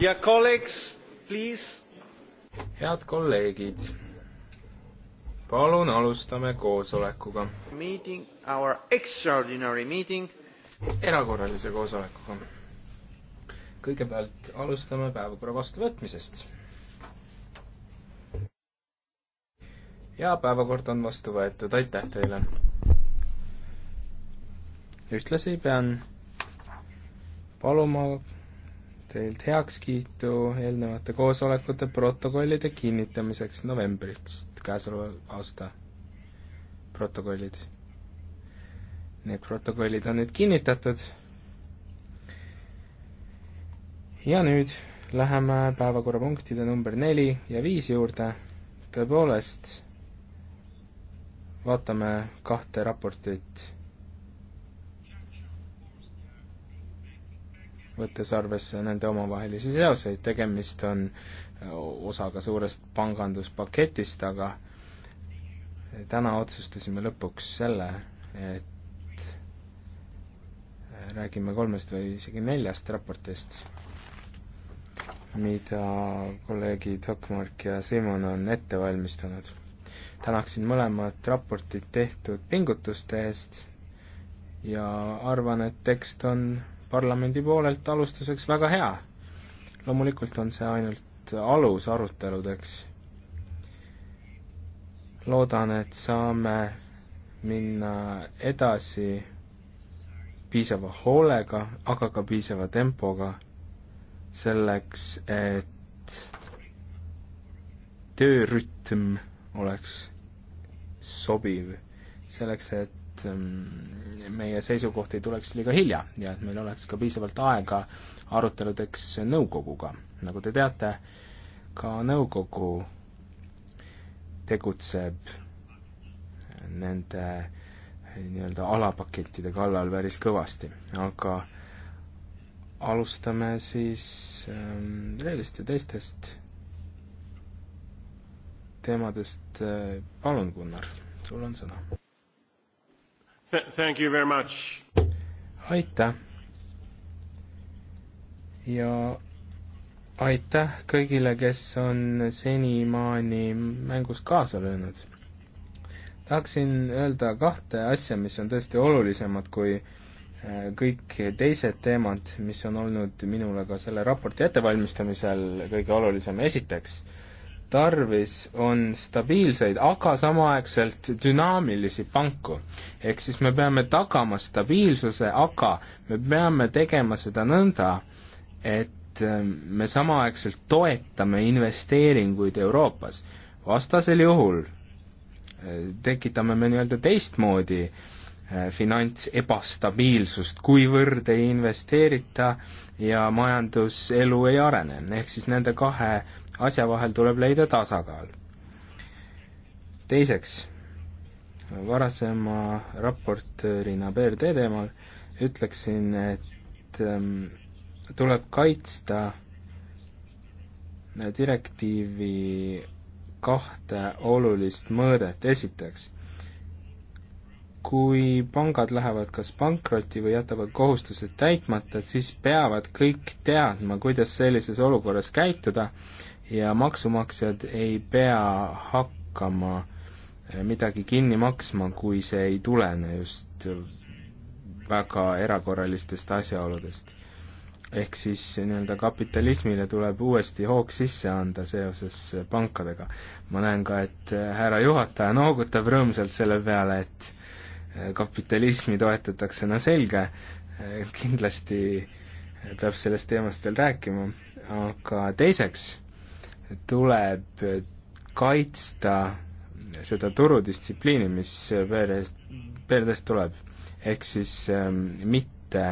head kolleegid, palun alustame koosolekuga. erakorralise koosolekuga. kõigepealt alustame päevakorra vastuvõtmisest. ja päevakord on vastu võetud, aitäh teile. ühtlasi pean paluma teilt heakskiitu eelnevate koosolekute protokollide kinnitamiseks novembrist käesoleval aasta protokollid. Need protokollid on nüüd kinnitatud. ja nüüd läheme päevakorrapunktide number neli ja viis juurde. tõepoolest, vaatame kahte raportit võttes arvesse nende omavahelisi seoseid, tegemist on äh, osaga suurest panganduspaketist, aga täna otsustasime lõpuks selle, et äh, räägime kolmest või isegi neljast raportist, mida kolleegid Hökmark ja Simon on ette valmistanud. tänaksin mõlemat raportit tehtud pingutuste eest ja arvan, et tekst on parlamendi poolelt alustuseks väga hea. loomulikult on see ainult alus aruteludeks. loodan, et saame minna edasi piisava hoolega, aga ka piisava tempoga selleks, et töörütm oleks sobiv, selleks, et et ähm, meie seisukoht ei tuleks liiga hilja ja et meil oleks ka piisavalt aega aruteludeks nõukoguga. nagu te teate, ka nõukogu tegutseb nende nii-öelda alapakettide kallal päris kõvasti, aga alustame siis ähm, reedest ja teistest teemadest äh,. palun, Gunnar, sul on sõna Thank you very much. aitäh. ja aitäh kõigile, kes on senimaani mängus kaasa löönud. tahaksin öelda kahte asja, mis on tõesti olulisemad kui äh, kõik teised teemad, mis on olnud minule ka selle raporti ettevalmistamisel kõige olulisem. esiteks tarvis on stabiilseid, aga samaaegselt dünaamilisi panku. ehk siis me peame tagama stabiilsuse, aga me peame tegema seda nõnda, et ähm, me samaaegselt toetame investeeringuid Euroopas. vastasel juhul äh, tekitame me nii-öelda teistmoodi äh, finants ebastabiilsust, kuivõrd ei investeerita ja majanduselu ei arene, ehk siis nende kahe asja vahel tuleb leida tasakaal. teiseks, varasema raportöörina BRD teemal ütleksin, et ähm, tuleb kaitsta direktiivi kahte olulist mõõdet, esiteks, kui pangad lähevad kas pankrotti või jätavad kohustused täitmata, siis peavad kõik teadma, kuidas sellises olukorras käituda ja maksumaksjad ei pea hakkama eh, midagi kinni maksma, kui see ei tulene just väga erakorralistest asjaoludest. ehk siis nii-öelda kapitalismile tuleb uuesti hoog sisse anda seoses pankadega. ma näen ka, et eh, härra juhataja noogutab rõõmsalt selle peale, et eh, kapitalismi toetatakse, no selge, kindlasti peab sellest teemast veel rääkima, aga teiseks tuleb kaitsta seda turudistsipliini, mis PR-ist, PR-dest tuleb. ehk siis ähm, mitte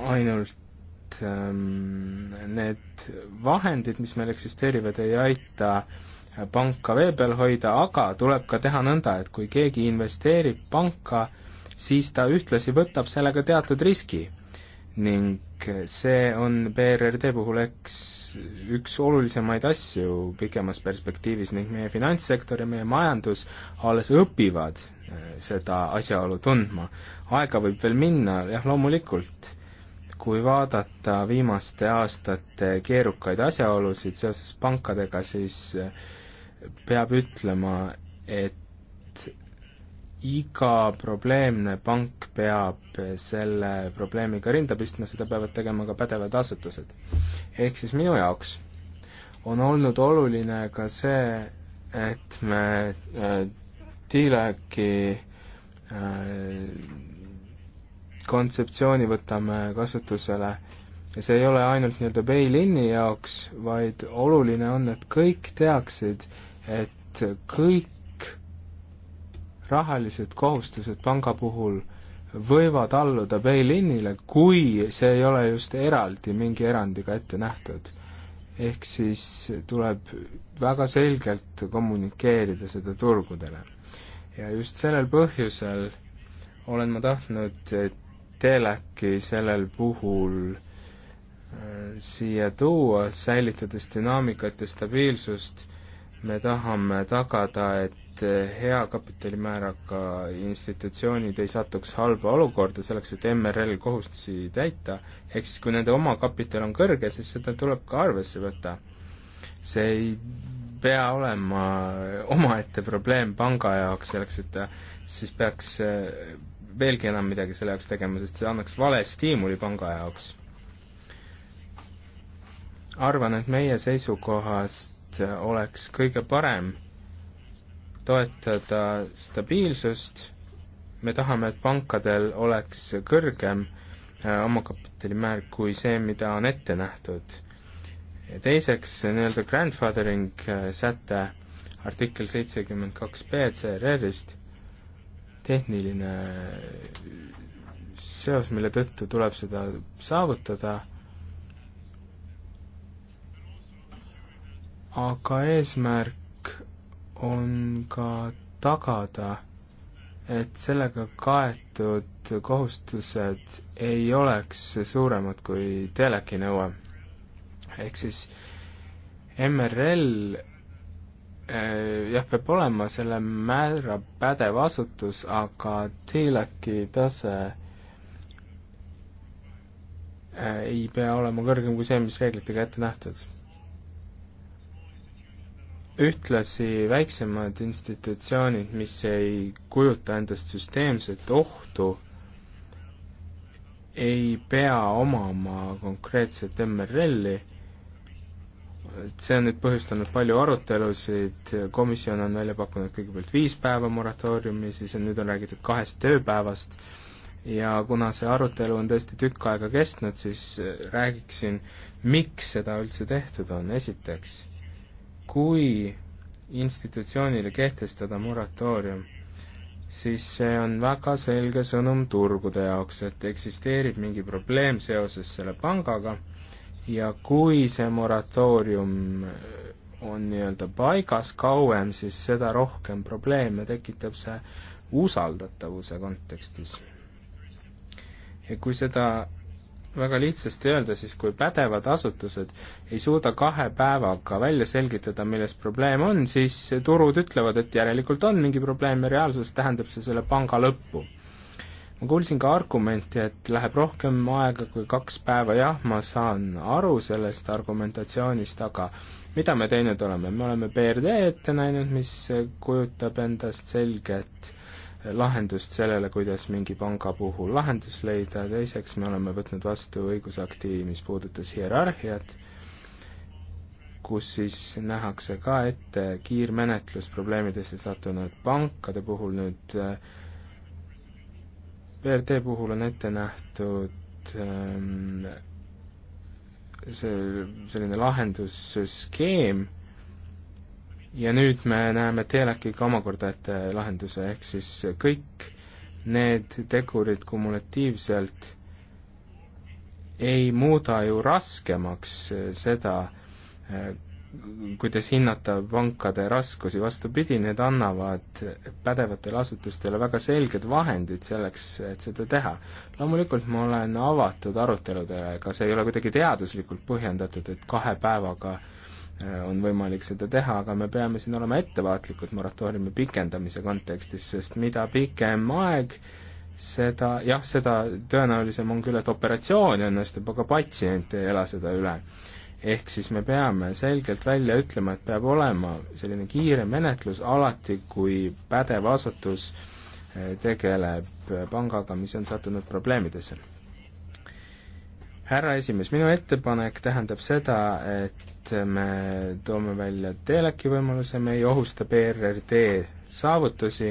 ainult ähm, need vahendid, mis meil eksisteerivad, ei aita panka vee peal hoida, aga tuleb ka teha nõnda, et kui keegi investeerib panka, siis ta ühtlasi võtab sellega teatud riski ning see on BRRD puhul eks üks olulisemaid asju pikemas perspektiivis ning meie finantssektor ja meie majandus alles õpivad äh, seda asjaolu tundma. aega võib veel minna, jah, loomulikult, kui vaadata viimaste aastate keerukaid asjaolusid seoses pankadega, siis äh, peab ütlema, et iga probleemne pank peab selle probleemiga rinda pistma, seda peavad tegema ka pädevad asutused. ehk siis minu jaoks on olnud oluline ka see, et me äh, TLAC-i äh, kontseptsiooni võtame kasutusele ja see ei ole ainult nii-öelda bail-in'i jaoks, vaid oluline on, et kõik teaksid, et kõik rahalised kohustused panga puhul võivad alluda bail-inile, kui see ei ole just eraldi mingi erandiga ette nähtud. ehk siis tuleb väga selgelt kommunikeerida seda turgudele. ja just sellel põhjusel olen ma tahtnud TELAC-i sellel puhul äh, siia tuua, säilitades dünaamikat ja stabiilsust me tahame tagada, et hea kapitalimääraga institutsioonid ei satuks halba olukorda selleks, et MRL kohustusi täita, ehk siis kui nende omakapital on kõrge, siis seda tuleb ka arvesse võtta. see ei pea olema omaette probleem panga jaoks, selleks et ta siis peaks eh, veelgi enam midagi selle jaoks tegema, sest see annaks vale stiimuli panga jaoks. arvan, et meie seisukohast oleks kõige parem toetada stabiilsust, me tahame, et pankadel oleks kõrgem äh, omakapitali määr kui see, mida on ette nähtud. ja teiseks, nii-öelda grandfathering äh, säte artikkel seitsekümmend kaks B CRR-ist, tehniline äh, seos, mille tõttu tuleb seda saavutada aga eesmärk on ka tagada, et sellega kaetud kohustused ei oleks suuremad kui teleki nõue. ehk siis MRL eh, jah, peab olema selle määra pädev asutus, aga TLAC-i tase eh, ei pea olema kõrgem kui see, mis reeglitega ette nähtud ühtlasi väiksemad institutsioonid, mis ei kujuta endast süsteemset ohtu, ei pea omama konkreetset MRL-i, et see on nüüd põhjustanud palju arutelusid, komisjon on välja pakkunud kõigepealt viis päeva moratooriumi, siis on, nüüd on räägitud kahest tööpäevast, ja kuna see arutelu on tõesti tükk aega kestnud, siis räägiksin, miks seda üldse tehtud on, esiteks kui institutsioonile kehtestada moratoorium, siis see on väga selge sõnum turgude jaoks, et eksisteerib mingi probleem seoses selle pangaga ja kui see moratoorium on nii-öelda paigas kauem, siis seda rohkem probleeme tekitab see usaldatavuse kontekstis. ja kui seda väga lihtsasti öelda, siis kui pädevad asutused ei suuda kahe päevaga välja selgitada, milles probleem on, siis turud ütlevad, et järelikult on mingi probleem ja reaalsuses tähendab see selle panga lõppu. ma kuulsin ka argumenti, et läheb rohkem aega kui kaks päeva, jah, ma saan aru sellest argumentatsioonist, aga mida me teinud oleme, me oleme BRD ette näinud, mis kujutab endast selget lahendust sellele, kuidas mingi panga puhul lahendus leida, teiseks me oleme võtnud vastu õigusakti, mis puudutas hierarhiat, kus siis nähakse ka ette kiirmenetlus probleemidesse sattunud pankade puhul nüüd VRT e puhul on ette nähtud ähm, see selline lahendusskeem ja nüüd me näeme TLAC-iga omakorda ette äh, lahenduse, ehk siis kõik need tegurid kumulatiivselt ei muuda ju raskemaks äh, seda, äh, kuidas hinnata pankade raskusi, vastupidi, need annavad pädevatele asutustele väga selged vahendid selleks, et seda teha. loomulikult ma olen avatud aruteludele, ega see ei ole kuidagi teaduslikult põhjendatud, et kahe päevaga äh, Äh, on võimalik seda teha, aga me peame siin olema ettevaatlikud moratooriumi pikendamise kontekstis, sest mida pikem aeg, seda, jah, seda tõenäolisem on küll, et operatsioon õnnestub, aga patsient ei ela seda üle. ehk siis me peame selgelt välja ütlema, et peab olema selline kiire menetlus alati, kui pädev asutus äh, tegeleb pangaga, mis on sattunud probleemidesse härra esimees, minu ettepanek tähendab seda, et me toome välja teleki võimaluse, me ei ohusta BRRD saavutusi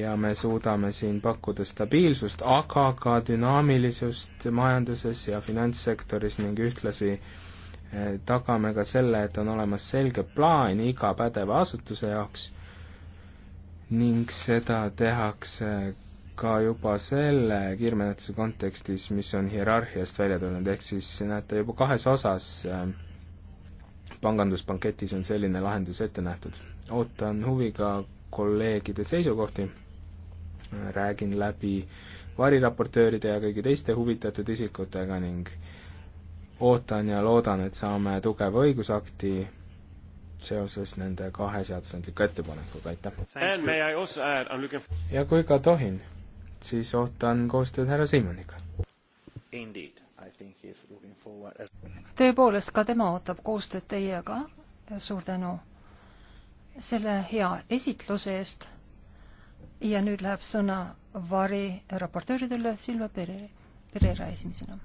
ja me suudame siin pakkuda stabiilsust, aga ka dünaamilisust majanduses ja finantssektoris ning ühtlasi eh, tagame ka selle, et on olemas selge plaan iga pädeva asutuse jaoks ning seda tehakse ka juba selle kiirmenetluse kontekstis, mis on hierarhiast välja tulnud, ehk siis näete juba kahes osas äh, panganduspanketis on selline lahendus ette nähtud. ootan huviga kolleegide seisukohti, räägin läbi variraportööride ja kõigi teiste huvitatud isikutega ning ootan ja loodan, et saame tugeva õigusakti seoses nende kahe seadusandliku ettepanekuga, aitäh! ja kui ka tohin siis ootan koostööd härra Siimoniga. tõepoolest, ka tema ootab koostööd teiega. suur tänu selle hea esitluse eest. ja nüüd läheb sõna variraportööridele Silva Pere, Pereira esimesena.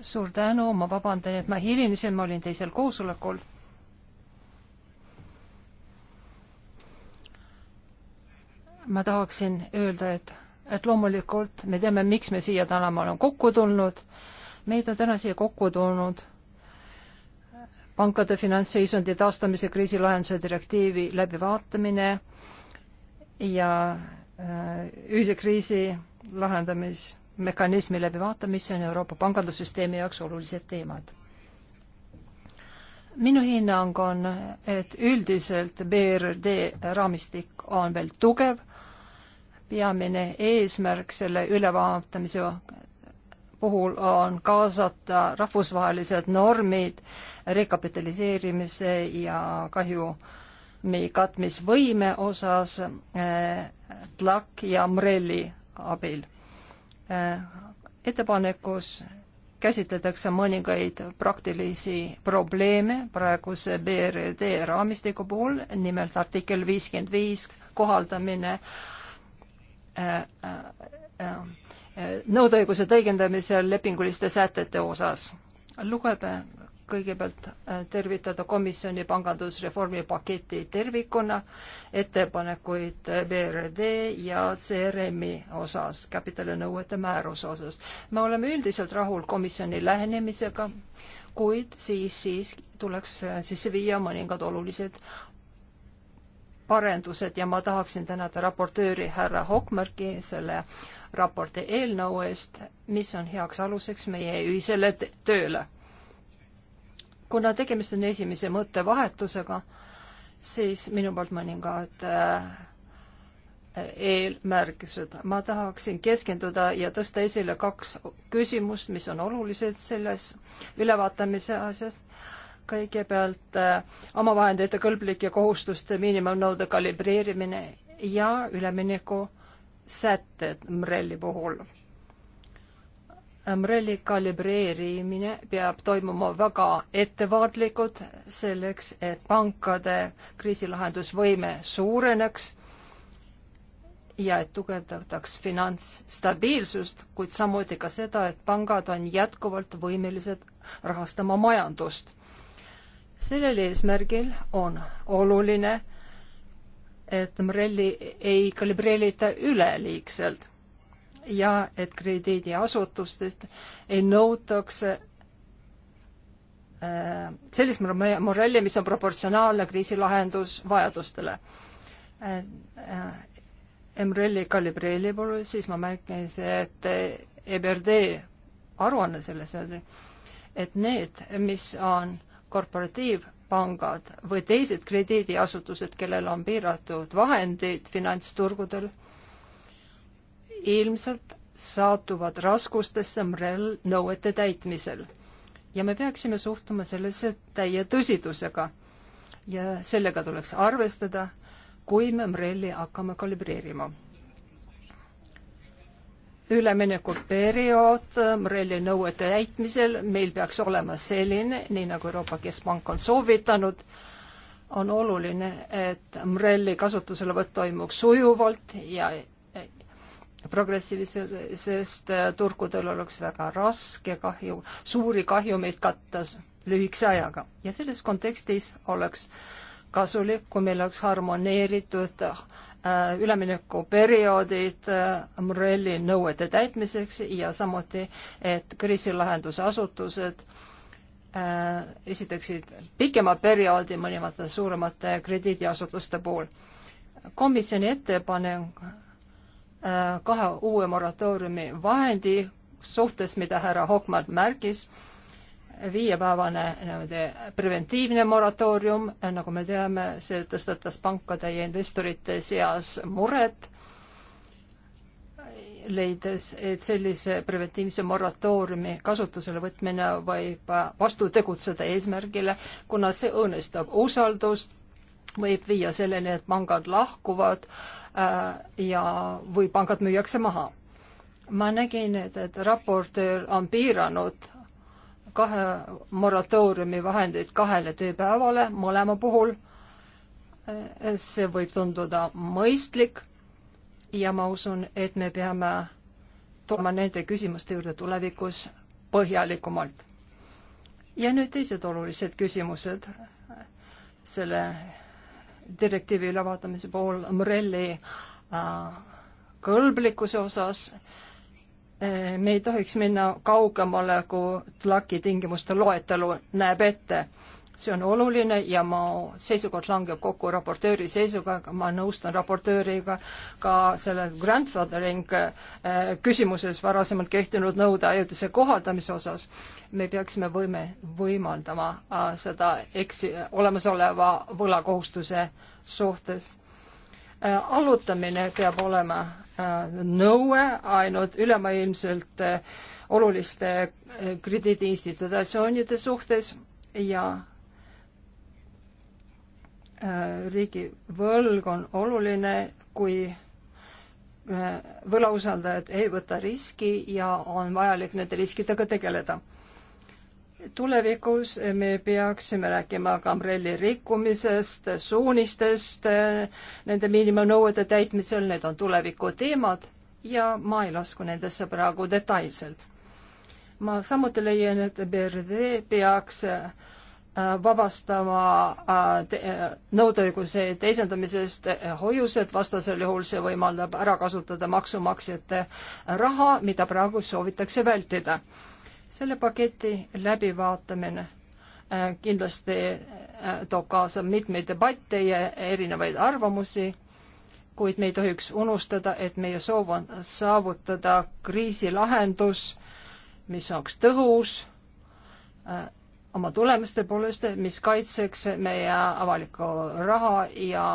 suur tänu, ma vabandan, et ma hilinesin, ma olin teisel koosolekul ma tahaksin öelda, et, et loomulikult me teame, miks me siia tänavale on kokku tulnud. meid on täna siia kokku tulnud pankade finantsseisundi taastamise kriisilahenduse direktiivi läbivaatamine ja äh, ühise kriisi lahendamismekanismi läbivaatamine, see on Euroopa pangandussüsteemi jaoks olulised teemad minu hinnang on, et üldiselt BRD raamistik on veel tugev peamine eesmärk selle ülevaatamise puhul on kaasata rahvusvahelised normid rekapitaliseerimise ja kahjumi katmisvõime osas eh, TLAC ja MREL-i abil. Eh, ettepanekus käsitletakse mõningaid praktilisi probleeme praeguse BRD raamistiku puhul, nimelt artikkel viiskümmend viis kohaldamine Äh, äh, äh, nõudeõiguse tõlgendamisel lepinguliste sätete osas. lugege kõigepealt tervitada komisjoni pangandusreformi paketi tervikuna, ettepanekuid BRD ja CRM-i osas, kapitalinõuete määruse osas. me oleme üldiselt rahul komisjoni lähenemisega, kuid siis, siis tuleks sisse viia mõningad olulised parendused ja ma tahaksin tänada raportööri härra Hokmärki selle raporti eelnõu eest, mis on heaks aluseks meie ühisele tööle. kuna tegemist on esimese mõttevahetusega, siis minu poolt mõningad äh, eelmärgised. ma tahaksin keskenduda ja tõsta esile kaks küsimust, mis on olulised selles ülevaatamise asjas kõigepealt äh, omavahendite kõlblike kohustuste miinimumnõude kalibreerimine ja ülemineku sätted MREL-i puhul. MREL-i kalibreerimine peab toimuma väga ettevaatlikult selleks, et pankade kriisilahendusvõime suureneks ja et tugevdataks finantsstabiilsust, kuid samuti ka seda, et pangad on jätkuvalt võimelised rahastama majandust sellel eesmärgil on oluline, et MREL-i ei kalibreerita üleliigselt ja et krediidiasutustest ei nõutaks äh, sellist morelli, mis on proportsionaalne kriisilahendus vajadustele. Äh, äh, MRL-i kalibreeri puhul siis ma märkisin, et EBRD aruanne selles, et need, mis on korporatiivpangad või teised krediidiasutused, kellel on piiratud vahendeid finantsturgudel, ilmselt satuvad raskustesse MREL nõuete täitmisel. ja me peaksime suhtuma sellesse täie tõsidusega. ja sellega tuleks arvestada, kui me MREL-i hakkame kalibreerima üleminekuperiood MREL-i nõuete täitmisel meil peaks olema selline, nii nagu Euroopa Keskpank on soovitanud, on oluline, et MREL-i kasutuselevõtt toimuks sujuvalt ja progressiivselt, sest turgudel oleks väga raske kahju, suuri kahjumeid katta lühikese ajaga ja selles kontekstis oleks kasulik, kui meil oleks harmoneeritud Äh, üleminekuperioodid äh, MRL-i nõuete täitmiseks ja samuti, et kriisilahendusasutused äh, esitaksid pikema perioodi mõnimate suuremate krediidiasutuste puhul. komisjoni ettepanek kahe uue moratooriumi vahendi suhtes, mida härra Hokmar märkis, viiepäevane niimoodi preventiivne moratoorium, nagu me teame, see tõstatas pankade ja investorite seas muret, leides, et sellise preventiivse moratooriumi kasutusele võtmine võib vastu tegutseda eesmärgile, kuna see õõnestab usaldust, võib viia selleni, et pangad lahkuvad äh, ja, või pangad müüakse maha ma nägin, et, et raportöör on piiranud kahe moratooriumi vahendeid kahele tööpäevale mõlema puhul. see võib tunduda mõistlik ja ma usun, et me peame tulema nende küsimuste juurde tulevikus põhjalikumalt. ja nüüd teised olulised küsimused selle direktiivi ülevaatamise pool Murelli äh, kõlblikkuse osas äh, me ei tohiks minna kaugemale, kui TLAK-i tingimuste loetelu näeb ette. see on oluline ja mu seisukoht langeb kokku raportööri seisuga, ma nõustun raportööriga ka selle grandfathering äh, küsimuses varasemalt kehtinud nõude ajutise kohaldamise osas. me peaksime võime, võimaldama äh, seda eksi, olemasoleva võlakohustuse suhtes äh, allutamine peab olema Äh, nõue ainult ülemaailmselt äh, oluliste äh, krediidiinstitutsioonide suhtes ja riigivõlg on oluline, kui võlausaldajad ei võta riski ja on vajalik nende riskidega tegeleda tulevikus me peaksime rääkima kambrelli rikkumisest, suunistest, nende miinimumnõuete täitmisel, need on tuleviku teemad ja ma ei lasku nendesse praegu detailselt. ma samuti leian, et BRD peaks äh, vabastama äh, nõudeõiguse teisendamisest hoiused, vastasel juhul see võimaldab ära kasutada maksumaksjate raha, mida praegu soovitakse vältida selle paketi läbivaatamine äh, kindlasti äh, toob kaasa mitmeid debatte ja erinevaid arvamusi, kuid me ei tohiks unustada, et meie soov on saavutada kriisilahendus, mis oleks tõhus äh, oma tulemuste poolest, mis kaitseks meie avalikku raha ja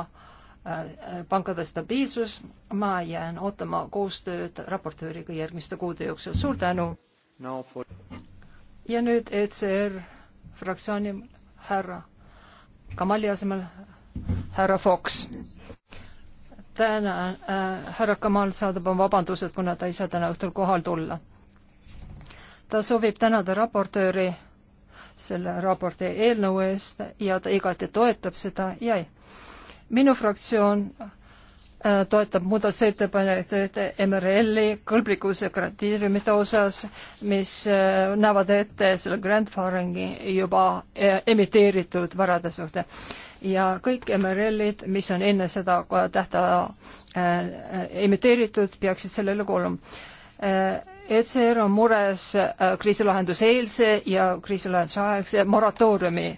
pankade stabiilsus. ma jään ootama koostööd raportööriga järgmiste kuude jooksul. suur tänu! For... ja nüüd ECR fraktsiooni härra Kamali asemel härra Fox. tänan äh,, härra Kamal saadab oma vabandused, kuna ta ei saa täna õhtul kohal tulla. ta soovib tänada raportööri selle raporti eelnõu eest ja ta igati toetab seda ja minu fraktsioon Äh, toetab muudatusettepanekuid äh, MRL-i kõlblikkuse kriteeriumite osas, mis äh, näevad ette selle grandfathering'i juba emiteeritud varade suhte. ja kõik MRL-id, mis on enne seda tähtaja emiteeritud, peaksid sellele kuuluma. ECR on mures kriisilahenduseelse ja kriisilahendusaegse moratooriumi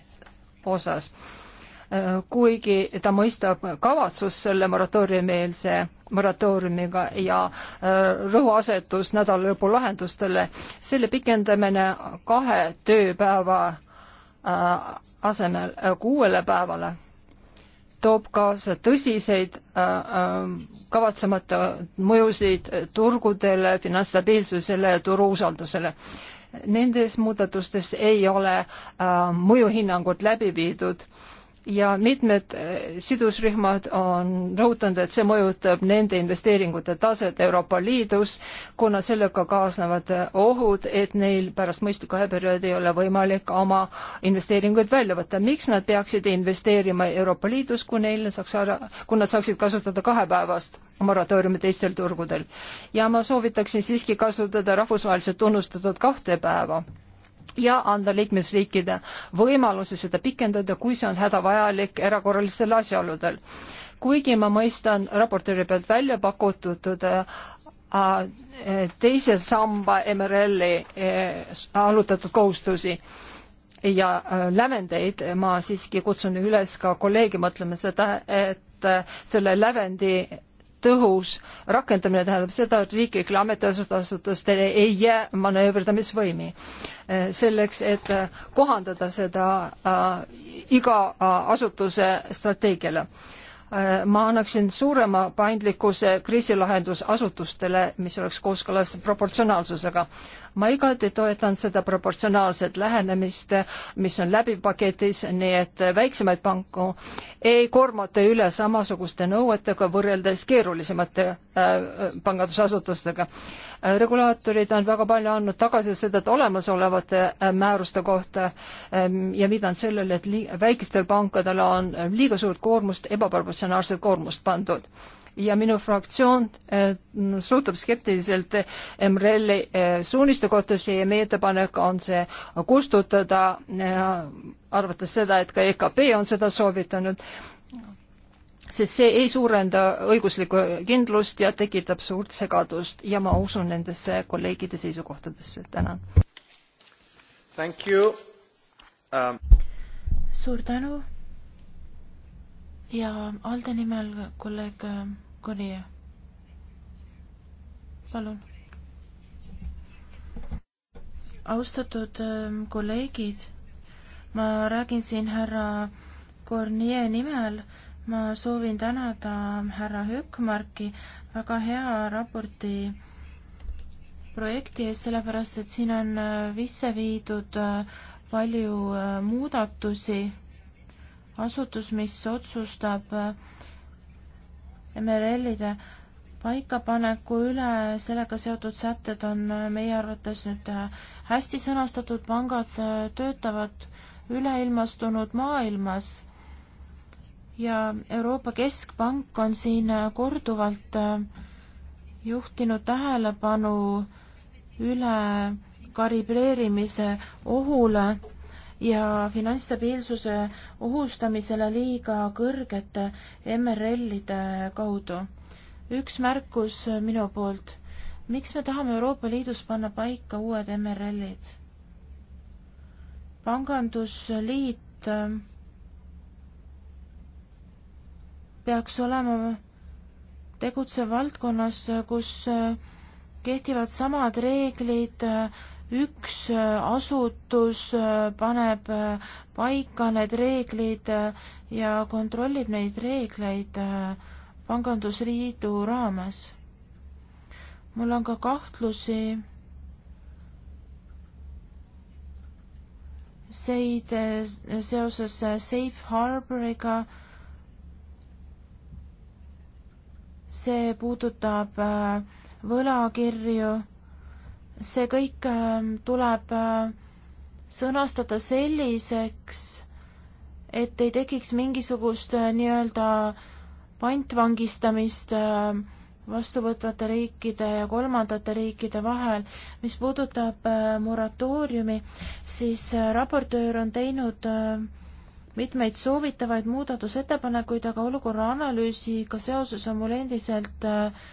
osas kuigi ta mõistab kavatsust selle moratooriumieelse moratooriumiga ja äh, rõhuasetus nädala lõpu lahendustele, selle pikendamine kahe tööpäeva äh, asemel äh, kuuele päevale toob kaasa tõsiseid kavatsemata mõjusid turgudele, finantsstabiilsusele ja turu usaldusele. Nendes muudatustes ei ole mõjuhinnangut läbi viidud ja mitmed eh, sidusrühmad on rõhutanud, et see mõjutab nende investeeringute taset Euroopa Liidus, kuna sellega kaasnevad eh, ohud, et neil pärast mõistlikku ajaperioodi ei ole võimalik oma investeeringuid välja võtta. miks nad peaksid investeerima Euroopa Liidus, kui neil saaks ära, kui nad saaksid kasutada kahepäevast moratooriumi teistel turgudel? ja ma soovitaksin siiski kasutada rahvusvaheliselt tunnustatud kahte päeva ja anda liikmesriikide võimaluse seda pikendada, kui see on hädavajalik erakorralistel asjaoludel. kuigi ma mõistan raportööri pealt välja pakutud äh, äh, teise samba MRL-i äh, allutatud kohustusi ja lävendeid, ma siiski kutsun üles ka kolleegi mõtlema seda, et selle lävendi tõhus rakendamine tähendab seda, et riiklikel ametiasutustel ei jää manööverdamisvõimi. selleks, et kohandada seda äh, iga äh, asutuse strateegiale Äh, ma annaksin suurema paindlikkuse kriisilahendusasutustele, mis oleks kooskõlas proportsionaalsusega. ma igati toetan seda proportsionaalset lähenemist, mis on läbi paketis, nii et väiksemaid panku ei koormata üle samasuguste nõuetega võrreldes keerulisemate äh, pangandusasutustega äh, Äh, regulaatorid on väga palju andnud tagasisidet olemasolevate äh, määruste kohta ähm, ja viidanud sellele, et väikestel pankadel on äh, liiga suurt koormust, ebaproportsionaalset koormust pandud ja minu fraktsioon äh, suhtub skeptiliselt MRL-i äh, suuniste kohta, see meie ettepanek on see kustutada äh,, arvates seda, et ka EKP on seda soovitanud sest see ei suurenda õiguslikku kindlust ja tekitab suurt segadust ja ma usun nendesse kolleegide seisukohtadesse, tänan. Um... suur tänu ja Alde nimel kolleeg äh, Korje, palun. austatud ähm, kolleegid, ma räägin siin härra Kornier nimel, ma soovin tänada härra Hökmarki väga hea raporti projekti eest, sellepärast et siin on äh, sisse viidud äh, palju äh, muudatusi. asutus, mis otsustab MRL-ide paikapaneku üle, sellega seotud sätted on meie arvates nüüd hästi sõnastatud, pangad töötavad üleilmastunud maailmas ja Euroopa Keskpank on siin äh, korduvalt äh, juhtinud tähelepanu üle kalibreerimise ohule ja finantsstabiilsuse ohustamisele liiga kõrgete MRL-ide kaudu. üks märkus äh, minu poolt. miks me tahame Euroopa Liidus panna paika uued MRL-id? pangandusliit peaks olema tegutsev valdkonnas, kus äh, kehtivad samad reeglid, äh, üks äh, asutus paneb paika need reeglid ja kontrollib neid reegleid pangandusliidu raames. mul on ka kahtlusi seid seoses Safe Harboriga see puudutab äh, võlakirju, see kõik ähm, tuleb äh, sõnastada selliseks, et ei tekiks mingisugust äh, nii-öelda pantvangistamist ähm, vastuvõtvate riikide ja kolmandate riikide vahel. mis puudutab moratooriumi, siis raportöör on teinud äh, mitmeid soovitavaid muudatusettepanekuid, aga olukorra analüüsiga seoses on mul endiselt äh,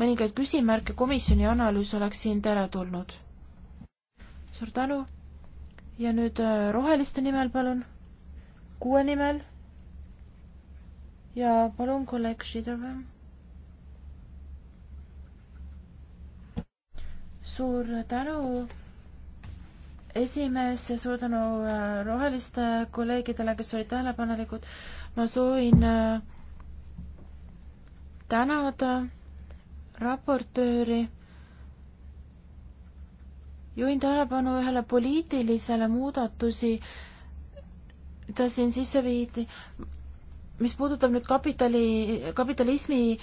mõningaid küsimärke, komisjoni analüüs oleks siin teretulnud. suur tänu ja nüüd äh, roheliste nimel palun, kuue nimel ja palun kolleeg Šidervam. suur tänu esimees ja suur tänu äh, roheliste kolleegidele, kes olid tähelepanelikud. ma soovin äh, tänada raportööri. juhin tähelepanu ühele poliitilisele muudatusi, mida siin sisse viidi, mis puudutab nüüd kapitali, kapitalismi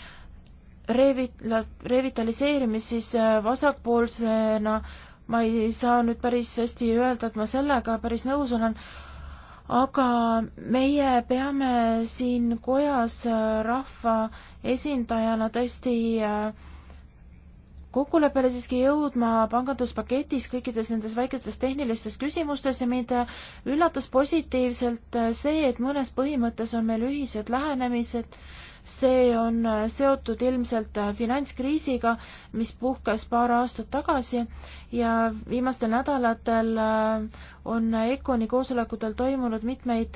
reevi-, revitaliseerimist, siis äh, vasakpoolsena ma ei saa nüüd päris hästi öelda, et ma sellega päris nõus olen, aga meie peame siin kojas äh, rahva esindajana tõesti äh, kokkuleppele siiski jõudma panganduspaketis kõikides nendes väikestes tehnilistes küsimustes ja mind äh, üllatas positiivselt see, et mõnes põhimõttes on meil ühised lähenemised see on äh, seotud ilmselt äh, finantskriisiga, mis puhkes paar aastat tagasi ja viimastel nädalatel äh, on ECONi koosolekutel toimunud mitmeid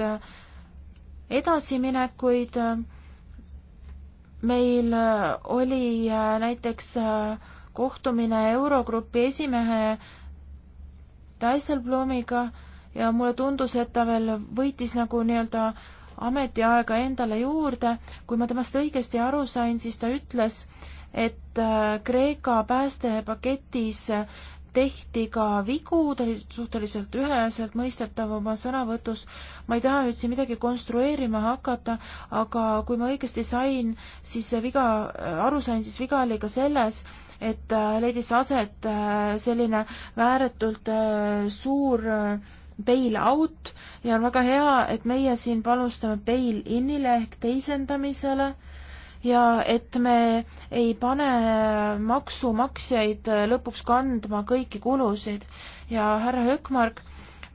edasiminekuid. meil oli näiteks kohtumine Eurogrupi esimehe Dijsselbloemiga ja mulle tundus, et ta veel võitis nagu nii-öelda ametiaega endale juurde. kui ma temast õigesti aru sain, siis ta ütles, et äh, Kreeka päästepaketis äh, tehti ka vigu, ta oli suhteliselt üheselt mõistetav oma sõnavõtus. ma ei taha nüüd siin midagi konstrueerima hakata, aga kui ma õigesti sain, siis viga, äh, aru sain, siis viga oli ka selles, et leidis aset selline ääretult suur äh, bail-out ja on väga hea, et meie siin panustame bail-in'ile ehk teisendamisele ja et me ei pane maksumaksjaid lõpuks kandma kõiki kulusid. ja härra Hökmark,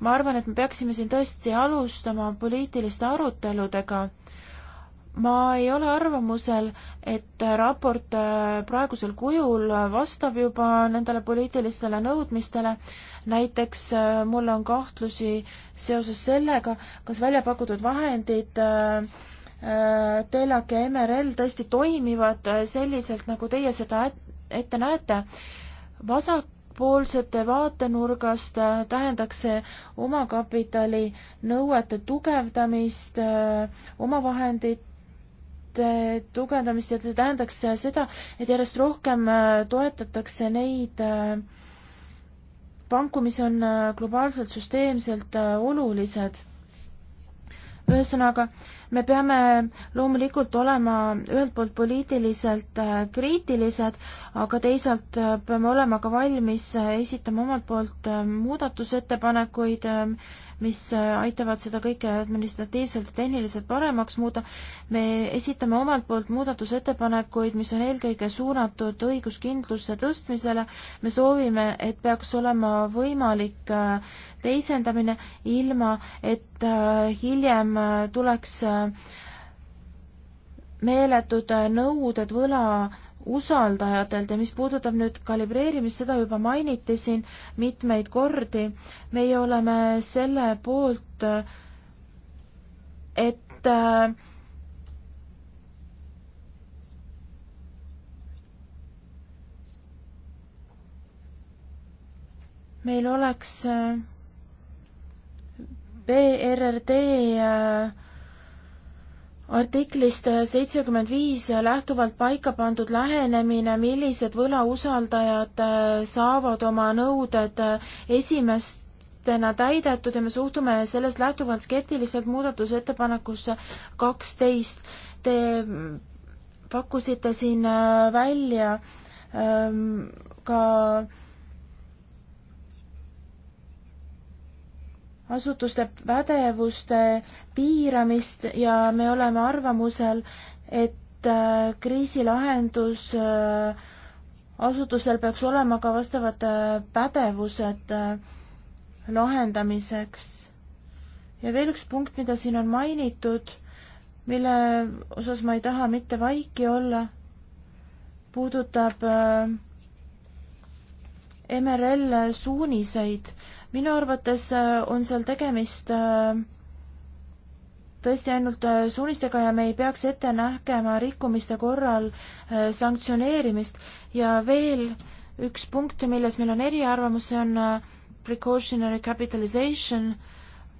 ma arvan, et me peaksime siin tõesti alustama poliitiliste aruteludega ma ei ole arvamusel, et raport äh, praegusel kujul vastab juba nendele poliitilistele nõudmistele. näiteks äh, mul on kahtlusi seoses sellega, kas välja pakutud vahendid äh, TELAK ja MRL tõesti toimivad selliselt, nagu teie seda ette näete. vasakpoolsete vaatenurgast tähendaks see omakapitali nõuete tugevdamist, omavahendit suhete tugevdamist ja see tähendaks seda, et järjest rohkem äh, toetatakse neid äh, panku, mis on äh, globaalselt süsteemselt olulised. ühesõnaga, me peame loomulikult olema ühelt poolt poliitiliselt äh, kriitilised, aga teisalt äh, peame olema ka valmis äh, esitama omalt poolt muudatusettepanekuid, ähm, mis aitavad seda kõike administratiivselt ja tehniliselt paremaks muuta. me esitame omalt poolt muudatusettepanekuid, mis on eelkõige suunatud õiguskindluse tõstmisele. me soovime, et peaks olema võimalik teisendamine, ilma et hiljem tuleks meeletud nõuded võla usaldajatelt ja mis puudutab nüüd kalibreerimist, seda juba mainiti siin mitmeid kordi, meie oleme selle poolt, et meil oleks BRD artiklist seitsekümmend viis lähtuvalt paika pandud lähenemine, millised võlausaldajad äh, saavad oma nõuded äh, esimestena täidetud ja me suhtume sellest lähtuvalt skeptiliselt muudatusettepanekusse kaksteist. Te mm, pakkusite siin äh, välja ähm, ka asutuste pädevuste piiramist ja me oleme arvamusel, et äh, kriisilahendus äh, asutusel peaks olema ka vastavad äh, pädevused lahendamiseks. ja veel üks punkt, mida siin on mainitud, mille osas ma ei taha mitte vaiki olla, puudutab MRL suuniseid minu arvates äh, on seal tegemist äh, tõesti ainult äh, suunistega ja me ei peaks ette nägema rikkumiste korral sanktsioneerimist ja veel üks punkt, milles meil on eriarvamus, see on precautionary capitalization.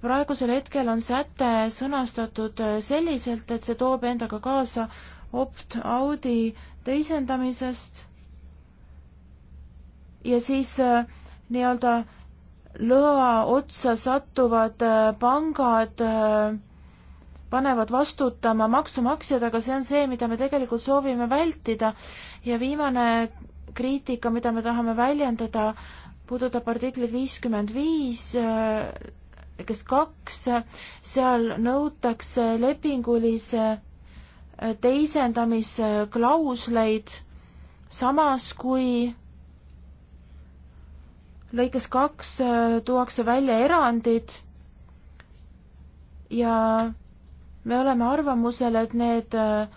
praegusel hetkel on säte sõnastatud selliselt, et see toob endaga kaasa opt-out'i teisendamisest ja siis nii-öelda äh, lõa otsa sattuvad äh, pangad äh, panevad vastutama maksumaksjad, aga see on see, mida me tegelikult soovime vältida. ja viimane kriitika, mida me tahame väljendada, puudutab artiklit viiskümmend viis, äh, kes kaks, seal nõutakse lepingulise teisendamisklausleid, samas kui lõikes kaks äh, tuuakse välja erandid ja me oleme arvamusel, et need äh,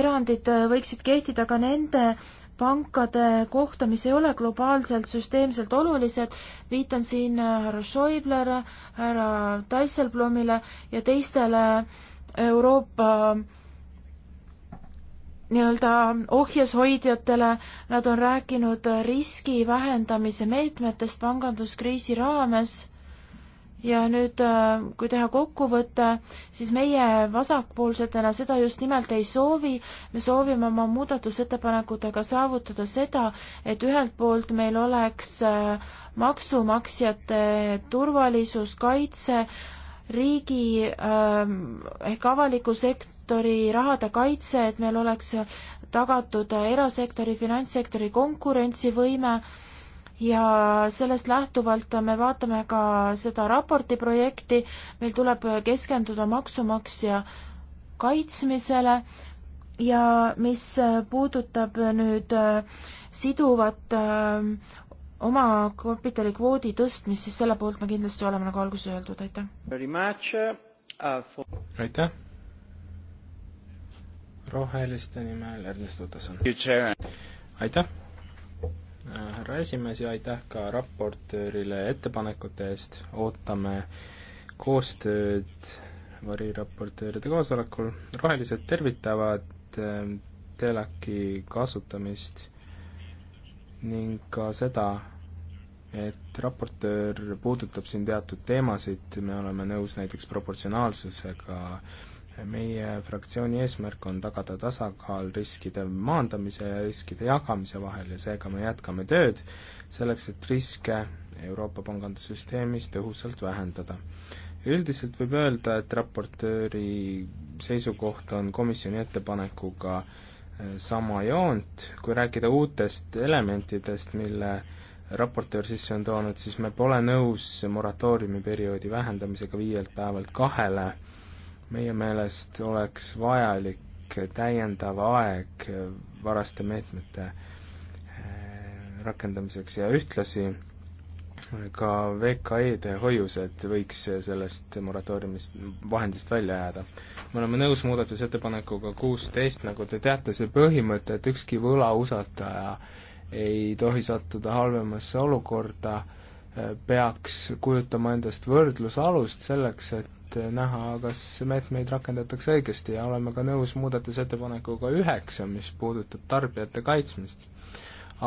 erandid äh, võiksid kehtida ka nende pankade kohta, mis ei ole globaalselt süsteemselt olulised, viitan siin härra Schäublere, härra Teisselblomile ja teistele Euroopa äh, nii-öelda ohjeshoidjatele, nad on rääkinud riski vähendamise meetmetest panganduskriisi raames ja nüüd, äh, kui teha kokkuvõte, siis meie vasakpoolsetena seda just nimelt ei soovi. me soovime oma muudatusettepanekutega saavutada seda, et ühelt poolt meil oleks äh, maksumaksjate turvalisus, kaitse, riigi ähm, ehk avaliku sekt-, erasektori rahade kaitse, et meil oleks tagatud erasektori, finantssektori konkurentsivõime ja sellest lähtuvalt me vaatame ka seda raporti projekti, meil tuleb keskenduda maksumaksja kaitsmisele ja mis puudutab nüüd äh, siduvat äh, oma kapitalikvoodi tõstmist, siis selle poolt me kindlasti oleme, nagu alguses öeldud, aitäh. Uh, aitäh roheliste nimel Ernest Utason. aitäh, härra esimees, ja aitäh ka raportöörile ettepanekute eest, ootame koostööd variraportööride koosolekul, rohelised tervitavad ähm, TELAK-i kasutamist ning ka seda, et raportöör puudutab siin teatud teemasid, me oleme nõus näiteks proportsionaalsusega, meie fraktsiooni eesmärk on tagada tasakaal riskide maandamise ja riskide jagamise vahel ja seega me jätkame tööd selleks, et riske Euroopa pangandussüsteemis tõhusalt vähendada. üldiselt võib öelda, et raportööri seisukoht on komisjoni ettepanekuga äh, sama joont, kui rääkida uutest elementidest, mille raportöör sisse on toonud, siis me pole nõus moratooriumi perioodi vähendamisega viielt päevalt kahele meie meelest oleks vajalik täiendav aeg varaste meetmete eh, rakendamiseks ja ühtlasi ka VKE-de hoiused võiks sellest moratooriumist, vahendist välja jääda. me oleme nõus muudatusettepanekuga kuusteist, nagu te teate, see põhimõte, et ükski võlausaldaja ei tohi sattuda halvemasse olukorda, eh, peaks kujutama endast võrdlusalust selleks, et näha, kas meetmeid rakendatakse õigesti ja oleme ka nõus muudatusettepanekuga üheksa, mis puudutab tarbijate kaitsmist.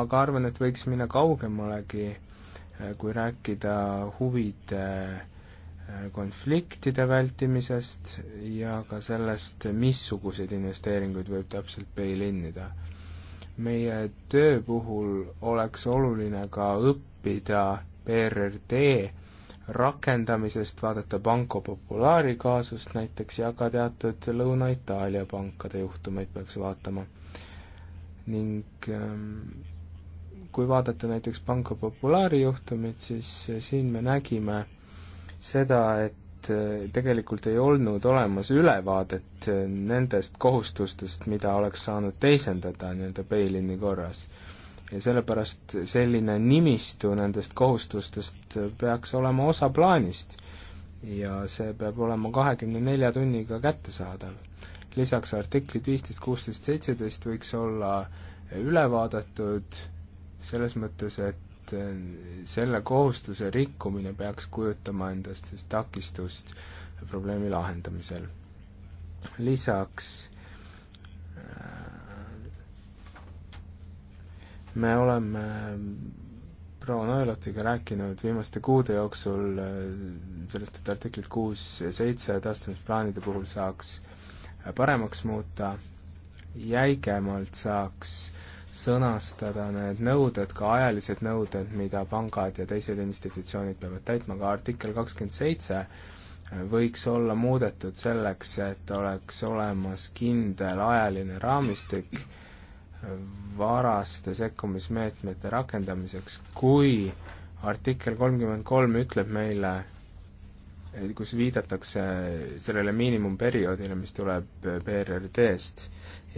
aga arvan, et võiks minna kaugemalegi, eh, kui rääkida huvide eh, konfliktide vältimisest ja ka sellest, missuguseid investeeringuid võib täpselt peilinnida. meie töö puhul oleks oluline ka õppida PRRD rakendamisest, vaadata Banco Populaari kaasust näiteks ja ka teatud Lõuna-Itaalia pankade juhtumeid peaks vaatama. ning ähm, kui vaadata näiteks Banco Populaari juhtumit, siis siin me nägime seda, et äh, tegelikult ei olnud olemas ülevaadet äh, nendest kohustustest, mida oleks saanud teisendada nii-öelda bail-in'i korras ja sellepärast selline nimistu nendest kohustustest peaks olema osa plaanist ja see peab olema kahekümne nelja tunniga kättesaadav. lisaks artiklid viisteist, kuusteist, seitseteist võiks olla üle vaadatud selles mõttes, et eh, selle kohustuse rikkumine peaks kujutama endast siis takistust probleemi lahendamisel. lisaks me oleme mm, proua Nõelatiga rääkinud viimaste kuude jooksul äh, sellest, et artiklid kuus, seitse taastamisplaanide puhul saaks äh, paremaks muuta, jäigemalt saaks sõnastada need nõuded, ka ajalised nõuded, mida pangad ja teised institutsioonid peavad täitma, ka artikkel kakskümmend seitse äh, võiks olla muudetud selleks, et oleks olemas kindel ajaline raamistik, varaste sekkumismeetmete rakendamiseks, kui artikkel kolmkümmend kolm ütleb meile, kus viidatakse sellele miinimumperioodile, mis tuleb PRRD-st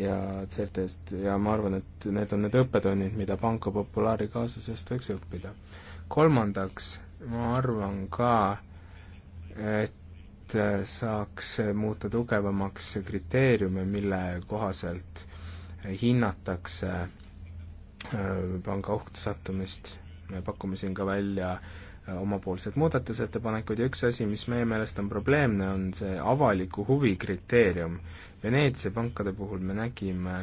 ja CRT-st ja ma arvan, et need on need õppetunnid, mida Banco Populaari kaasusest võiks õppida. kolmandaks, ma arvan ka, et saaks muuta tugevamaks kriteeriume, mille kohaselt hinnatakse äh, panga ohtu sattumist, me pakume siin ka välja äh, omapoolsed muudatusettepanekud ja üks asi, mis meie meelest on probleemne, on see avaliku huvi kriteerium. Veneetsia pankade puhul me nägime,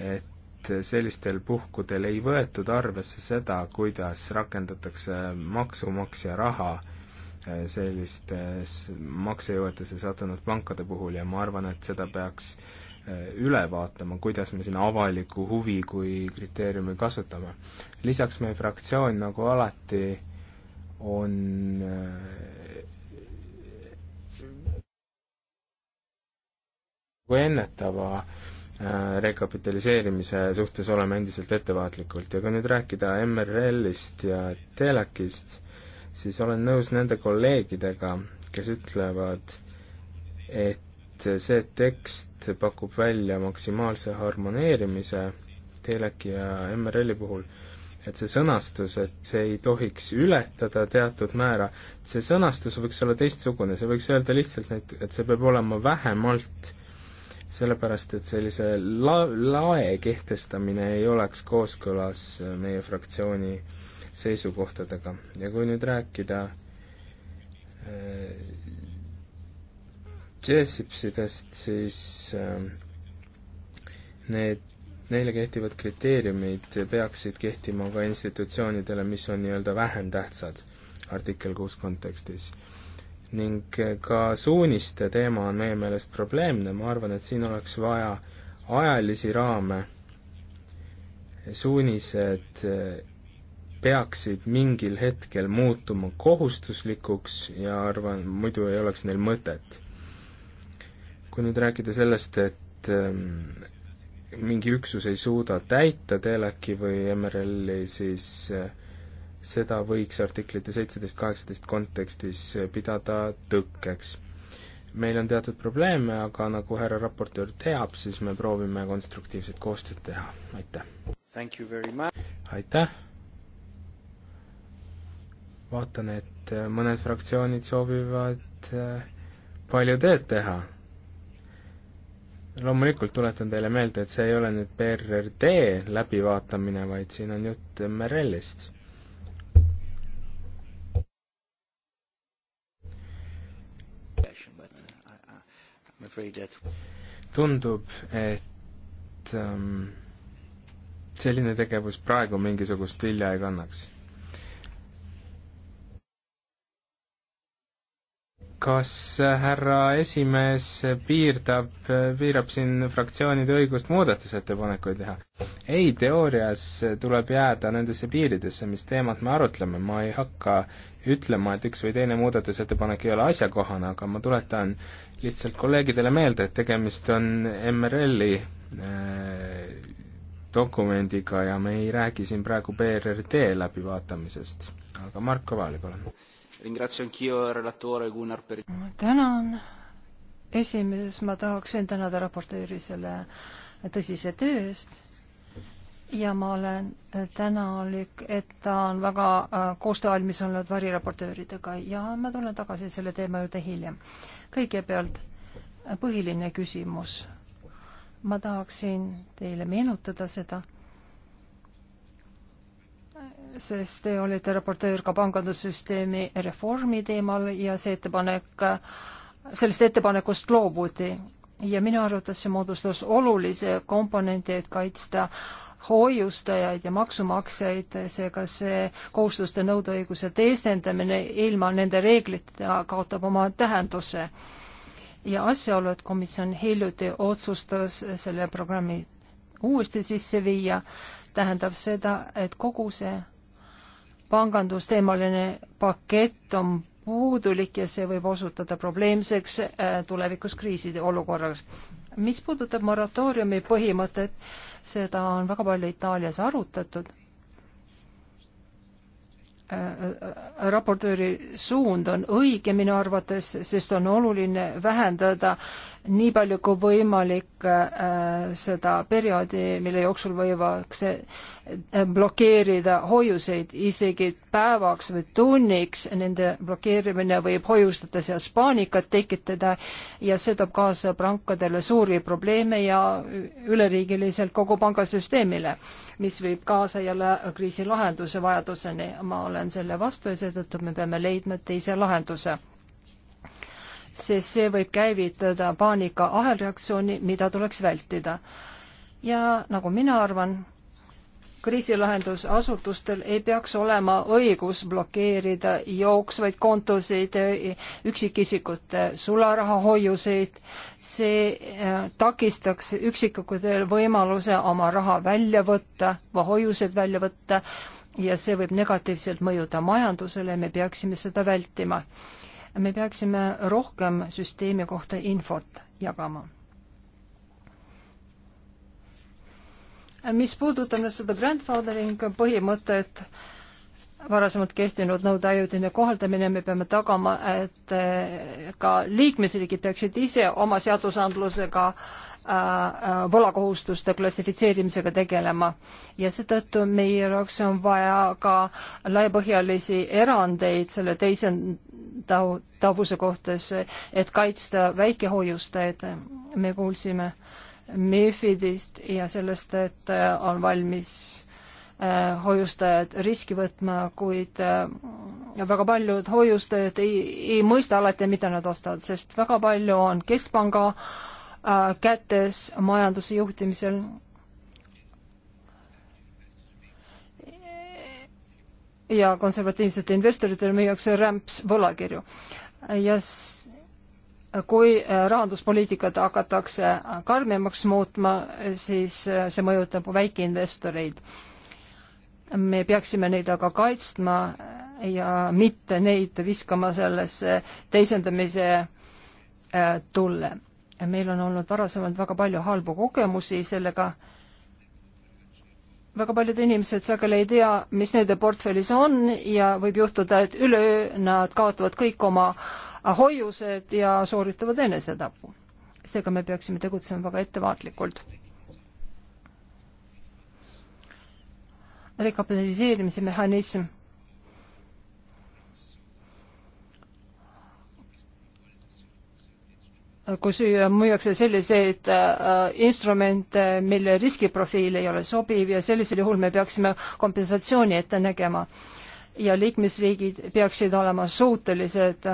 et sellistel puhkudel ei võetud arvesse seda, kuidas rakendatakse maksumaksja raha äh, sellistes maksejõuetuse sattunud pankade puhul ja ma arvan, et seda peaks Äh, üle vaatama, kuidas me siin avalikku huvi kui kriteeriumi kasutame. lisaks meie fraktsioon nagu alati on äh, kui ennetava äh, rekapitaliseerimise suhtes oleme endiselt ettevaatlikult ja kui nüüd rääkida MRL-ist ja TELAC-ist, siis olen nõus nende kolleegidega, kes ütlevad, et et see tekst pakub välja maksimaalse harmoneerimise Teleki ja MRL-i puhul, et see sõnastus, et see ei tohiks ületada teatud määra, see sõnastus võiks olla teistsugune, see võiks öelda lihtsalt, et, et see peab olema vähemalt sellepärast, et sellise la-, lae kehtestamine ei oleks kooskõlas meie fraktsiooni seisukohtadega. ja kui nüüd rääkida äh, Jessipsidest, siis ähm, need, neile kehtivad kriteeriumid peaksid kehtima ka institutsioonidele, mis on nii-öelda vähem tähtsad artikkel kuus kontekstis. ning äh, ka suuniste teema on meie meelest probleemne, ma arvan, et siin oleks vaja ajalisi raame, suunised äh, peaksid mingil hetkel muutuma kohustuslikuks ja arvan, muidu ei oleks neil mõtet kui nüüd rääkida sellest, et ähm, mingi üksus ei suuda täita TELAC-i või MRL-i, siis äh, seda võiks artiklite seitseteist, kaheksateist kontekstis äh, pidada tõkkeks. meil on teatud probleeme, aga nagu härra raportöör teab, siis me proovime konstruktiivset koostööd teha, aitäh! aitäh! vaatan, et äh, mõned fraktsioonid soovivad äh, palju tööd teha loomulikult tuletan teile meelde, et see ei ole nüüd PRRD läbivaatamine, vaid siin on jutt Merellist. tundub, et ähm, selline tegevus praegu mingisugust vilja ei kannaks kas härra esimees piirdab, piirab siin fraktsioonide õigust muudatusettepanekuid teha? ei, teoorias tuleb jääda nendesse piiridesse, mis teemat me arutleme, ma ei hakka ütlema, et üks või teine muudatusettepanek ei ole asjakohane, aga ma tuletan lihtsalt kolleegidele meelde, et tegemist on MRL-i äh, dokumendiga ja me ei räägi siin praegu BRRD läbivaatamisest, aga Marko Vaali, palun ringrazio anch'io relatore Gunnar per... tänan, esimeses ma tahaksin tänada raportööri selle tõsise töö eest ja ma olen tänulik, et ta on väga äh, koostöövalmis olnud variraportööridega ja ma tulen tagasi selle teema juurde hiljem. kõigepealt äh, põhiline küsimus. ma tahaksin teile meenutada seda, sest te olete raportöör ka pangandussüsteemi reformi teemal ja see ettepanek, sellest ettepanekust loobuti. ja minu arvates see moodustas olulise komponendi, et kaitsta hoiustajaid ja maksumaksjaid, seega see kohustuste nõudeõiguse teistendamine ilma nende reegliteta kaotab oma tähenduse. ja asjaolu, et komisjon hiljuti otsustas selle programmi uuesti sisse viia, tähendab seda, et kogu see pangandusteemaline pakett on puudulik ja see võib osutuda probleemseks äh, tulevikus kriiside olukorras. mis puudutab moratooriumi põhimõtet, seda on väga palju Itaalias arutatud raportööri suund on õige minu arvates, sest on oluline vähendada nii palju kui võimalik äh, seda perioodi, mille jooksul võivakse äh, blokeerida hoiuseid isegi päevaks või tunniks, nende blokeerimine võib hoiustada seas paanikat tekitada ja see toob kaasa pankadele suuri probleeme ja üleriigiliselt kogu pangasüsteemile, mis viib kaasa jälle kriisi lahenduse vajaduseni. ma olen olen selle vastu ja seetõttu me peame leidma teise lahenduse. sest see võib käivitada paanika ahelreaktsiooni, mida tuleks vältida. ja nagu mina arvan, kriisilahendusasutustel ei peaks olema õigus blokeerida jooksvaid kontosid, üksikisikute sularahahoiuseid. see äh, takistaks üksikutel võimaluse oma raha välja võtta või hoiused välja võtta ja see võib negatiivselt mõjuda majandusele, me peaksime seda vältima. me peaksime rohkem süsteemi kohta infot jagama. mis puudutab nüüd seda grandfathering põhimõtet, varasemalt kehtinud nõude ajutine kohaldamine, me peame tagama, et ka liikmesriigid peaksid ise oma seadusandlusega äh, Äh, äh, võlakohustuste klassifitseerimisega tegelema ja seetõttu meie jaoks on vaja ka laiapõhjalisi erandeid selle teise tavuse kohtas, et kaitsta väikehoiustajaid. me kuulsime MIFIDist ja sellest, et äh, on valmis hoiustajad riski võtma, kuid väga paljud hoiustajad ei, ei mõista alati, mida nad ostavad, sest väga palju on keskpanga äh, Äh, kätes majanduse juhtimisel. ja konservatiivsete investoritele müüakse rämps võlakirju ja kui äh, rahanduspoliitikat hakatakse äh, karmimaks muutma, siis see mõjutab väikeinvestoreid. me peaksime neid aga kaitsma ja mitte neid viskama sellesse teisendamise tulle meil on olnud varasemalt väga palju halbu kogemusi sellega. väga paljud inimesed sageli ei tea, mis nende portfellis on ja võib juhtuda, et üleöö nad kaotavad kõik oma hoiused ja sooritavad enesetapu. seega me peaksime tegutsema väga ettevaatlikult. rekapitaliseerimise mehhanism kus müüakse selliseid äh, instrumente, mille riskiprofiil ei ole sobiv ja sellisel juhul me peaksime kompensatsiooni ette nägema. ja liikmesriigid peaksid olema suutelised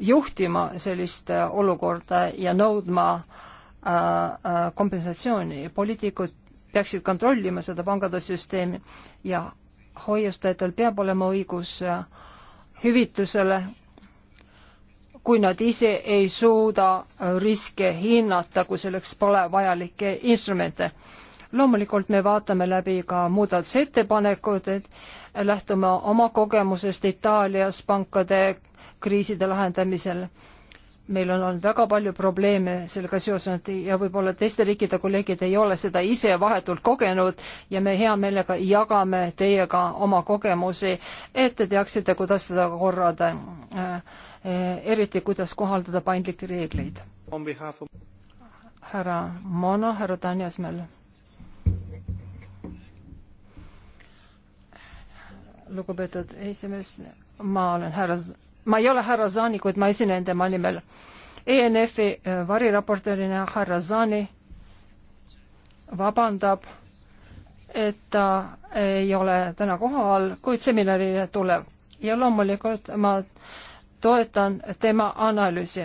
juhtima sellist äh, olukorda ja nõudma äh, kompensatsiooni. poliitikud peaksid kontrollima seda pangade süsteemi ja hoiustajatel peab olema õigus hüvitusele kui nad ise ei suuda riske hinnata, kui selleks pole vajalikke instrumente. loomulikult me vaatame läbi ka muudatusettepanekud, et lähtume oma kogemusest Itaalias pankade kriiside lahendamisel. meil on olnud väga palju probleeme sellega seoses ja võib-olla teiste riikide kolleegid ei ole seda ise vahetult kogenud ja me hea meelega jagame teiega oma kogemusi, et te teaksite, kuidas seda korrada äh, Eh, eriti kuidas kohaldada paindlikke reegleid. härra Mono, härra Tanjasmäel. lugupeetud esimees, ma olen härra, ma ei ole härra Zani, kuid ma esinen tema nimel. ENF-i eh, variraportöörina härra Zani vabandab, et ta ei ole täna kohal, kuid seminarile tuleb ja loomulikult ma toetan tema analüüsi.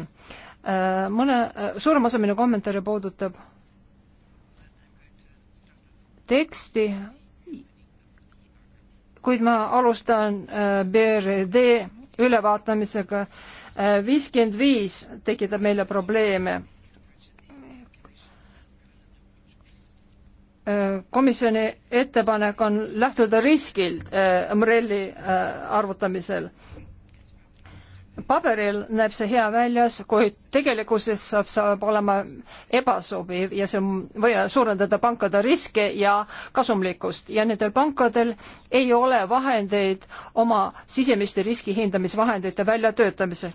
Äh, mõne, äh, suurem osa minu kommentaare puudutab teksti, kuid ma alustan äh, BRD ülevaatamisega. viiskümmend viis tekitab meile probleeme. komisjoni ettepanek on lähtuda riskilt MRL-i arvutamisel paberil näeb see hea väljas, kuid tegelikkuses saab, saab olema ebasobiv ja see on vaja suurendada pankade riske ja kasumlikkust ja nendel pankadel ei ole vahendeid oma sisemiste riski hindamisvahendite väljatöötamisel.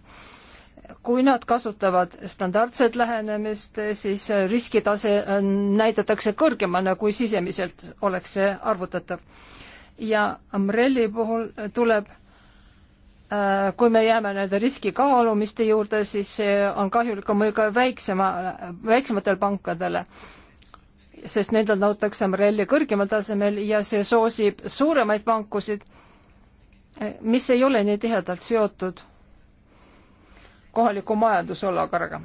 kui nad kasutavad standardset lähenemist, siis riskitase äh, näidatakse kõrgemana, kui sisemiselt oleks see arvutatav. ja Amrelli puhul tuleb Äh, kui me jääme nende riski kaalumiste juurde, siis see on kahjulikum mõju ka väiksema, väiksematele pankadele, sest nendel nõutakse MRL-i kõrgemal tasemel ja see soosib suuremaid pankusid, äh, mis ei ole nii tihedalt seotud kohaliku majandusolukorraga.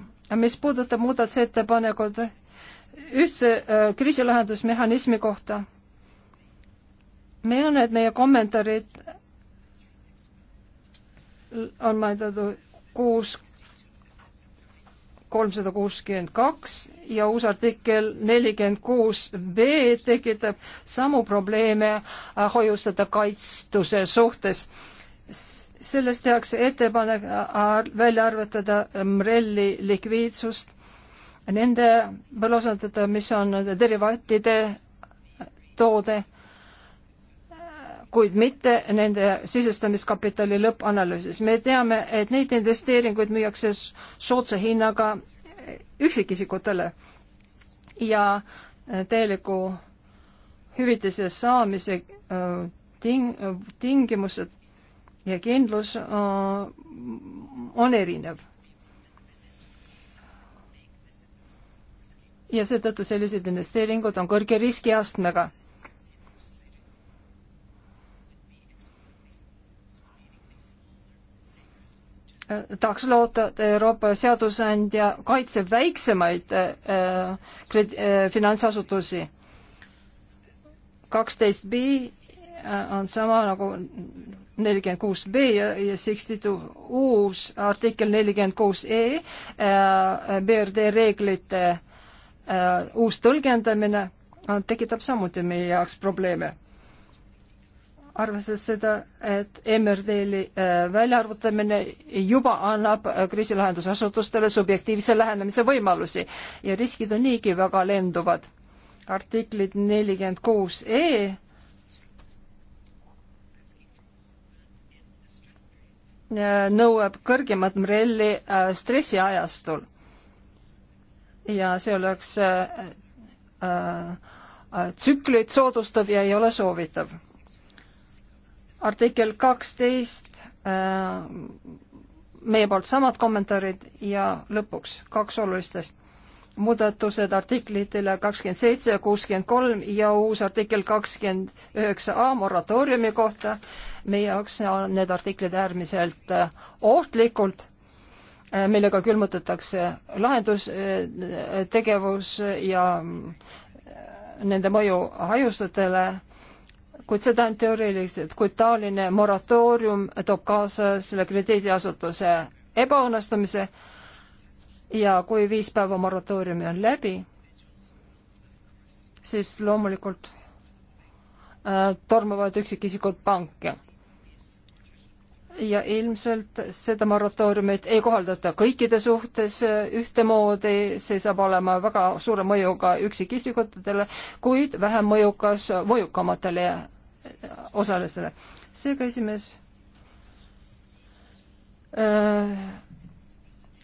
mis puudutab muudatusettepanekud ühtse äh, kriisilahendusmehhanismi kohta, meie, need meie kommentaarid on mainitud kuus, kolmsada kuuskümmend kaks ja uus artikkel nelikümmend kuus B tekitab samu probleeme hoiustada kaitstuse suhtes. selles tehakse ettepanek äh, välja arvutada MREL-i ähm, likviidsust nende võlausaldajate, mis on derivaatide toode kuid mitte nende sisestamiskapitali lõppanalüüsis. me teame, et neid investeeringuid müüakse soodsa hinnaga üksikisikutele ja äh, täieliku hüvitise saamise äh, ting-, tingimused ja kindlus äh, on erinev. ja seetõttu sellised investeeringud on kõrge riskiastmega tahaks loota, et Euroopa seadusandja kaitseb väiksemaid äh, äh, finantsasutusi. kaksteist B äh, on sama nagu nelikümmend kuus B ja, ja sixty-two uus artikkel nelikümmend kuus E äh, BRD reeglite äh, uus tõlgendamine äh, tekitab samuti meie jaoks probleeme arvestades seda, et MRD-li äh, väljaarvutamine juba annab äh, kriisilahendusasutustele subjektiivse lähenemise võimalusi ja riskid on niigi väga lenduvad. artiklid nelikümmend kuus E nõuab kõrgemat MRL-i äh, stressiajastul ja see oleks tsükleid soodustav ja ei ole soovitav artikkel kaksteist, äh, meie poolt samad kommentaarid ja lõpuks kaks olulist asja muudatused artiklitele kakskümmend seitse ja kuuskümmend kolm ja uus artikkel kakskümmend üheksa A moratooriumi kohta. meie jaoks on need artiklid äärmiselt äh, ohtlikud, äh, millega külmutatakse lahendustegevus ja nende mõju hajustajatele kuid seda on teoreetiliselt, kuid taoline moratoorium toob kaasa selle krediidiasutuse ebaõnnestumise ja kui viis päeva moratooriumi on läbi, siis loomulikult äh, tormavad üksikisikud panke ja ilmselt seda moratooriumit ei kohaldata kõikide suhtes ühtemoodi, see saab olema väga suure mõjuga üksikisikutele, kuid vähem mõjukas mõjukamatele osalisele. seega esimees, äh,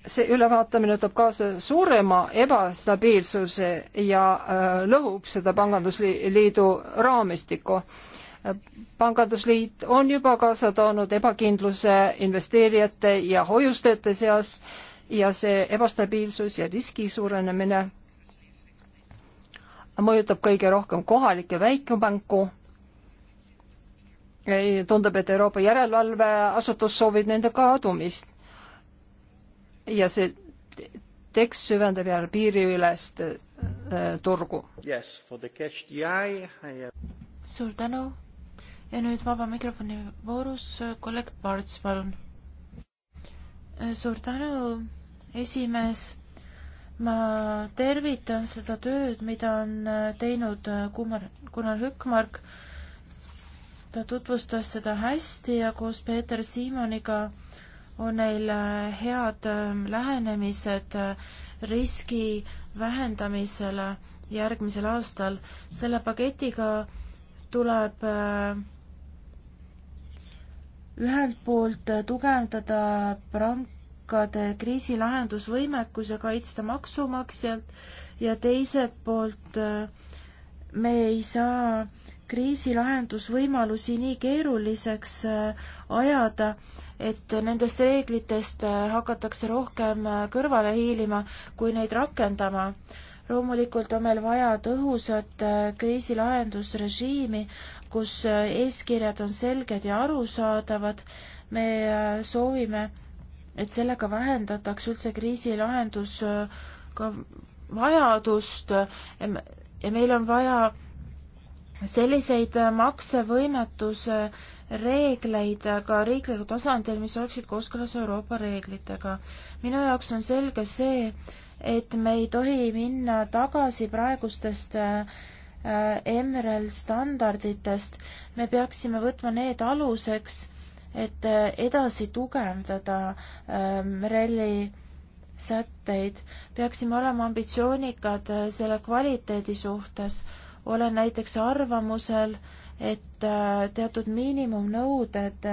see ülevaatamine toob kaasa suurema ebastabiilsuse ja äh, lõhub seda pangandusliidu raamistikku pangandusliit on juba kaasa toonud ebakindluse investeerijate ja hoiustajate seas ja see ebastabiilsus ja riski suurenemine mõjutab kõige rohkem kohalikke väikepanku. tundub, et Euroopa järelevalveasutus soovib nende kadumist. ja see tekst süvendab jälle piiriülest äh, turgu yes,. Have... suur tänu ja nüüd vaba mikrofoni voorus äh, kolleeg Parts, palun. Äh, suur tänu, esimees. ma tervitan seda tööd, mida on äh, teinud Kumar, Gunnar Hökmark. ta tutvustas seda hästi ja koos Peeter Siimoniga on neil head ähm, lähenemised riski vähendamisele järgmisel aastal. selle paketiga tuleb äh, ühelt poolt tugevdada pankade kriisilahendusvõimekus ja kaitsta maksumaksjalt ja teiselt poolt äh, me ei saa kriisilahendusvõimalusi nii keeruliseks äh, ajada, et nendest reeglitest äh, hakatakse rohkem kõrvale hiilima, kui neid rakendama. loomulikult on meil vaja tõhusat kriisilahendusrežiimi, kus äh, eeskirjad on selged ja arusaadavad. me äh, soovime, et sellega vähendatakse üldse kriisilahendusega äh, vajadust ja meil on vaja selliseid maksevõimetuse reegleid ka riiklikul tasandil, mis oleksid kooskõlas Euroopa reeglitega. minu jaoks on selge see, et me ei tohi minna tagasi praegustest Äh, MREL standarditest, me peaksime võtma need aluseks, et äh, edasi tugevdada MREL-i ähm, sätteid, peaksime olema ambitsioonikad äh, selle kvaliteedi suhtes. olen näiteks arvamusel, et teatud miinimumnõuded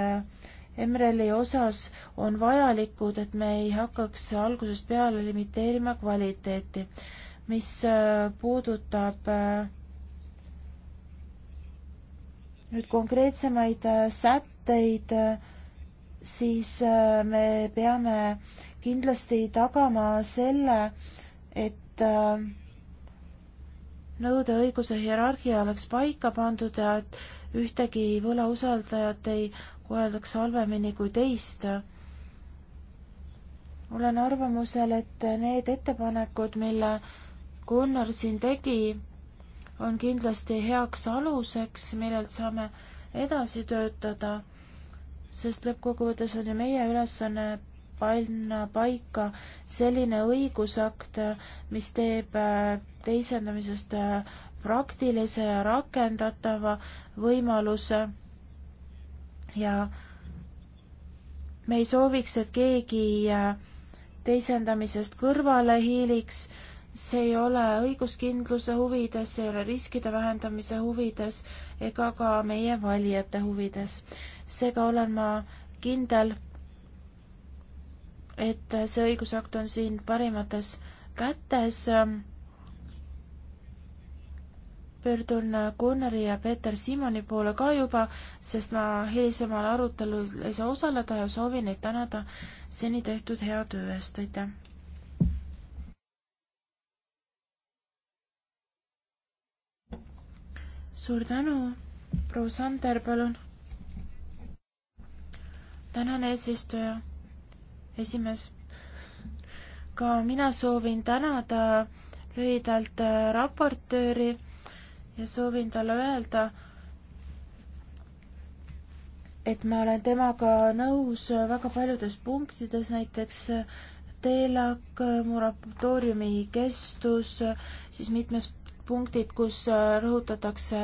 MRL-i osas on vajalikud, et me ei hakkaks algusest peale limiteerima kvaliteeti. mis puudutab äh, nüüd konkreetsemaid äh, sätteid, äh, siis äh, me peame kindlasti tagama selle, et nõudeõiguse hierarhia oleks paika pandud ja et ühtegi võlausaldajat ei koheldaks halvemini kui teist. olen arvamusel, et need ettepanekud, mille Gunnar siin tegi, on kindlasti heaks aluseks, millelt saame edasi töötada, sest lõppkokkuvõttes on ju meie ülesanne panna paika selline õigusakt, mis teeb äh, teisendamisest äh, praktilise ja rakendatava võimaluse ja me ei sooviks, et keegi äh, teisendamisest kõrvale hiiliks, see ei ole õiguskindluse huvides, see ei ole riskide vähendamise huvides ega ka meie valijate huvides. seega olen ma kindel, et see õigusakt on siin parimates kätes. pöördun Gunnari ja Peeter Simoni poole ka juba, sest ma hilisemal arutelul ei saa osaleda ja soovin neid tänada seni tehtud hea töö eest, aitäh! suur tänu, proua Sander, palun. tänan, eesistuja, esimees. ka mina soovin tänada lühidalt äh, raportööri ja soovin talle öelda, et ma olen temaga nõus äh, väga paljudes punktides, näiteks äh, teelak, muratooriumi kestus, siis mitmes punktid, kus äh, rõhutatakse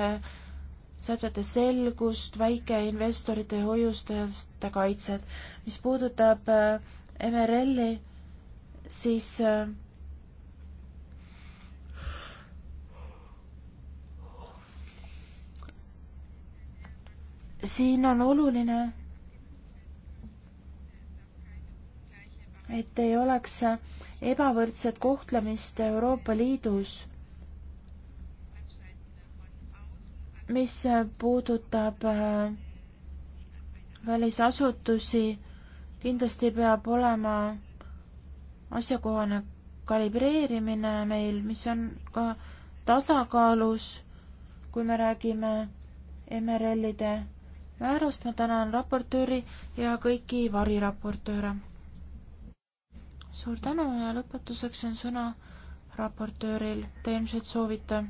sätete selgust, väikeinvestorite ja hoiustajate kaitset. mis puudutab äh, MRL-i, siis äh, siin on oluline, et ei oleks ebavõrdset kohtlemist Euroopa Liidus mis puudutab äh, välisasutusi, kindlasti peab olema asjakohane kalibreerimine meil, mis on ka tasakaalus, kui me räägime MRL-ide määrast. ma tänan raportööri ja kõiki variraportööre. suur tänu ja lõpetuseks on sõna raportööril, te ilmselt soovite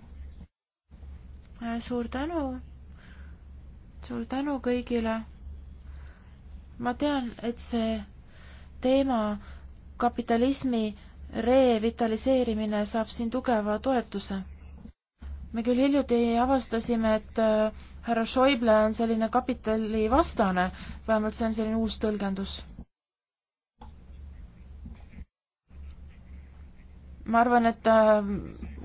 Äh, suur tänu, suur tänu kõigile. ma tean, et see teema kapitalismi revitaliseerimine saab siin tugeva toetuse. me küll hiljuti avastasime, et äh, härra Schäuble on selline kapitali vastane, vähemalt see on selline uus tõlgendus ma arvan, et äh,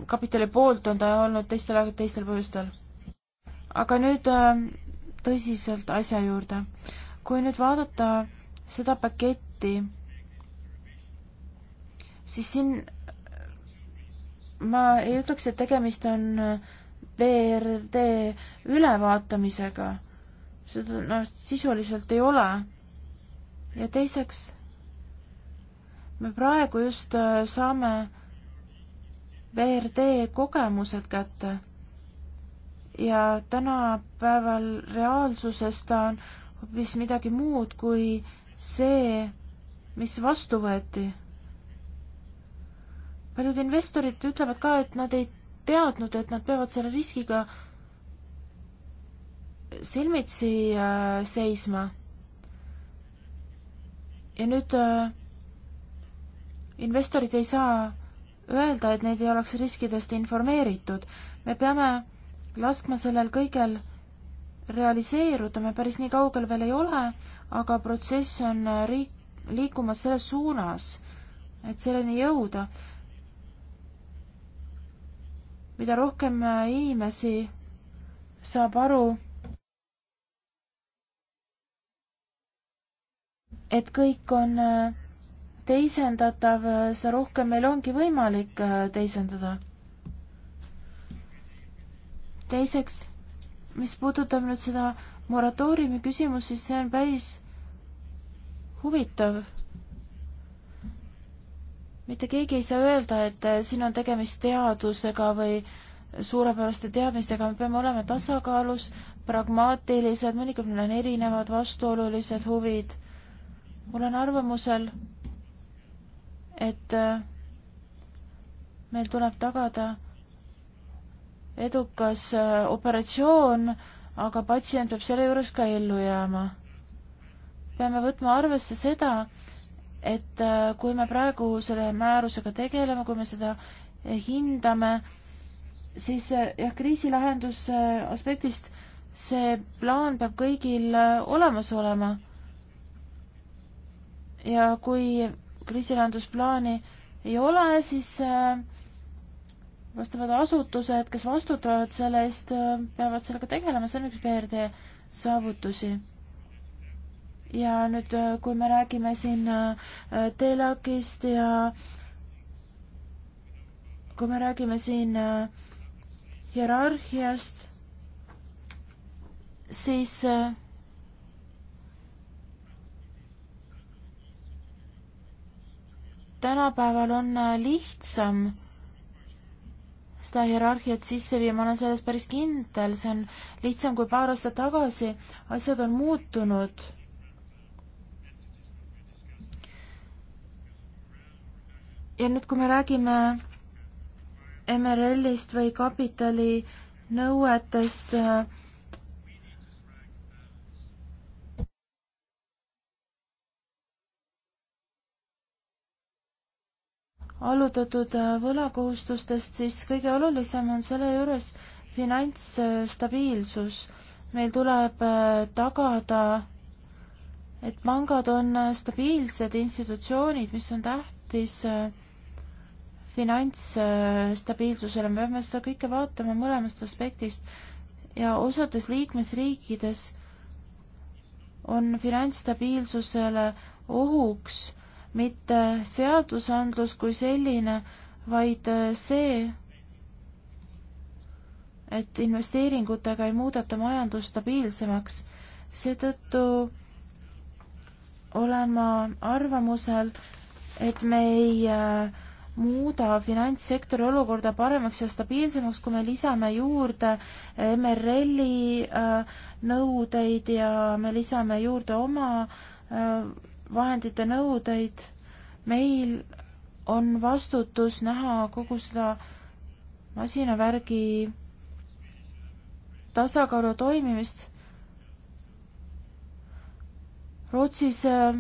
kapitali poolt on ta olnud teistel, teistel põhjustel. aga nüüd äh, tõsiselt asja juurde. kui nüüd vaadata seda paketti, siis siin ma ei ütleks, et tegemist on äh, BRD ülevaatamisega. seda, noh, sisuliselt ei ole. ja teiseks, me praegu just saame BRD kogemused kätte. ja tänapäeval reaalsuses ta on hoopis midagi muud kui see, mis vastu võeti. paljud investorid ütlevad ka, et nad ei teadnud, et nad peavad selle riskiga silmitsi äh, seisma. ja nüüd äh, investorid ei saa öelda, et neid ei oleks riskidest informeeritud. me peame laskma sellel kõigel realiseeruda, me päris nii kaugel veel ei ole, aga protsess on riik, liikumas selles suunas, et selleni jõuda. mida rohkem inimesi saab aru, et kõik on äh, teisendatav, seda rohkem meil ongi võimalik äh, teisendada. teiseks, mis puudutab nüüd seda moratooriumi küsimust, siis see on päris huvitav. mitte keegi ei saa öelda, et äh, siin on tegemist teadusega või suurepäraste teadmistega, me peame olema tasakaalus, pragmaatilised, mõnikord meil on erinevad vastuolulised huvid. olen arvamusel, et äh, meil tuleb tagada edukas äh, operatsioon, aga patsient peab selle juures ka ellu jääma. peame võtma arvesse seda, et äh, kui me praegu selle määrusega tegeleme, kui me seda hindame, siis jah, kriisilahenduse aspektist see plaan peab kõigil olemas olema. ja kui kriisilahendusplaani ei ole, siis äh, vastavad asutused, kes vastutavad selle eest, äh, peavad sellega tegelema, see on üks BRD saavutusi. ja nüüd, äh, kui me räägime siin TELAK-ist ja kui me räägime siin hierarhiast, siis äh, tänapäeval on äh, lihtsam seda hierarhiat sisse viia, ma olen selles päris kindel, see on lihtsam kui paar aastat tagasi, asjad on muutunud. ja nüüd, kui me räägime MRL-ist või kapitali nõuetest äh, allutatud äh, võlakohustustest, siis kõige olulisem on selle juures finantsstabiilsus. meil tuleb äh, tagada, et pangad on äh, stabiilsed institutsioonid, mis on tähtis finantsstabiilsusele, me peame seda kõike vaatama mõlemast aspektist ja osades liikmesriikides on finantsstabiilsusele ohuks mitte seadusandlus kui selline, vaid äh, see, et investeeringutega ei muudeta majandust stabiilsemaks. seetõttu olen ma arvamusel, et me ei äh, muuda finantssektori olukorda paremaks ja stabiilsemaks, kui me lisame juurde äh, MRL-i äh, nõudeid ja me lisame juurde oma äh, vahendite nõudeid, meil on vastutus näha kogu seda masinavärgi tasakaalu toimimist. Rootsis äh,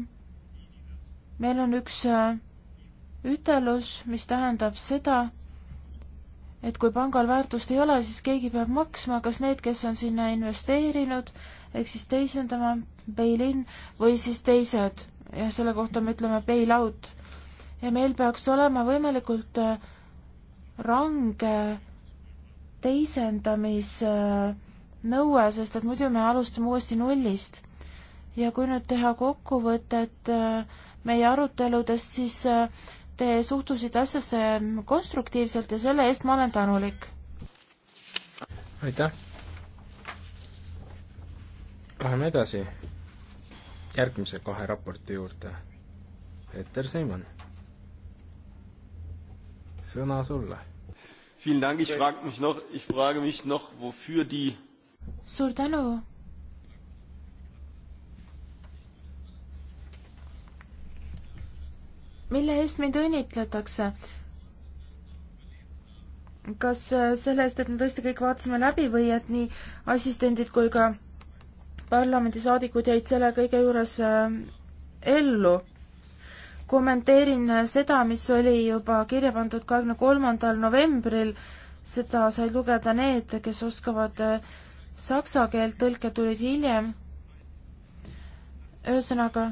meil on üks äh, ütelus, mis tähendab seda, et kui pangal väärtust ei ole, siis keegi peab maksma, kas need, kes on sinna investeerinud, ehk siis teisendama, bail-in või siis teised ja selle kohta me ütleme bail out. ja meil peaks olema võimalikult äh, range teisendamisnõue, äh, sest et muidu me alustame uuesti nullist. ja kui nüüd teha kokkuvõtet äh, meie aruteludest, siis te suhtusite asjasse konstruktiivselt ja selle eest ma olen tänulik. aitäh! Läheme edasi järgmise kahe raporti juurde. Peeter Seiman, sõna sulle. suur tänu. mille eest mind õnnitletakse? kas selle eest, et me tõesti kõik vaatasime läbi või et nii assistendid kui ka parlamendisaadikud jäid selle kõige juures äh, ellu. kommenteerin äh, seda, mis oli juba kirja pandud kahekümne kolmandal novembril, seda said lugeda need, kes oskavad äh, saksa keelt, tõlke tulid hiljem. ühesõnaga,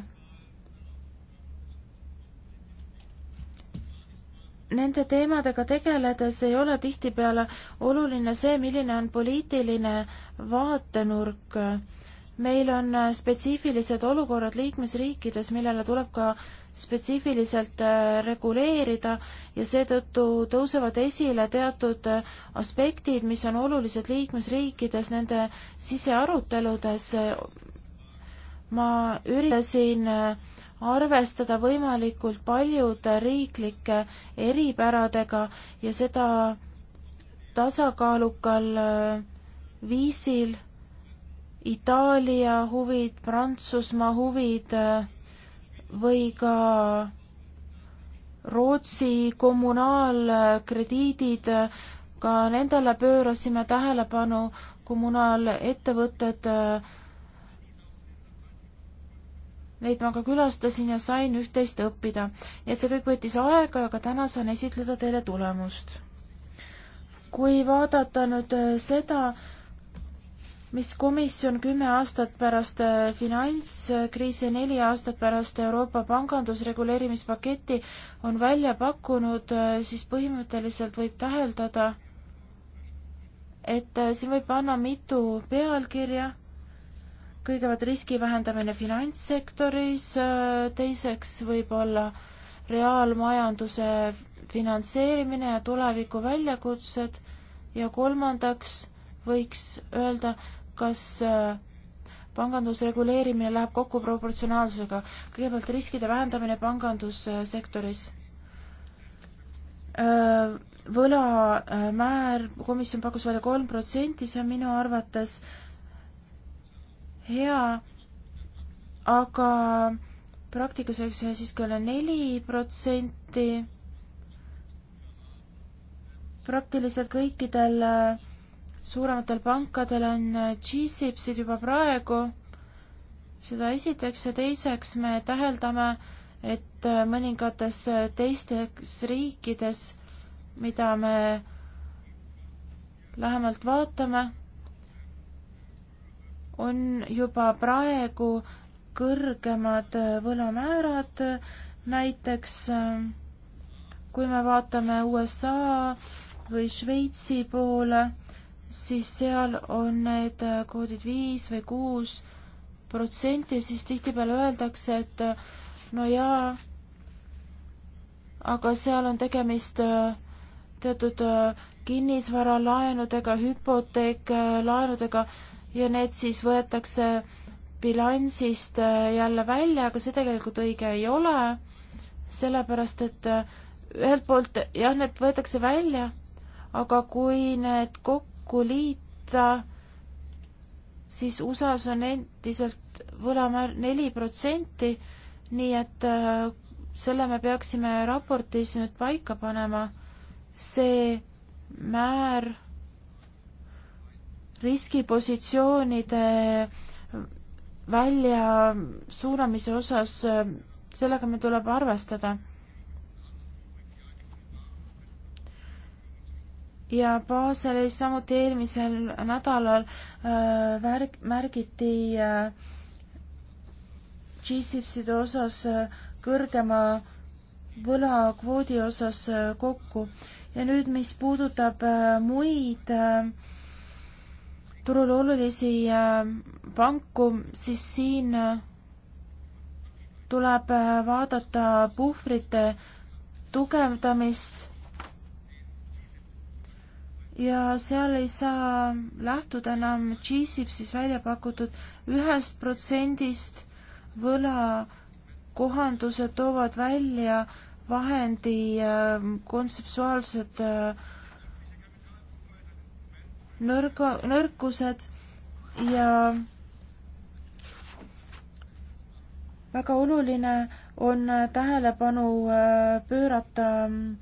nende teemadega tegeledes ei ole tihtipeale oluline see, milline on poliitiline vaatenurk meil on äh, spetsiifilised olukorrad liikmesriikides, millele tuleb ka spetsiifiliselt äh, reguleerida ja seetõttu tõusevad esile teatud äh, aspektid, mis on olulised liikmesriikides nende sisearuteludes. ma üritasin arvestada võimalikult paljude riiklike eripäradega ja seda tasakaalukal viisil Itaalia huvid, Prantsusmaa huvid äh, või ka Rootsi kommunaalkrediidid, äh, ka nendele pöörasime tähelepanu, kommunaalettevõtted, äh, neid ma ka külastasin ja sain üht-teist õppida. nii et see kõik võttis aega, aga täna saan esitleda teile tulemust. kui vaadata nüüd seda, mis komisjon kümme aastat pärast äh, finantskriisi, neli aastat pärast Euroopa pangandusreguleerimispaketti on välja pakkunud, äh, siis põhimõtteliselt võib täheldada, et äh, siin võib panna mitu pealkirja. kõigepealt riski vähendamine finantssektoris, teiseks võib-olla reaalmajanduse finantseerimine ja tuleviku väljakutsed ja kolmandaks võiks öelda, kas äh, pangandusreguleerimine läheb kokku proportsionaalsusega, kõigepealt riskide vähendamine pangandussektoris. Äh, võlamäär, äh, komisjon pakkus välja kolm protsenti, see on minu arvates hea, aga praktikas oleks see siiski üle neli protsenti. praktiliselt kõikidel äh, suurematel pankadel on äh, G-SIPsid juba praegu, seda esiteks ja teiseks me täheldame, et äh, mõningates äh, teistes riikides, mida me lähemalt vaatame, on juba praegu kõrgemad võlamäärad, näiteks kui me vaatame USA või Šveitsi poole, siis seal on need äh, koodid viis või kuus protsenti, siis tihtipeale öeldakse, et äh, no jaa, aga seal on tegemist äh, teatud kinnisvaralaenudega, hüpoteeklaenudega ja need siis võetakse bilansist jälle välja, aga see tegelikult õige ei ole, sellepärast et ühelt poolt jah, need võetakse välja, aga kui need kokku kokku liita, siis USA-s on endiselt võlamäär neli protsenti, nii et äh, selle me peaksime raportis nüüd paika panema. see määr riskipositsioonide välja suunamise osas, äh, sellega meil tuleb arvestada ja Baselis samuti eelmisel nädalal äh, värg, märgiti äh, G-SIPside osas äh, kõrgema võlakvoodi osas äh, kokku. ja nüüd, mis puudutab äh, muid äh, turul olulisi äh, panku, siis siin äh, tuleb äh, vaadata puhvrite tugevdamist ja seal ei saa lähtuda enam GCIP-sis välja pakutud ühest protsendist võla kohandused toovad välja vahendi ähm, kontseptuaalsed äh, nõrga, nõrkused ja väga oluline on äh, tähelepanu äh, pöörata mm,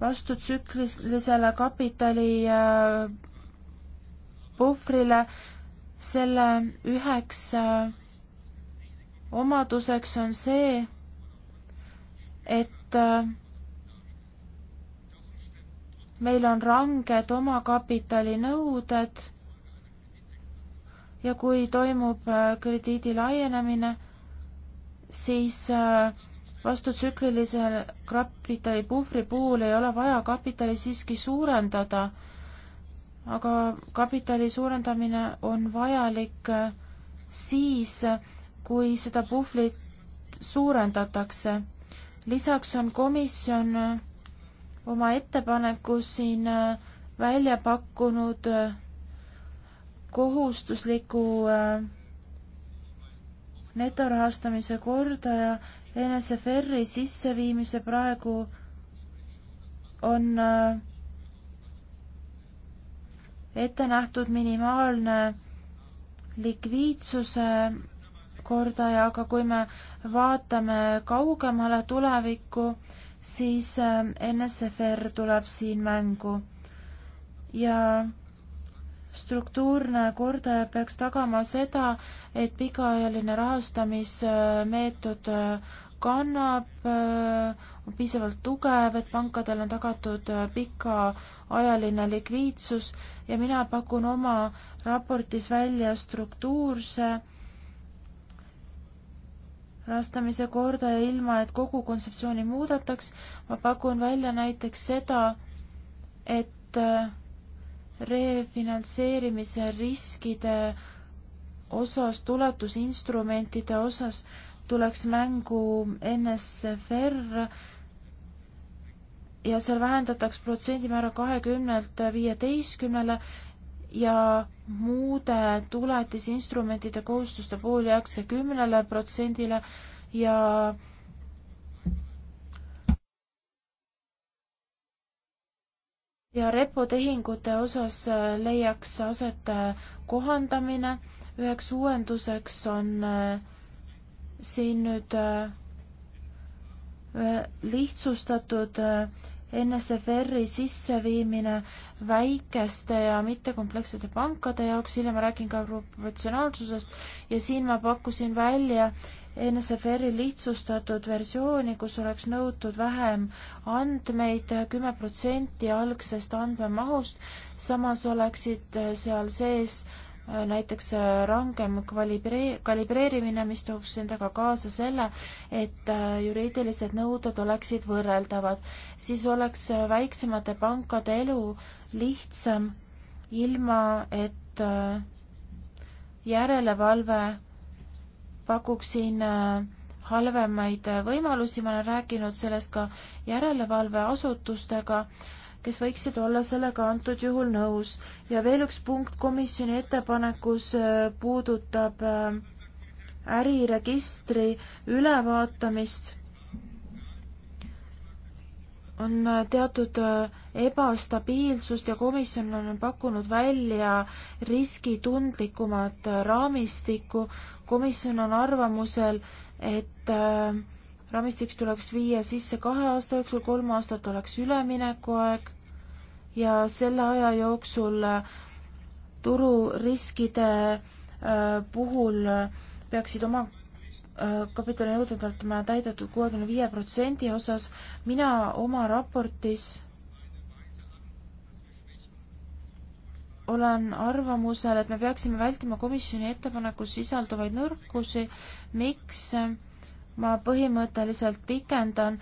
vastutsüklilisele kapitali äh, puhvrile, selle üheks äh, omaduseks on see, et äh, meil on ranged omakapitalinõuded ja kui toimub krediidi laienemine, siis äh, vastutsüklilise kapitalipuhvri puhul ei ole vaja kapitali siiski suurendada, aga kapitali suurendamine on vajalik äh, siis, kui seda puhvrit suurendatakse. lisaks on komisjon äh, oma ettepanekus siin äh, välja pakkunud kohustusliku netorahastamise kordaja NSFR-i sisseviimise praegu on äh, ette nähtud minimaalne likviidsuse kordaja, aga kui me vaatame kaugemale tulevikku, siis äh, NSFR tuleb siin mängu ja struktuurne kordaja peaks tagama seda, et pikaajaline rahastamismeetod äh, kannab, äh, on piisavalt tugev, et pankadel on tagatud äh, pikaajaline likviidsus ja mina pakun oma raportis välja struktuurse rahastamise kordaja ilma, et kogu kontseptsiooni muudetaks. ma pakun välja näiteks seda, et refinantseerimise riskide osas, tuletusinstrumentide osas tuleks mängu NSFR ja seal vähendataks protsendimäära kahekümnelt viieteistkümnele ja muude tuletisinstrumentide kohustuste puhul jääks see kümnele protsendile ja ja repotehingute osas äh, leiaks aset äh, kohandamine. üheks uuenduseks on äh, siin nüüd lihtsustatud NSFR-i sisseviimine väikeste ja mittekomplekssete pankade jaoks, hiljem ma räägin ka proportsionaalsusest ja siin ma pakkusin välja, NSFR-i lihtsustatud versiooni, kus oleks nõutud vähem andmeid, kümme protsenti algsest andmemahust, samas oleksid seal sees äh, näiteks äh, rangem kvalibreer-, kalibreerimine, mis tooks endaga kaasa selle, et äh, juriidilised nõuded oleksid võrreldavad. siis oleks väiksemate pankade elu lihtsam, ilma et järelevalve pakuksin äh, halvemaid äh, võimalusi, ma olen rääkinud sellest ka järelevalveasutustega, kes võiksid olla sellega antud juhul nõus. ja veel üks punkt komisjoni ettepanekus äh, puudutab äriregistri ülevaatamist. on teatud ebastabiilsust ja komisjon on pakkunud välja riskitundlikumat raamistikku, komisjon on arvamusel, et äh, raamistiks tuleks viia sisse kahe aasta jooksul, kolm aastat oleks üleminekuaeg ja selle aja jooksul äh, tururiskide äh, puhul peaksid oma kapitalinõuded olema täidetud kuuekümne viie protsendi osas. mina oma raportis olen arvamusel, et me peaksime vältima komisjoni ettepanekus sisalduvaid nõrkusi. miks? ma põhimõtteliselt pikendan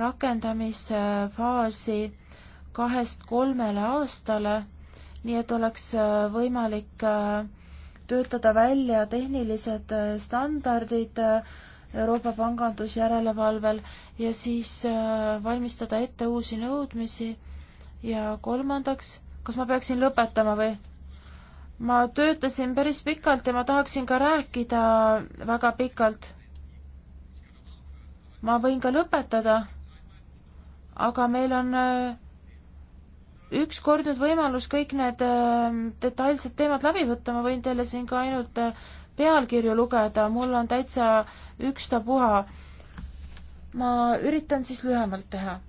rakendamisfaasi kahest kolmele aastale, nii et oleks äh, võimalik äh, töötada välja tehnilised äh, standardid Euroopa pangandusjärelevalvel ja siis valmistada ette uusi nõudmisi ja kolmandaks kas ma peaksin lõpetama või? ma töötasin päris pikalt ja ma tahaksin ka rääkida väga pikalt. ma võin ka lõpetada, aga meil on äh, ükskord nüüd võimalus kõik need äh, detailsed teemad läbi võtta, ma võin teile siin ka ainult äh, pealkirju lugeda, mul on täitsa ükstapuha. ma üritan siis lühemalt teha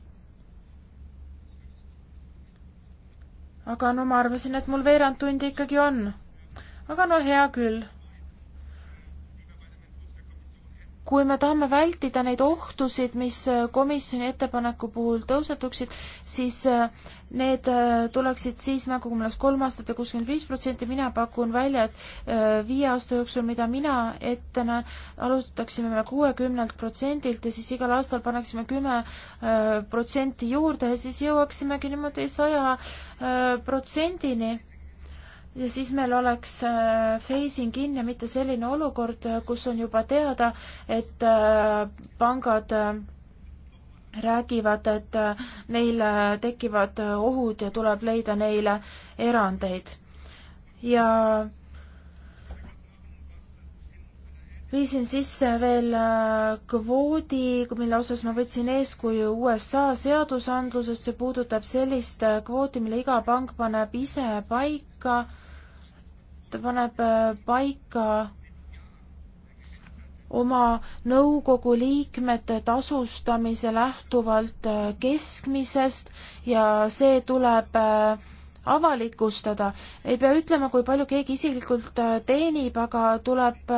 aga no ma arvasin, et mul veerand tundi ikkagi on. aga no hea küll kui me tahame vältida neid ohtusid, mis äh, komisjoni ettepaneku puhul tõusetuksid, siis äh, need äh, tuleksid siis nagu mul oleks kolm aastat ja kuuskümmend viis protsenti, mina pakun välja, et viie aasta jooksul, mida mina ette näen, alustaksime me kuuekümnelt protsendilt ja siis igal aastal paneksime kümme protsenti juurde ja siis jõuaksimegi niimoodi saja protsendini ja siis meil oleks phasing äh, in ja mitte selline olukord, äh, kus on juba teada, et äh, pangad räägivad, et neil tekivad ohud ja tuleb leida neile erandeid. ja viisin sisse veel kvoodi, mille osas ma võtsin eeskuju USA seadusandlusest, see puudutab sellist kvooti, mille iga pank paneb ise paika ta paneb äh, paika oma nõukogu liikmete tasustamise lähtuvalt äh, keskmisest ja see tuleb äh, avalikustada. ei pea ütlema, kui palju keegi isiklikult teenib, aga tuleb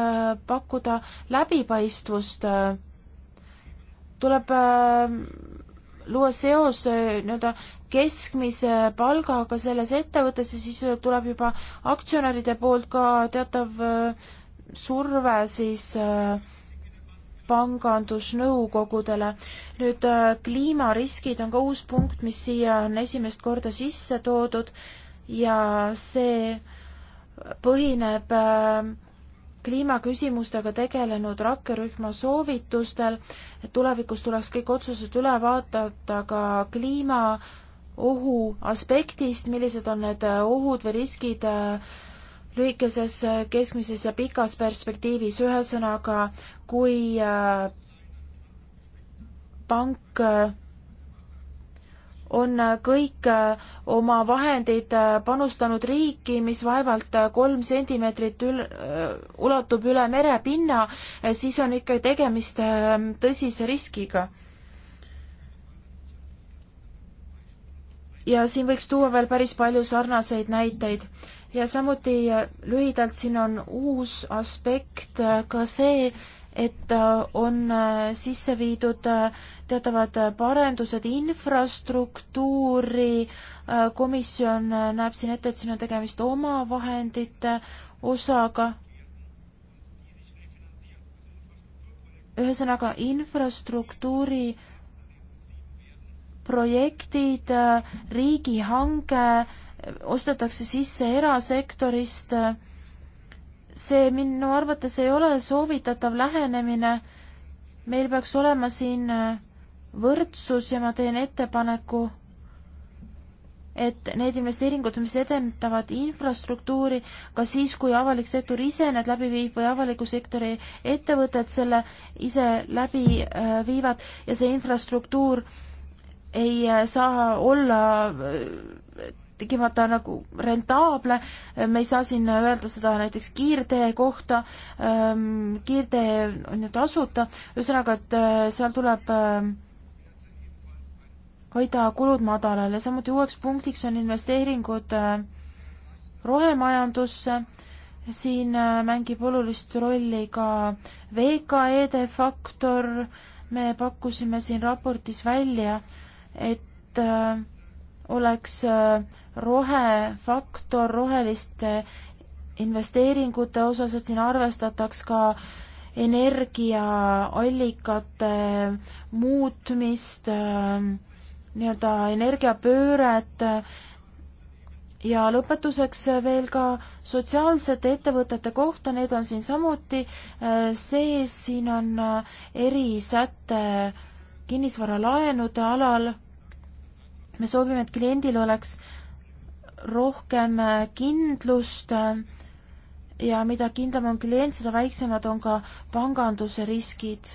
pakkuda läbipaistvust. tuleb luua seos nii-öelda keskmise palgaga selles ettevõttes ja siis tuleb juba aktsionäride poolt ka teatav äh, surve siis äh, pangandusnõukogudele. nüüd äh, kliimariskid on ka uus punkt, mis siia on esimest korda sisse toodud ja see põhineb kliimaküsimustega tegelenud rakkerühma soovitustel, et tulevikus tuleks kõik otsused üle vaadata ka kliima ohu aspektist, millised on need äh, ohud või riskid äh, lühikeses, äh, keskmises ja pikas perspektiivis, ühesõnaga, kui pank on kõik oma vahendid panustanud riiki, mis vaevalt kolm sentimeetrit ül-, ulatub üle merepinna, siis on ikka tegemist tõsise riskiga ja siin võiks tuua veel päris palju sarnaseid näiteid. ja samuti äh, lühidalt siin on uus aspekt äh, ka see, et äh, on sisse viidud teatavad parendused infrastruktuuri, komisjon näeb siin ette, et siin on tegemist omavahendite osaga. ühesõnaga, infrastruktuuri projektid, riigihange, ostetakse sisse erasektorist. see minu arvates ei ole soovitatav lähenemine. meil peaks olema siin võrdsus ja ma teen ettepaneku, et need investeeringud, mis edendavad infrastruktuuri, ka siis, kui avalik sektor ise need läbi viib või avaliku sektori ettevõtted selle ise läbi äh, viivad ja see infrastruktuur äh, ei äh, saa olla äh, tingimata nagu rentaable, me ei saa siin öelda seda näiteks kiirtee kohta, ähm, kiirtee on ju tasuta, ühesõnaga, et äh, seal tuleb hoida kulud madalal ja samuti uueks punktiks on investeeringud rohemajandusse, siin mängib olulist rolli ka VKE-de faktor, me pakkusime siin raportis välja äh, et äh, oleks äh, rohefaktor roheliste investeeringute osas, et siin arvestataks ka energiaallikate muutmist, äh, nii-öelda energiapööret ja lõpetuseks veel ka sotsiaalsete ettevõtete kohta, need on siin samuti sees, siin on erisäte kinnisvaralaenude alal me soovime, et kliendil oleks rohkem äh, kindlust äh, ja mida kindlam on klient, seda väiksemad on ka panganduse riskid.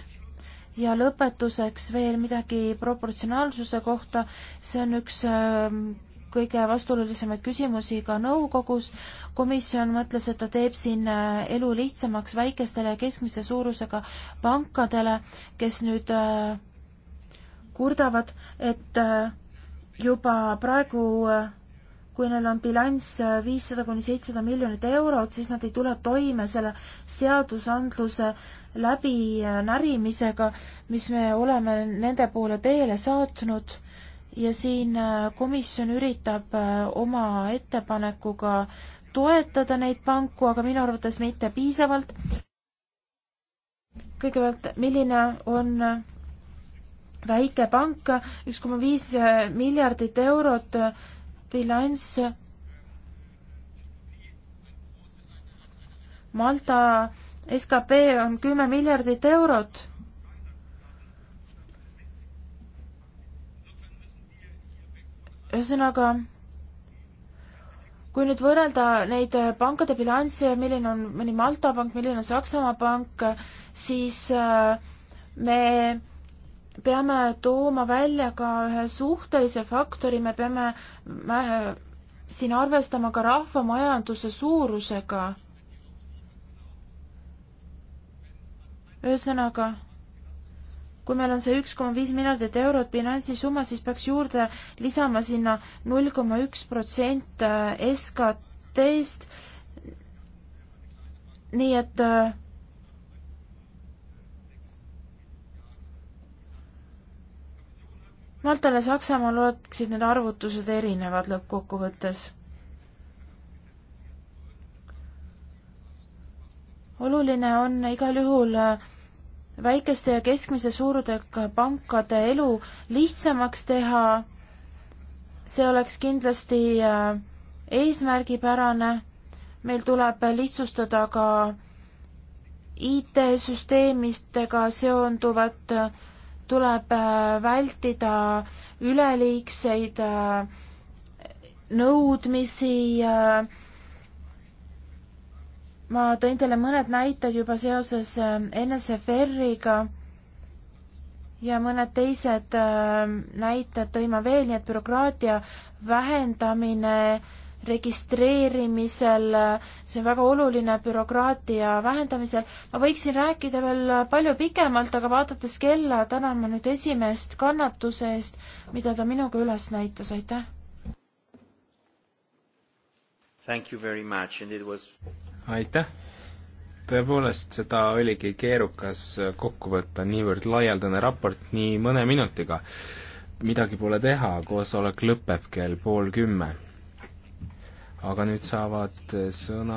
ja lõpetuseks veel midagi proportsionaalsuse kohta, see on üks ähm, kõige vastuolulisemaid küsimusi ka nõukogus. komisjon mõtles, et ta teeb siin äh, elu lihtsamaks väikestele ja keskmise suurusega pankadele, kes nüüd kurdavad, et äh, juba praegu, äh, kui neil on bilanss äh, viissada kuni seitsesada miljonit eurot, siis nad ei tule toime selle seadusandluse läbinärimisega, mis me oleme nende poole teele saatnud ja siin komisjon üritab oma ettepanekuga toetada neid panku, aga minu arvates mitte piisavalt. kõigepealt, milline on väike pank, üks koma viis äh, miljardit eurot äh, bilanss. Malta skp on kümme miljardit eurot. ühesõnaga, kui nüüd võrrelda neid äh, pankade bilansse, milline on mõni Malta pank, milline on Saksamaa pank, siis me peame tooma välja ka ühe suhtelise faktori, me peame me, siin arvestama ka rahvamajanduse suurusega. ühesõnaga, kui meil on see üks koma viis miljardit eurot bilansisumma, siis peaks juurde lisama sinna null koma üks protsent äh, SKT-st. nii et äh, Maltal ja Saksamaal oleksid need arvutused erinevad lõppkokkuvõttes. oluline on igal juhul äh, väikeste ja keskmise suurudega pankade elu lihtsamaks teha. see oleks kindlasti äh, eesmärgipärane. meil tuleb lihtsustada ka IT-süsteemistega seonduvat äh, tuleb äh, vältida üleliigseid äh, nõudmisi. Äh. ma tõin teile mõned näited juba seoses NSFR-iga ja mõned teised näited tõin ma veel, nii et bürokraatia vähendamine äh, registreerimisel, see on väga oluline bürokraatia vähendamisel. ma võiksin rääkida veel palju pikemalt, aga vaadates kella, tänan ma nüüd esimeest kannatuse eest, mida ta minuga üles näitas, aitäh! Was... aitäh! tõepoolest, seda oligi keerukas kokku võtta, niivõrd laialdane raport nii mõne minutiga. midagi pole teha, koosolek lõpeb kell pool kümme aga nüüd saavad sõna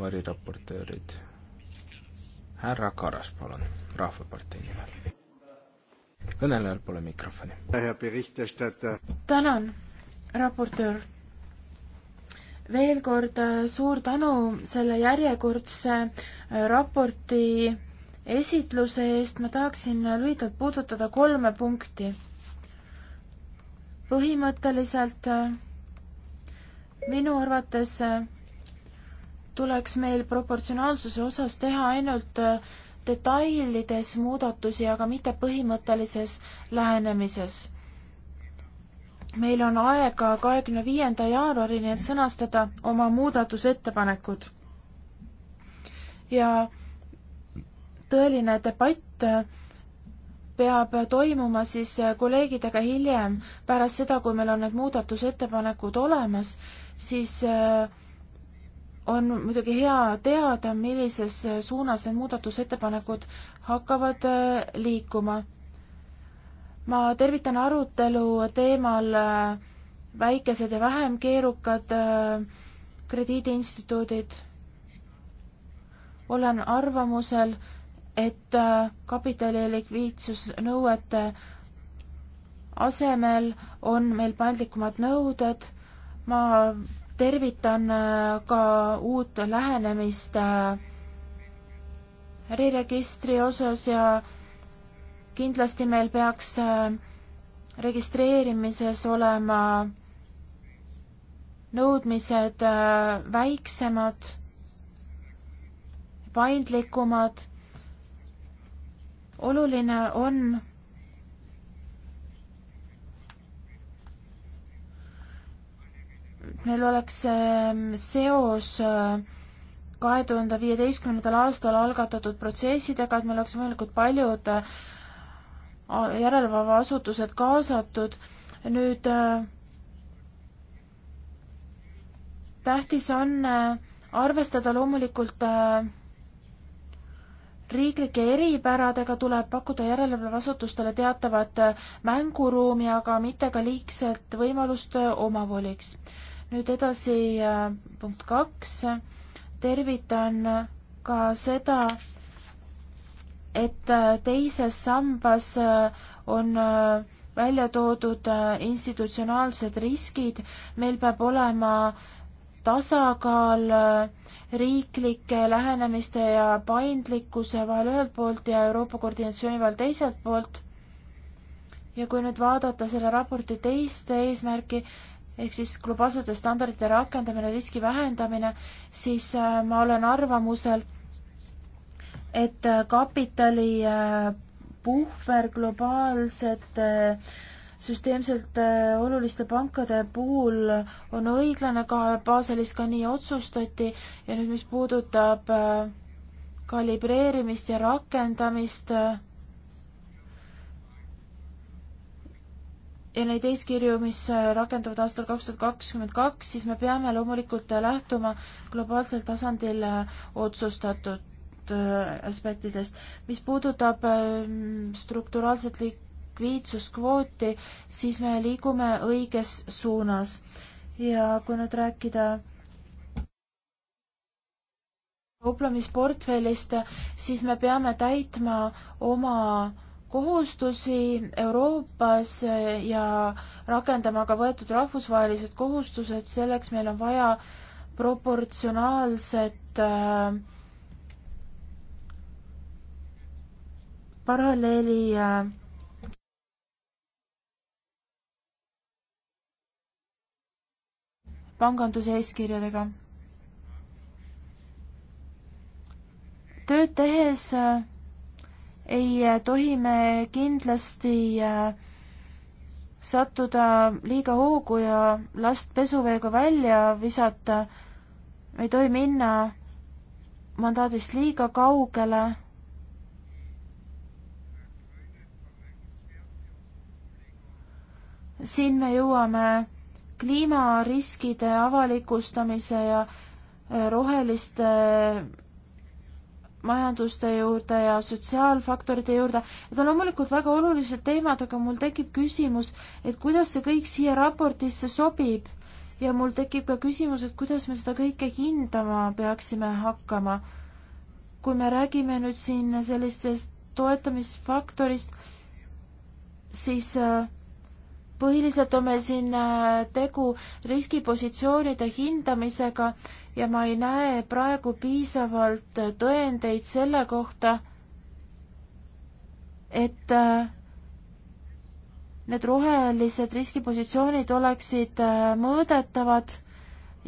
variraportöörid. härra Karas, palun, Rahvapartei nimel. kõnelejal pole mikrofoni. tänan, raportöör. veel kord äh, suur tänu selle järjekordse äh, raporti esitluse eest ma tahaksin lühidalt puudutada kolme punkti. põhimõtteliselt äh, minu arvates äh, tuleks meil proportsionaalsuse osas teha ainult äh, detailides muudatusi, aga mitte põhimõttelises lähenemises. meil on aega kahekümne viienda jaanuarini, et sõnastada oma muudatusettepanekud. ja tõeline debatt äh, peab toimuma siis kolleegidega hiljem, pärast seda, kui meil on need muudatusettepanekud olemas siis äh, on muidugi hea teada, millises suunas need muudatusettepanekud hakkavad äh, liikuma. ma tervitan arutelu teemal äh, väikesed ja vähem keerukad krediidiinstituudid. olen arvamusel, et kapitali ja likviidsusnõuete asemel on meil paindlikumad nõuded ma tervitan äh, ka uut lähenemist äriregistri äh, osas ja kindlasti meil peaks äh, registreerimises olema nõudmised väiksemad, paindlikumad. oluline on meil oleks ähm, seos äh, kahe tuhande viieteistkümnendal aastal algatatud protsessidega, et meil oleks võimalikult paljud äh, järelevalveasutused kaasatud. nüüd äh, tähtis on arvestada loomulikult riiklike eripäradega tuleb pakkuda järelevalveasutustele teatavat mänguruumi, aga mitte ka liigset võimalust omavoliks nüüd edasi äh, punkt kaks. tervitan äh, ka seda, et äh, teises sambas on välja toodud institutsionaalsed riskid, meil peab olema tasakaal riiklike lähenemiste ja paindlikkuse vahel ühelt poolt ja Euroopa koordinatsiooni vahel teiselt poolt. ja kui nüüd vaadata selle raporti teist eesmärki, ehk siis globaalsete standardite rakendamine, riski vähendamine, siis äh, ma olen arvamusel, et äh, kapitali äh, puhver globaalsete süsteemselt oluliste pankade puhul on õiglane, ka Baselis ka nii otsustati ja nüüd, mis puudutab kalibreerimist ja rakendamist äh, ja neid eeskirju, mis äh, rakenduvad aastal kaks tuhat kakskümmend kaks, siis me peame loomulikult äh, lähtuma globaalsel tasandil äh, otsustatud aspektidest. mis puudutab ähm, strukturaalset likviidsuskvooti, siis me liigume õiges suunas. ja kui nüüd rääkida kauplemisportfellist, siis me peame täitma oma kohustusi Euroopas ja rakendama ka võetud rahvusvahelised kohustused, selleks meil on vaja proportsionaalset äh, paralleeli äh, panganduseeskirjadega. tööd tehes äh, ei äh, tohi me kindlasti äh, sattuda liiga hoogu ja last pesuveega välja visata. ei tohi minna mandaadist liiga kaugele. siin me jõuame kliimariskide avalikustamise ja äh, roheliste majanduste juurde ja sotsiaalfaktorite juurde. Need on loomulikult väga olulised teemad, aga mul tekib küsimus, et kuidas see kõik siia raportisse sobib ja mul tekib ka küsimus, et kuidas me seda kõike hindama peaksime hakkama. kui me räägime nüüd siin sellisest toetamisfaktorist, siis äh, põhiliselt on meil siin äh, tegu riskipositsioonide hindamisega ja ma ei näe praegu piisavalt tõendeid selle kohta, et äh, need rohelised riskipositsioonid oleksid äh, mõõdetavad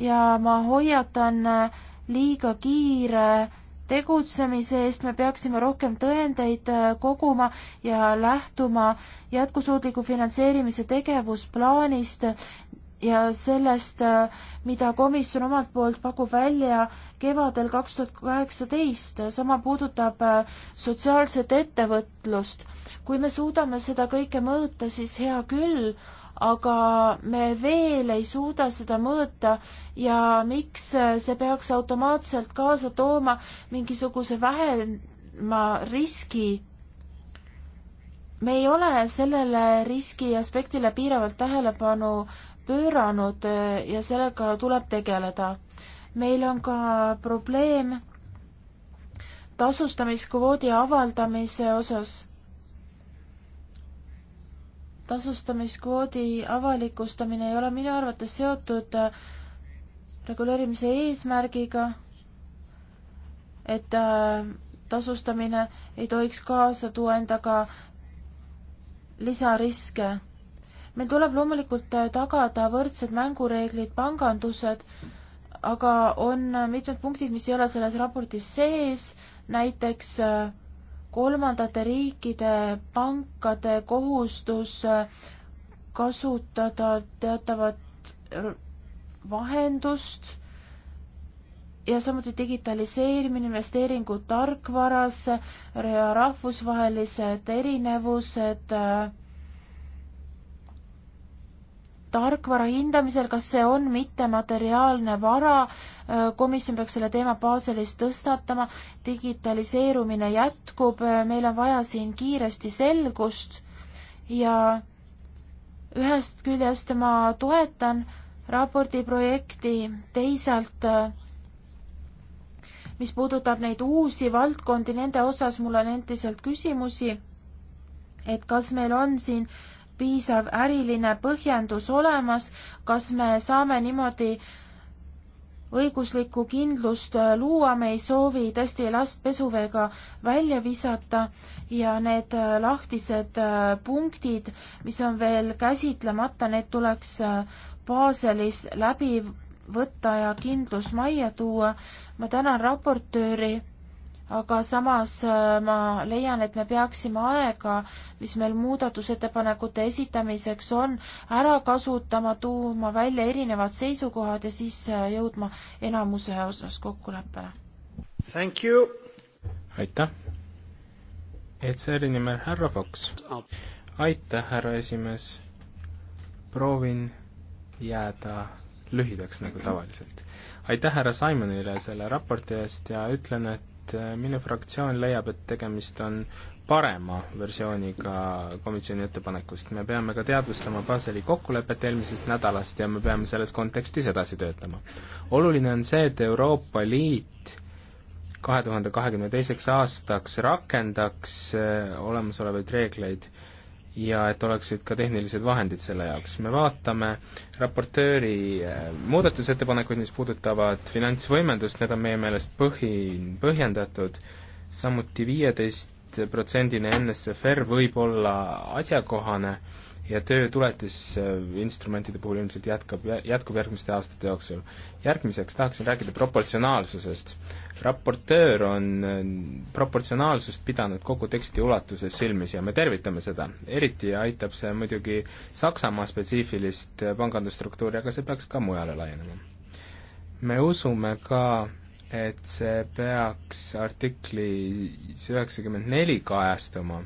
ja ma hoiatan äh, liiga kiire tegutsemise eest me peaksime rohkem tõendeid koguma ja lähtuma jätkusuutliku finantseerimise tegevusplaanist ja sellest, äh, mida komisjon omalt poolt pakub välja kevadel kaks tuhat kaheksateist, sama puudutab äh, sotsiaalset ettevõtlust. kui me suudame seda kõike mõõta, siis hea küll, aga me veel ei suuda seda mõõta ja miks äh, see peaks automaatselt kaasa tooma mingisuguse vähema riski me ei ole sellele riski aspektile piiravalt tähelepanu pööranud eh, ja sellega tuleb tegeleda. meil on ka probleem tasustamiskvoodi avaldamise osas. tasustamiskvoodi avalikustamine ei ole minu arvates seotud eh, reguleerimise eesmärgiga, et eh, tasustamine ei tohiks kaasa tuua endaga lisariske meil tuleb loomulikult äh, tagada võrdsed mängureeglid, pangandused, aga on äh, mitmed punktid, mis ei ole selles raportis sees, näiteks äh, kolmandate riikide pankade kohustus kasutada teatavat vahendust ja samuti digitaliseerimine, investeeringud tarkvarasse, rahvusvahelised erinevused äh, tarkvara hindamisel, kas see on mittemateriaalne vara, komisjon peaks selle teema baaselis tõstatama, digitaliseerumine jätkub, meil on vaja siin kiiresti selgust ja ühest küljest ma toetan raporti projekti, teisalt mis puudutab neid uusi valdkondi, nende osas mul on endiselt küsimusi, et kas meil on siin äh, piisav äriline põhjendus olemas, kas me saame niimoodi õiguslikku kindlust äh, luua, me ei soovi tõesti last pesuveega välja visata ja need äh, lahtised äh, punktid, mis on veel käsitlemata, need tuleks Baselis läbi võtta ja kindlus majja tuua. ma tänan raportööri aga samas äh, ma leian, et me peaksime aega, mis meil muudatusettepanekute esitamiseks on, ära kasutama, tuuma välja erinevad seisukohad ja siis äh, jõudma enamuse osas kokkuleppele. Thank you! aitäh! ECR-i nimel härra Fox. aitäh, härra esimees! proovin jääda lühidaks nagu tavaliselt. aitäh härra Simonile selle raporti eest ja ütlen, et Äh, minu fraktsioon leiab, et tegemist on parema versiooniga komisjoni ettepanekust, me peame ka teadvustama Baseli kokkulepet eelmisest nädalast ja me peame selles kontekstis edasi töötama. oluline on see, et Euroopa Liit kahe tuhande kahekümne teiseks aastaks rakendaks äh, olemasolevaid reegleid ja et oleksid ka tehnilised vahendid selle jaoks. me vaatame raportööri äh, muudatusettepanekuid, mis puudutavad finantsvõimendust, need on meie meelest põhi, põhjendatud, samuti viieteist protsendine NSFR võib olla asjakohane ja töö tuletisinstrumentide äh, puhul ilmselt jätkab, jätkub järgmiste aastate jooksul. järgmiseks tahaksin rääkida proportsionaalsusest. raportöör on äh, proportsionaalsust pidanud kogu teksti ulatuses silmis ja me tervitame seda. eriti aitab see muidugi Saksamaa spetsiifilist äh, pangandusstruktuuri, aga see peaks ka mujale laienema. me usume ka et see peaks artiklis üheksakümmend neli kajastuma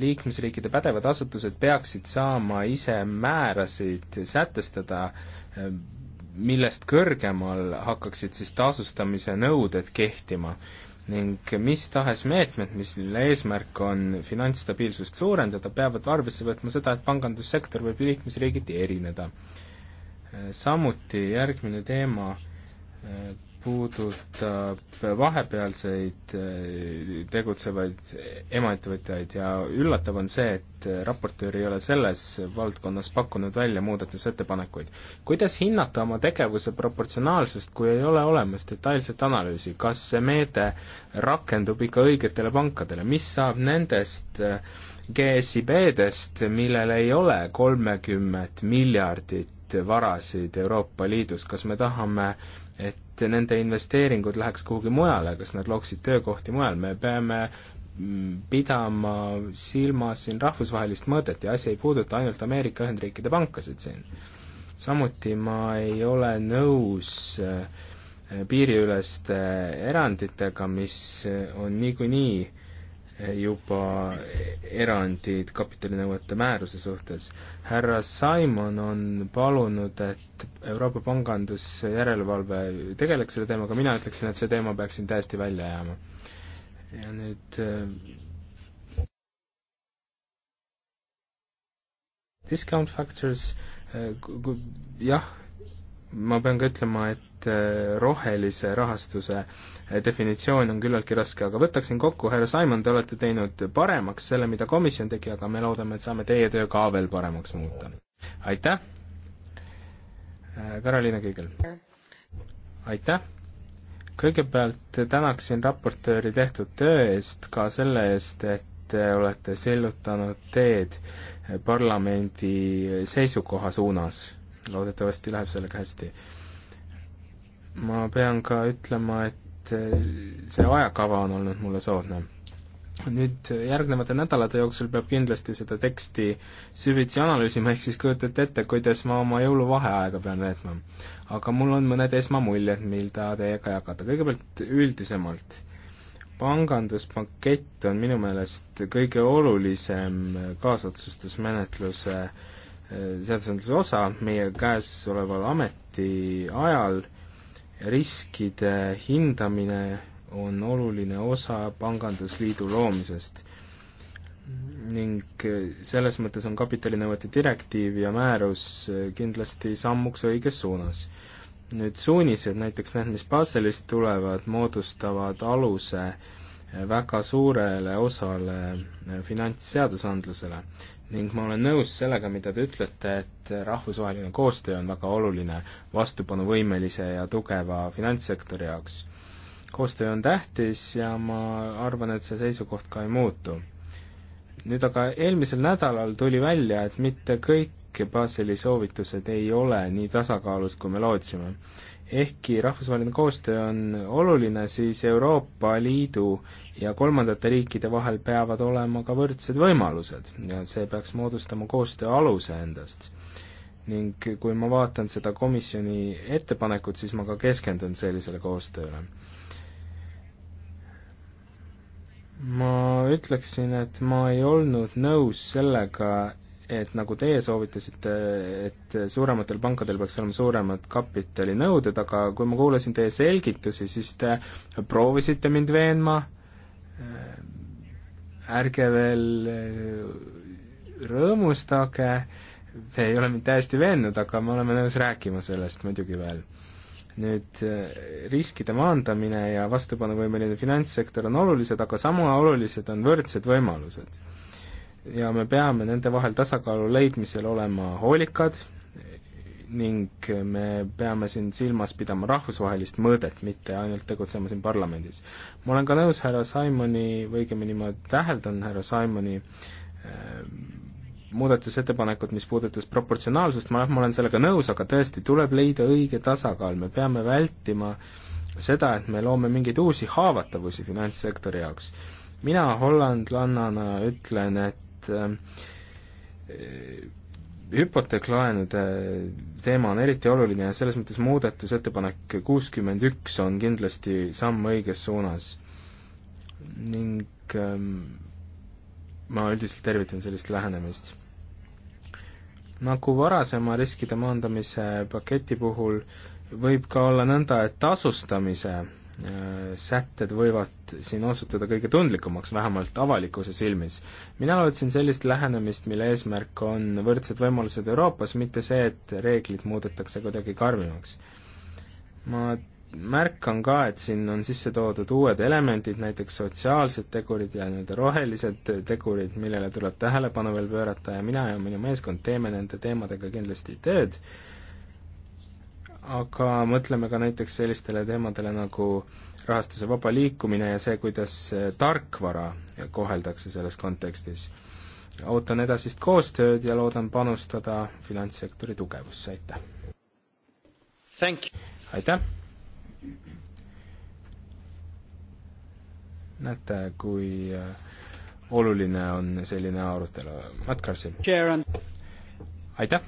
liikmesriikide pädevad asutused peaksid saama ise määrasid sätestada, millest kõrgemal hakkaksid siis tasustamise nõuded kehtima ning mis tahes meetmed, mille eesmärk on finantsstabiilsust suurendada, peavad arvesse võtma seda, et pangandussektor võib liikmesriigiti erineda. samuti järgmine teema, puudutab vahepealseid äh, tegutsevaid emaettevõtjaid ja üllatav on see, et raportöör ei ole selles valdkonnas pakkunud välja muudatusettepanekuid. kuidas hinnata oma tegevuse proportsionaalsust, kui ei ole olemas detailset analüüsi, kas see meede rakendub ikka õigetele pankadele, mis saab nendest äh, GSIB-dest, millel ei ole kolmekümmet miljardit varasid Euroopa Liidus, kas me tahame et nende investeeringud läheks kuhugi mujale, kas nad looksid töökohti mujal, me peame mm, pidama silmas siin rahvusvahelist mõõdet ja asi ei puuduta ainult Ameerika Ühendriikide pankasid siin. samuti ma ei ole nõus äh, piiriüleste eranditega, mis äh, on niikuinii juba erandid kapitalinõuete määruse suhtes. härra Simon on palunud, et Euroopa pangandusjärelevalve tegeleks selle teemaga, mina ütleksin, et see teema peaks siin täiesti välja jääma. ja nüüd äh, discount factors, äh, jah, ma pean ka ütlema, et äh, rohelise rahastuse äh, definitsioon on küllaltki raske, aga võtaksin kokku, härra Simon, te olete teinud paremaks selle, mida komisjon tegi, aga me loodame, et saame teie töö ka veel paremaks muuta. aitäh! Äh, Karoliina Kiigel. aitäh! kõigepealt tänaksin raportööri tehtud töö eest, ka selle eest, et te olete sillutanud teed parlamendi seisukoha suunas loodetavasti läheb sellega hästi. ma pean ka ütlema, et eh, see ajakava on olnud mulle soodne. nüüd järgnevate nädalate jooksul peab kindlasti seda teksti süvitsi analüüsima, ehk siis kujutate ette, kuidas ma oma jõuluvaheaega pean veetma. aga mul on mõned esmamuljed, mida teiega jagada, kõigepealt üldisemalt panganduspakett on minu meelest kõige olulisem kaasotsustusmenetluse äh, seadusandluse osa meie käesoleval ametiajal, riskide hindamine on oluline osa pangandusliidu loomisest. ning selles mõttes on kapitalinõuete direktiiv ja määrus kindlasti sammuks õiges suunas. nüüd suunised, näiteks need, mis Baselist tulevad, moodustavad aluse äh, väga suurele osale finantsseadusandlusele ning ma olen nõus sellega, mida te ütlete, et rahvusvaheline koostöö on väga oluline vastupanuvõimelise ja tugeva finantssektori jaoks. koostöö on tähtis ja ma arvan, et see seisukoht ka ei muutu. nüüd aga eelmisel nädalal tuli välja, et mitte kõik Baseli soovitused ei ole nii tasakaalus, kui me lootsime ehkki rahvusvaheline koostöö on oluline, siis Euroopa Liidu ja kolmandate riikide vahel peavad olema ka võrdsed võimalused ja see peaks moodustama koostöö aluse endast. ning kui ma vaatan seda komisjoni ettepanekut, siis ma ka keskendun sellisele koostööle. ma ütleksin, et ma ei olnud nõus sellega, et nagu teie soovitasite, et suurematel pankadel peaks olema suuremad kapitalinõuded, aga kui ma kuulasin teie selgitusi, siis te proovisite mind veenma, äh, ärge veel äh, rõõmustage, te ei ole mind täiesti veennud, aga me oleme nõus rääkima sellest muidugi veel. nüüd äh, riskide maandamine ja vastupanuvõimeline finantssektor on olulised, aga sama olulised on võrdsed võimalused ja me peame nende vahel tasakaalu leidmisel olema hoolikad ning me peame siin silmas pidama rahvusvahelist mõõdet, mitte ainult tegutsema siin parlamendis. ma olen ka nõus härra Simoni, või õigemini ma täheldan härra Simoni äh, muudatusettepanekut, mis puudutas proportsionaalsust, ma jah, ma olen sellega nõus, aga tõesti, tuleb leida õige tasakaal, me peame vältima seda, et me loome mingeid uusi haavatavusi finantssektori jaoks. mina hollandlannana ütlen, et et äh, hüpoteeklaenude teema on eriti oluline ja selles mõttes muudatusettepanek kuuskümmend üks on kindlasti samm õiges suunas. ning ähm, ma üldiselt tervitan sellist lähenemist. nagu varasema riskide maandamise paketi puhul, võib ka olla nõnda, et tasustamise Äh, sätted võivad siin osutuda kõige tundlikumaks, vähemalt avalikkuse silmis. mina lootsin sellist lähenemist, mille eesmärk on võrdsed võimalused Euroopas, mitte see, et reeglid muudetakse kuidagi karmimaks. ma märkan ka, et siin on sisse toodud uued elemendid, näiteks sotsiaalsed tegurid ja nii-öelda rohelised tegurid, millele tuleb tähelepanu veel pöörata ja mina ja minu meeskond teeme nende teemadega kindlasti tööd aga mõtleme ka näiteks sellistele teemadele nagu rahastuse vaba liikumine ja see, kuidas tarkvara koheldakse selles kontekstis. ootan edasist koostööd ja loodan panustada finantssektori tugevusse, aitäh! aitäh! näete, kui äh, oluline on selline arutelu, Matt Carson! aitäh!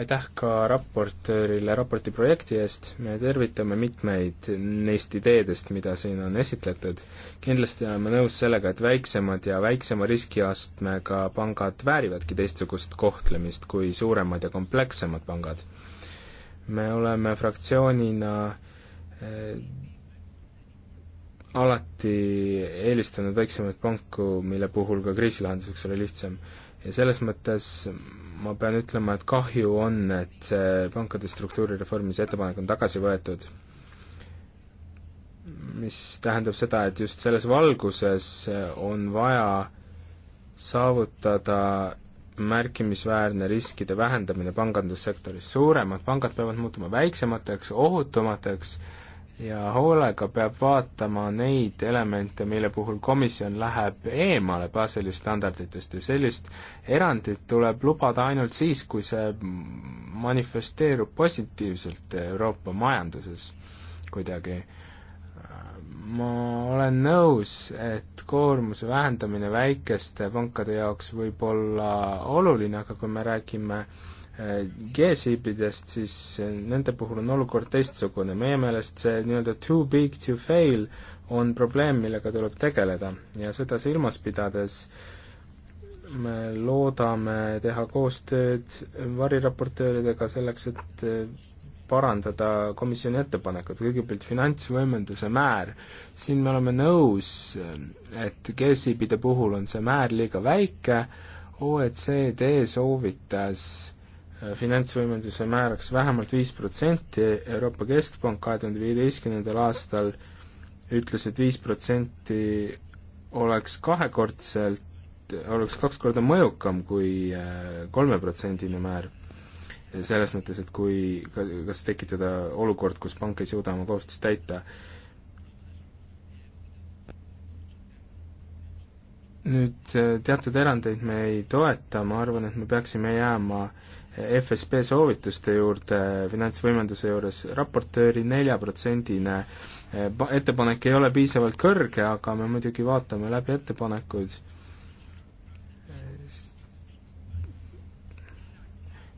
aitäh ka raportöörile raporti projekti eest, me tervitame mitmeid neist ideedest, mida siin on esitletud. kindlasti oleme nõus sellega, et väiksemad ja väiksema riskiastmega pangad väärivadki teistsugust kohtlemist kui suuremad ja komplekssemad pangad. me oleme fraktsioonina äh, alati eelistanud väiksemaid panku, mille puhul ka kriisilahenduseks oli lihtsam. ja selles mõttes ma pean ütlema, et kahju on, et see pankade struktuurireformis ettepanek on tagasi võetud. mis tähendab seda, et just selles valguses on vaja saavutada märkimisväärne riskide vähendamine pangandussektoris, suuremad pangad peavad muutuma väiksemateks, ohutumateks, ja hoolega peab vaatama neid elemente, mille puhul komisjon läheb eemale Baseli standarditest ja sellist erandit tuleb lubada ainult siis, kui see manifesteerub positiivselt Euroopa majanduses kuidagi. ma olen nõus, et koormuse vähendamine väikeste pankade jaoks võib olla oluline, aga kui me räägime äh, G-siibidest, siis nende puhul on olukord teistsugune, meie meelest see nii-öelda too big to fail on probleem, millega tuleb tegeleda ja seda silmas pidades me loodame teha koostööd variraportööridega selleks, et eh, parandada komisjoni ettepanekut, kõigepealt finantsvõimenduse määr. siin me oleme nõus, eh, et G-siibide puhul on see määr liiga väike, OECD soovitas Äh, finantsvõimenduse määraks vähemalt viis protsenti, Euroopa Keskpank kahe tuhande viieteistkümnendal aastal ütles et, et viis protsenti oleks kahekordselt, oleks kaks korda mõjukam kui äh, kolmeprotsendine määr. selles mõttes, et kui, kas tekitada olukord, kus pank ei suuda oma kohustust täita. nüüd äh, teatud erandeid me ei toeta, ma arvan, et me peaksime jääma äh, FSB soovituste juurde finantsvõimenduse juures raportööri neljaprotsendine eh, ettepanek ei ole piisavalt kõrge, aga me muidugi vaatame läbi ettepanekuid.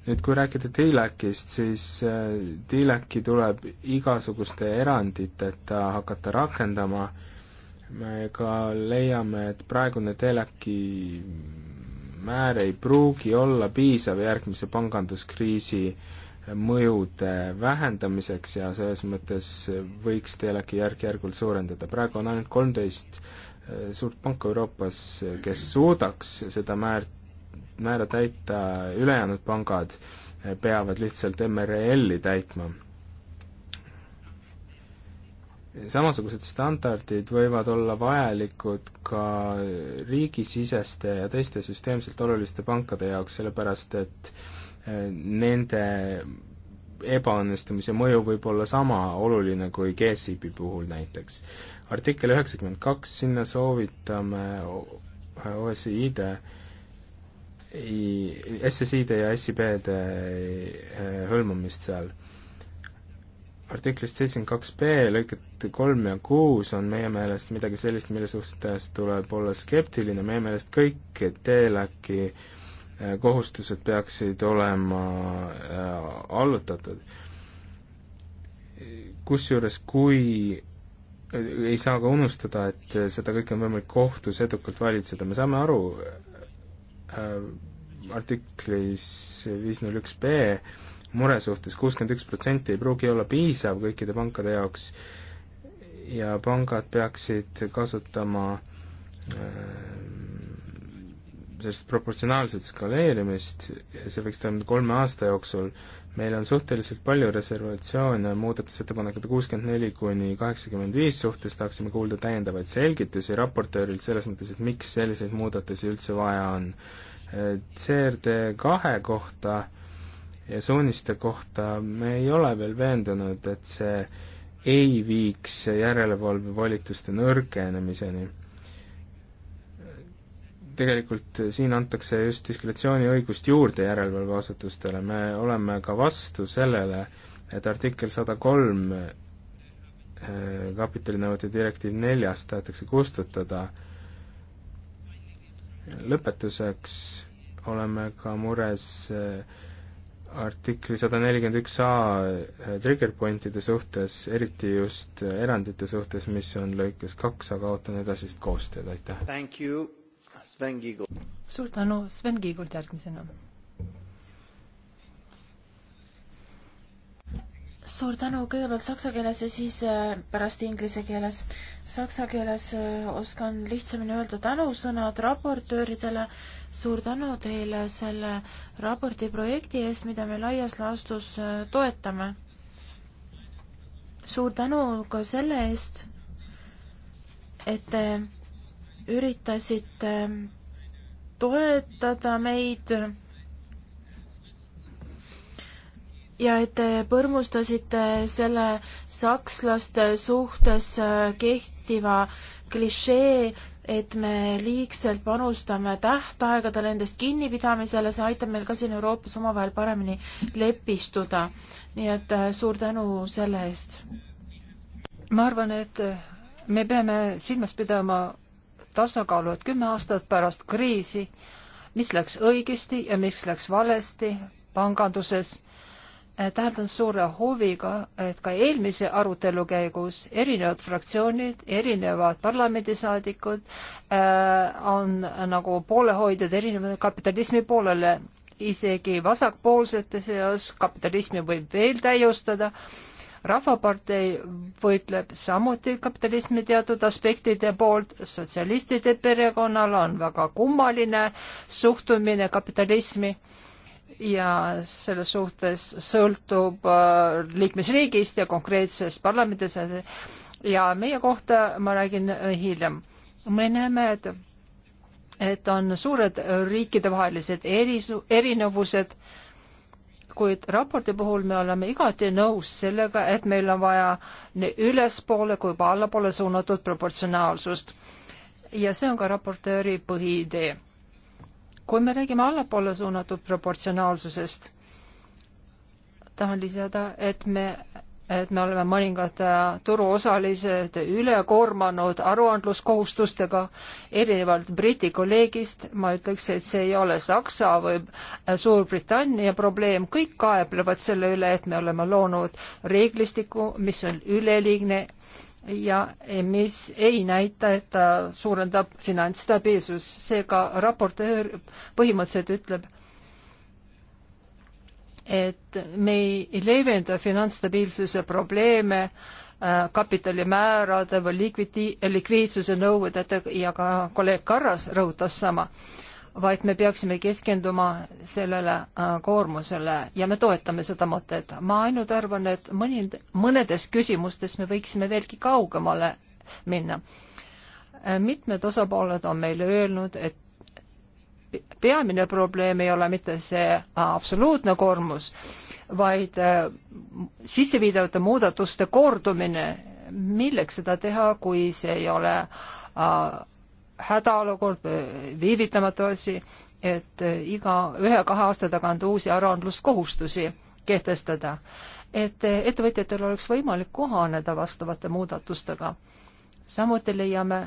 nüüd kui rääkida TILAC-ist, siis eh, TILAC-i tuleb igasuguste eranditeta hakata rakendama, me ka leiame, et praegune TILAC-i määr ei pruugi olla piisav järgmise panganduskriisi mõjude vähendamiseks ja selles mõttes võiks TLAC-i järk-järgult suurendada. praegu on ainult kolmteist eh, suurt panka Euroopas, kes suudaks seda määr, määra täita, ülejäänud pangad eh, peavad lihtsalt MRL-i täitma samasugused standardid võivad olla vajalikud ka riigisiseste ja teiste süsteemselt oluliste pankade jaoks, sellepärast et eh, nende ebaõnnestumise mõju võib olla sama oluline kui GSIB-i puhul näiteks. artikkel üheksakümmend kaks, sinna soovitame OSCI-de SSI-de ja SIB-de eh, hõlmamist seal artiklist seitsekümmend kaks B lõiket kolm ja kuus on meie meelest midagi sellist, mille suhtes tuleb olla skeptiline, meie meelest kõik TLAC-i äh, kohustused peaksid olema äh, allutatud. kusjuures, kui äh, ei saa ka unustada, et seda kõike on võimalik kohtus edukalt valitseda, me saame aru äh, artiklis viis null üks B, mure suhtes, kuuskümmend üks protsenti ei pruugi olla piisav kõikide pankade jaoks ja pangad peaksid kasutama äh, sellist proportsionaalset skaleerimist ja see võiks toimuda kolme aasta jooksul. meil on suhteliselt palju reservatsioone muudatusettepanekute kuuskümmend neli kuni kaheksakümmend viis suhtes, tahaksime kuulda täiendavaid selgitusi raportöörilt selles mõttes, et miks selliseid muudatusi üldse vaja on. Äh, CRD kahe kohta ja suuniste kohta me ei ole veel veendunud, et see ei viiks järelevalvevolituste nõrgenemiseni. tegelikult siin antakse just diskretsiooniõigust juurde järelevalveasutustele, me oleme ka vastu sellele, et artikkel sada kolm eh, kapitalinõuete direktiiv neljas tahetakse kustutada. lõpetuseks oleme ka mures äh, artikli sada nelikümmend üks A eh, trigger pointide suhtes, eriti just eh, erandite suhtes, mis on lõikes kaks, aga ootan edasist koostööd, aitäh! suur tänu, Sven Kiigolt järgmisena. suur tänu, kõigepealt saksa keeles ja siis eh, pärast inglise keeles. Saksa keeles oskan lihtsamini öelda tänusõnad raportööridele, suur tänu teile selle raporti projekti eest, mida me laias laastus äh, toetame. suur tänu ka selle eest, et te üritasite äh, toetada meid ja et te põrmustasite selle sakslaste suhtes äh, kehtiva klišee, et me liigselt panustame tähtaegadele, nendest kinnipidamisele, see aitab meil ka siin Euroopas omavahel paremini lepistuda. nii et äh, suur tänu selle eest. ma arvan, et äh, me peame silmas pidama tasakaalu, et kümme aastat pärast kriisi, mis läks õigesti ja mis läks valesti panganduses Eh, täheldan suure huviga, et ka eelmise arutelu käigus erinevad fraktsioonid, erinevad parlamendisaadikud äh, on nagu poolehoidjad erineva kapitalismi poolele, isegi vasakpoolsete seas kapitalismi võib veel täiustada. rahvapartei võitleb samuti kapitalismi teatud aspektide poolt, sotsialistide perekonnal on väga kummaline suhtumine kapitalismi äh, ja selles suhtes sõltub äh, liikmesriigist ja konkreetsest parlamendis ja meie kohta ma räägin äh, hiljem. me näeme, et, et on suured riikidevahelised erisu-, erinevused, kuid raporti puhul me oleme igati nõus sellega, et meil on vaja nii ülespoole kui ka allapoole suunatud proportsionaalsust. ja see on ka raportööri põhiidee kui me räägime allapoole suunatud proportsionaalsusest, tahan lisada, et me, et me oleme mõningad äh, turuosalised üle koormanud aruandluskohustustega, erinevalt Briti kolleegist, ma ütleks, et see ei ole Saksa või äh, Suurbritannia probleem, kõik kaeblevad selle üle, et me oleme loonud reeglistiku, mis on üleliigne ja mis ei näita, et ta suurendab finantsstabiilsust. seega raportöör põhimõtteliselt ütleb, et me ei leevenda finantsstabiilsuse probleeme äh, kapitalimäärade või likvidi-, likviidsuse nõuetega ja ka kolleeg Karras rõhutas sama vaid me peaksime keskenduma sellele äh, koormusele ja me toetame seda mõtet. ma ainult arvan, et mõni, mõnedes küsimustes me võiksime veelgi kaugemale minna. Äh, mitmed osapooled on meile öelnud, et peamine probleem ei ole mitte see äh, absoluutne koormus, vaid sisseviidavate muudatuste kordumine. milleks seda teha, kui see ei ole hädaolukord, viivitamatu asi, et äh, iga ühe-kahe aasta tagant uusi aruandluskohustusi kehtestada, et äh, ettevõtjatel oleks võimalik kohaneda vastavate muudatustega. samuti leiame,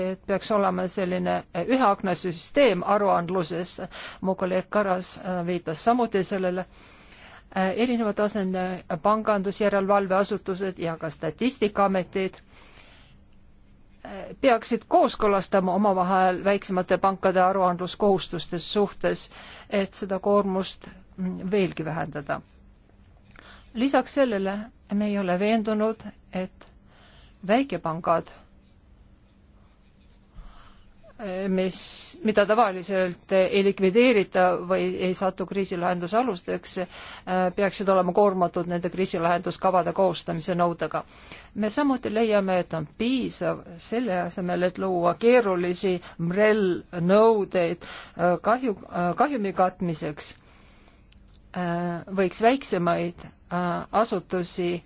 et peaks olema selline äh, ühe akna süsteem aruandluses, mu kolleeg Karas viitas samuti sellele, erineva taseme pangandusjärelevalveasutused ja ka statistikaametid peaksid kooskõlastama omavahel väiksemate pankade aruandluskohustuste suhtes, et seda koormust veelgi vähendada. lisaks sellele me ei ole veendunud, et väikepangad mis, mida tavaliselt ei likvideerita või ei satu kriisilahenduse alusteks, äh, peaksid olema koormatud nende kriisilahenduskavade koostamise nõudega. me samuti leiame, et on piisav selle asemel, et luua keerulisi MREL nõudeid äh, kahju, äh, kahjumi katmiseks, võiks väiksemaid asutusi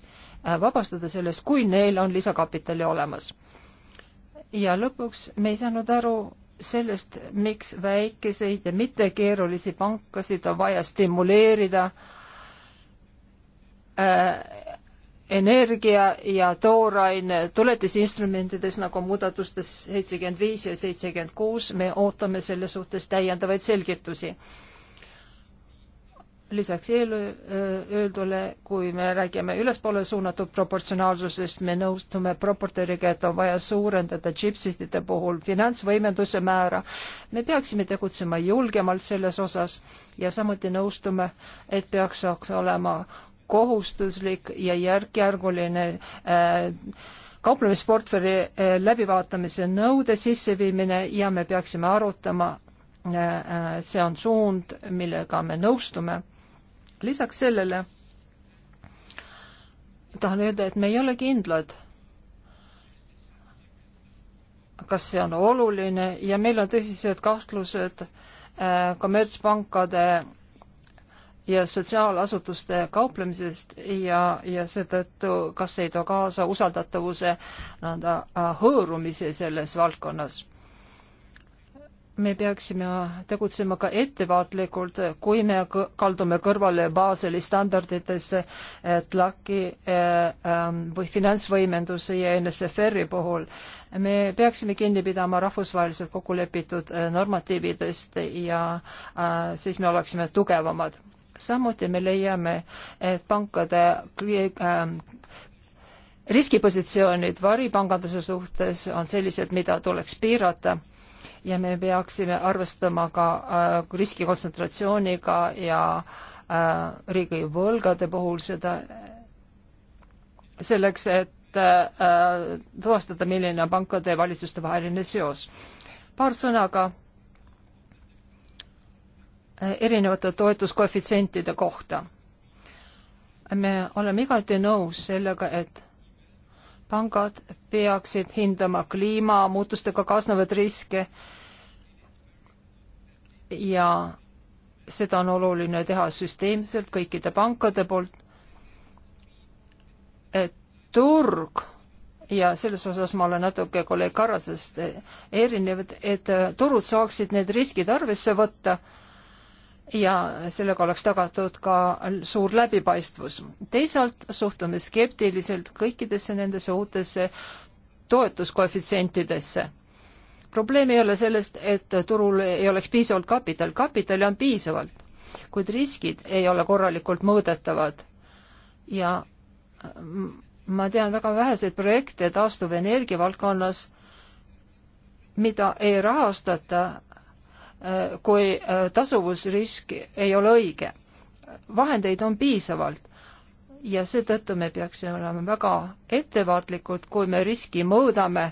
vabastada sellest, kui neil on lisakapitali olemas ja lõpuks me ei saanud aru sellest, miks väikeseid ja mittekeerulisi pankasid on vaja stimuleerida äh, energia ja tooraine tuletisinstrumentides nagu muudatustes seitsekümmend viis ja seitsekümmend kuus, me ootame selle suhtes täiendavaid selgitusi lisaks eelöeldule, kui me räägime ülespoole suunatud proportsionaalsusest, me nõustume proportööriga, et on vaja suurendada chipsitide puhul finantsvõimenduse määra. me peaksime tegutsema julgemalt selles osas ja samuti nõustume, et peaks olema kohustuslik ja järk-järguline äh, kauplemisportfelli äh, läbivaatamise nõude sisseviimine ja me peaksime arutama, et äh, äh, see on suund, millega me nõustume lisaks sellele tahan öelda, et me ei ole kindlad, kas see on oluline ja meil on tõsised kahtlused äh, kommertspankade ja sotsiaalasutuste kauplemisest ja, ja seetõttu, kas ei too kaasa usaldatavuse nii-öelda äh, hõõrumise selles valdkonnas me peaksime tegutsema ka ettevaatlikult, kui me kaldume kõrvale Baseli standarditesse TLAC-i eh, ähm, või finantsvõimenduse ja NSFR-i puhul. me peaksime kinni pidama rahvusvaheliselt kokku lepitud eh, normatiividest ja äh, siis me oleksime tugevamad. samuti me leiame, et pankade ähm, riskipositsioonid variipanganduse suhtes on sellised, mida tuleks piirata ja me peaksime arvestama ka äh, riskikontsentratsiooniga ja äh, riigivõlgade puhul seda selleks, et äh, tuvastada, milline on pankade ja valitsuste vaheline seos. paar sõna ka äh, erinevate toetuskoefitsientide kohta. me oleme igati nõus sellega, et pangad peaksid hindama kliimamuutustega kaasnevaid riske ja seda on oluline teha süsteemselt kõikide pankade poolt, et turg ja selles osas ma olen natuke kolleeg Karrasest erinev, et turud saaksid need riskid arvesse võtta ja sellega oleks tagatud ka suur läbipaistvus. teisalt suhtume skeptiliselt kõikidesse nendesse uutesse toetuskoefitsientidesse. probleem ei ole sellest, et turul ei oleks piisavalt kapital, kapitali on piisavalt, kuid riskid ei ole korralikult mõõdetavad ja mm, ma tean väga väheseid projekte taastuvenergia valdkonnas, mida ei rahastata Äh, kui äh, tasuvusrisk ei ole õige. vahendeid on piisavalt ja seetõttu me peaksime olema väga ettevaatlikud, kui me riski mõõdame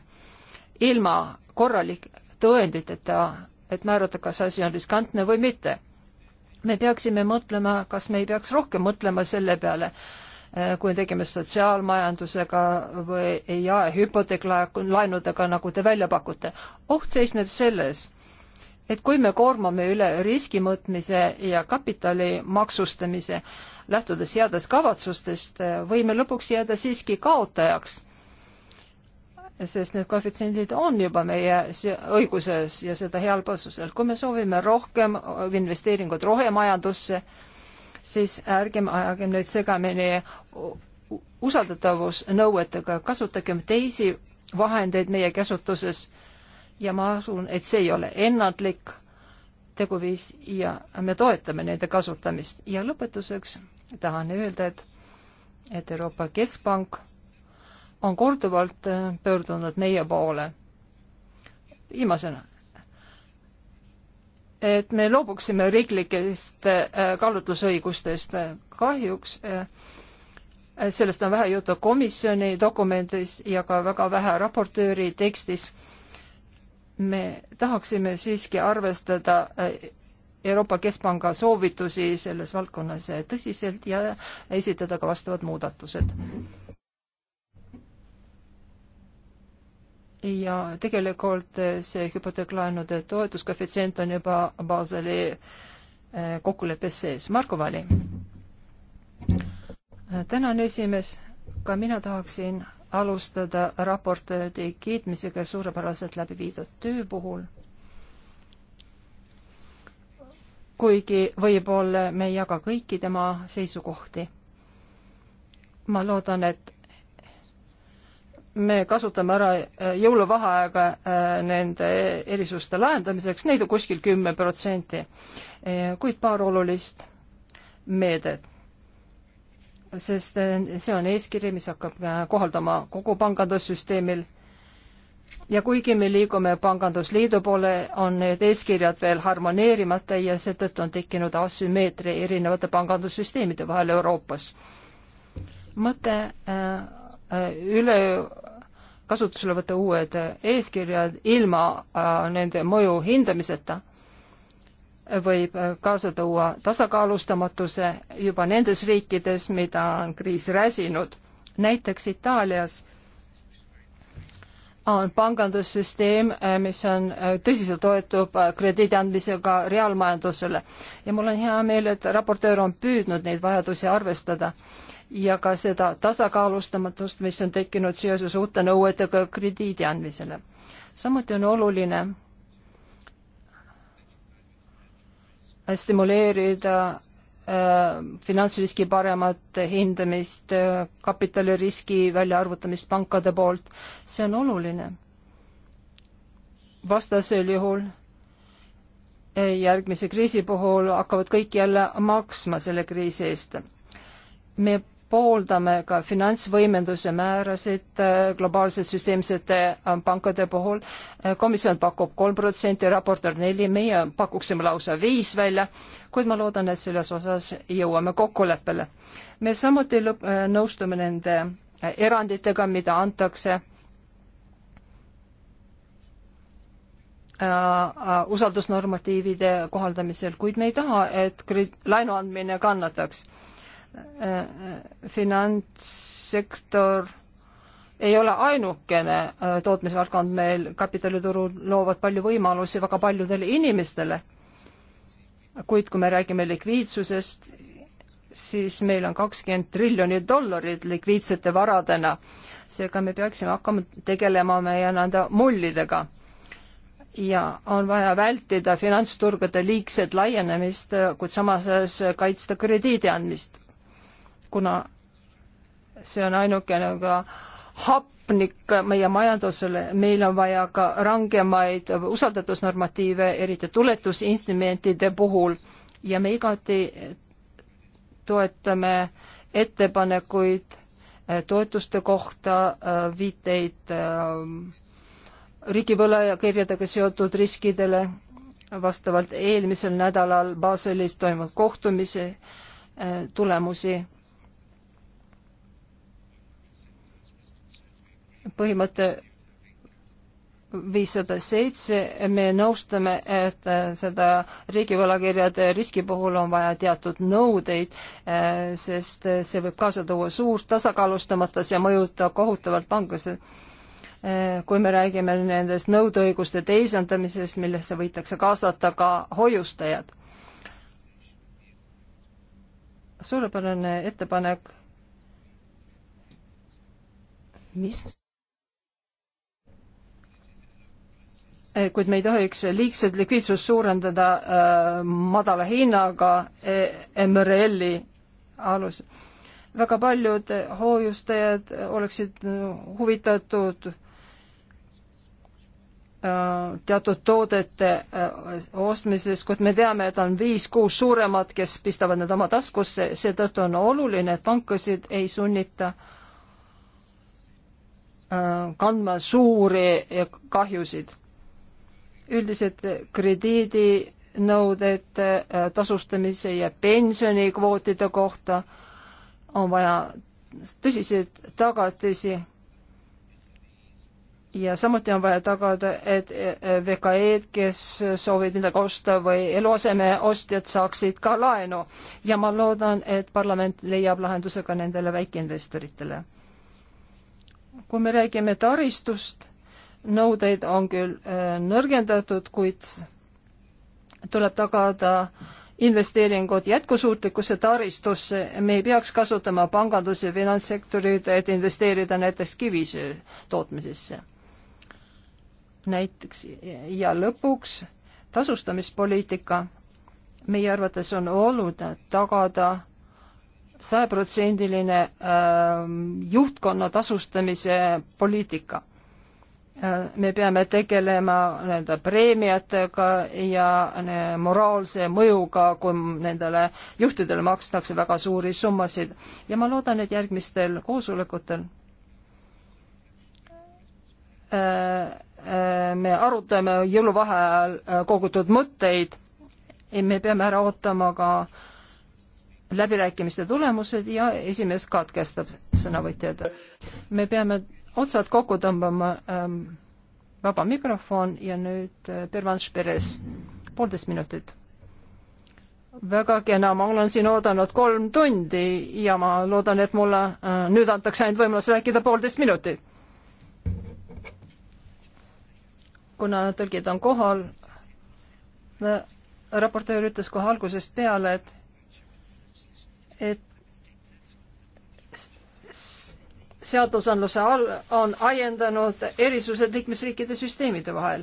ilma korralike tõenditeta, et määrata, kas asi on riskantne või mitte. me peaksime mõtlema, kas me ei peaks rohkem mõtlema selle peale, äh, kui tegime sotsiaalmajandusega või jaehüpoteeklaenudega, nagu te välja pakute. oht seisneb selles et kui me koormame üle riski mõõtmise ja kapitali maksustamise, lähtudes headest kavatsustest, võime lõpuks jääda siiski kaotajaks. sest need koefitsiendid on juba meie õiguses ja seda heal põhjusel. kui me soovime rohkem investeeringuid rohemajandusse, siis ärgem ajagem neid segamini usaldatavusnõuetega, kasutagem teisi vahendeid meie käsutuses ja ma usun, et see ei ole ennatlik teguviis ja me toetame nende kasutamist. ja lõpetuseks tahan öelda, et, et Euroopa Keskpank on korduvalt äh, pöördunud meie poole viimasena, et me loobuksime riiklikest äh, kaalutlusõigustest. kahjuks äh, sellest on vähe juttu komisjoni dokumendis ja ka väga vähe raportööri tekstis me tahaksime siiski arvestada äh, Euroopa Keskpanga soovitusi selles valdkonnas tõsiselt ja esitada ka vastavad muudatused. ja tegelikult see hüpoteeklaenude toetuskoefitsient on juba Baseli äh, kokkuleppes sees. Marko Vali. tänan, esimees. ka mina tahaksin alustada raportöödi kiitmisega suurepäraselt läbi viidud töö puhul. kuigi võib-olla me ei jaga kõiki tema seisukohti. ma loodan, et me kasutame ära jõuluvaheaega äh, nende erisuste lahendamiseks, neid on kuskil kümme protsenti, äh, kuid paar olulist meedet sest eh, see on eeskiri, mis hakkab eh, kohaldama kogu pangandussüsteemil. ja kuigi me liigume Pangandusliidu poole, on need eeskirjad veel harmoneerimata ja seetõttu on tekkinud asümmeetria erinevate pangandussüsteemide vahel Euroopas. mõte eh, üle kasutusele võtta uued eeskirjad ilma nende mõju hindamiseta võib äh, kaasa tuua tasakaalustamatuse juba nendes riikides, mida on kriis räsinud. näiteks Itaalias on pangandussüsteem, äh, mis on, äh, tõsiselt toetub krediidi andmisega reaalmajandusele ja mul on hea meel, et raportöör on püüdnud neid vajadusi arvestada ja ka seda tasakaalustamatust, mis on tekkinud seoses uute nõuetega krediidi andmisele. samuti on oluline stimuleerida äh, finantsriski paremat hindamist, äh, kapitaliriski väljaarvutamist pankade poolt, see on oluline. vastasel juhul äh, järgmise kriisi puhul hakkavad kõik jälle maksma selle kriisi eest. me pooldame ka finantsvõimenduse määrasid äh, globaalsete süsteemsete äh, pankade puhul. Äh, komisjon pakub kolm protsenti, raportöör neli, meie pakuksime lausa viis välja, kuid ma loodan, et selles osas jõuame kokkuleppele. me samuti lõp-, nõustume nende eranditega, mida antakse Uh, usaldusnormatiivide kohaldamisel, kuid me ei taha, et laenu andmine kannataks uh,. Äh, äh, finantssektor ei ole ainukene äh, tootmisvaldkond meil, kapitaliturul loovad palju võimalusi väga paljudele inimestele. kuid kui me räägime likviidsusest, siis meil on kakskümmend triljonit dollarit likviidsete varadena. seega me peaksime hakkama tegelema meie nende mullidega ja on vaja vältida finantsturgude liigset laienemist, kuid samas kaitsta krediidi andmist kuna see on ainukene nagu ka hapnik meie majandusele, meil on vaja ka rangemaid usaldatusnormatiive, eriti tuletusinstrumentide puhul ja me igati toetame ettepanekuid eh, toetuste kohta, eh, viiteid eh, riigivõlakirjadega seotud riskidele vastavalt eelmisel nädalal Baselis toimunud kohtumise tulemusi põhimõte viissada seitse, me nõustume, et äh, seda riigivõlakirjade riski puhul on vaja teatud nõudeid, äh, sest äh, see võib kaasa tuua suurt tasakaalustamatus ja mõjuta kohutavalt pankasid. kui me räägime nendest nõudeõiguste teisendamisest, millesse võidakse kaasata ka hoiustajad. suurepärane ettepanek. mis? Eh, kuid me ei tohiks liigselt likviidsust suurendada äh, madala hinnaga eh, MRL-i alusel. väga paljud hoiustajad oleksid huvitatud teatud toodete ostmises, kuid me teame, et on viis-kuus suuremat, kes pistavad need oma taskusse, seetõttu on oluline, et pankasid ei sunnita kandma suuri kahjusid üldised krediidinõuded äh, tasustamise ja pensionikvootide kohta on vaja tõsiseid tagatisi. ja samuti on vaja tagada, et äh, VKE-d, kes soovivad midagi osta või eluasemeostjad, saaksid ka laenu ja ma loodan, et parlament leiab lahenduse ka nendele väikeinvestoritele. kui me räägime taristust nõudeid on küll äh, nõrgendatud, kuid tuleb tagada investeeringud jätkusuutlikusse taristusse, me ei peaks kasutama pangandus- ja finantssektorit, et investeerida näiteks kivisöö tootmisesse. näiteks ja lõpuks tasustamispoliitika meie arvates on oluline tagada sajaprotsendiline ähm, juhtkonna tasustamise poliitika. Äh, me peame tegelema nende preemiatega ja moraalse mõjuga, kui nendele juhtidele makstakse väga suuri summasid ja ma loodan, et järgmistel koosolekutel äh, äh, me arutame jõuluvaheajal kogutud mõtteid ja me peame ära ootama ka läbirääkimiste tulemused ja esimees katkestab sõnavõtjad. me peame otsad kokku tõmbama ähm,. vaba mikrofon ja nüüd äh, Pervanš Peres, poolteist minutit. väga kena, ma olen siin oodanud kolm tundi ja ma loodan, et mulle äh, nüüd antakse ainult võimalus rääkida poolteist minutit. kuna tõlgid on kohal äh,, raportöör ütles kohe algusest peale, et et seadusandluse all on ajendanud erisused liikmesriikide süsteemide vahel.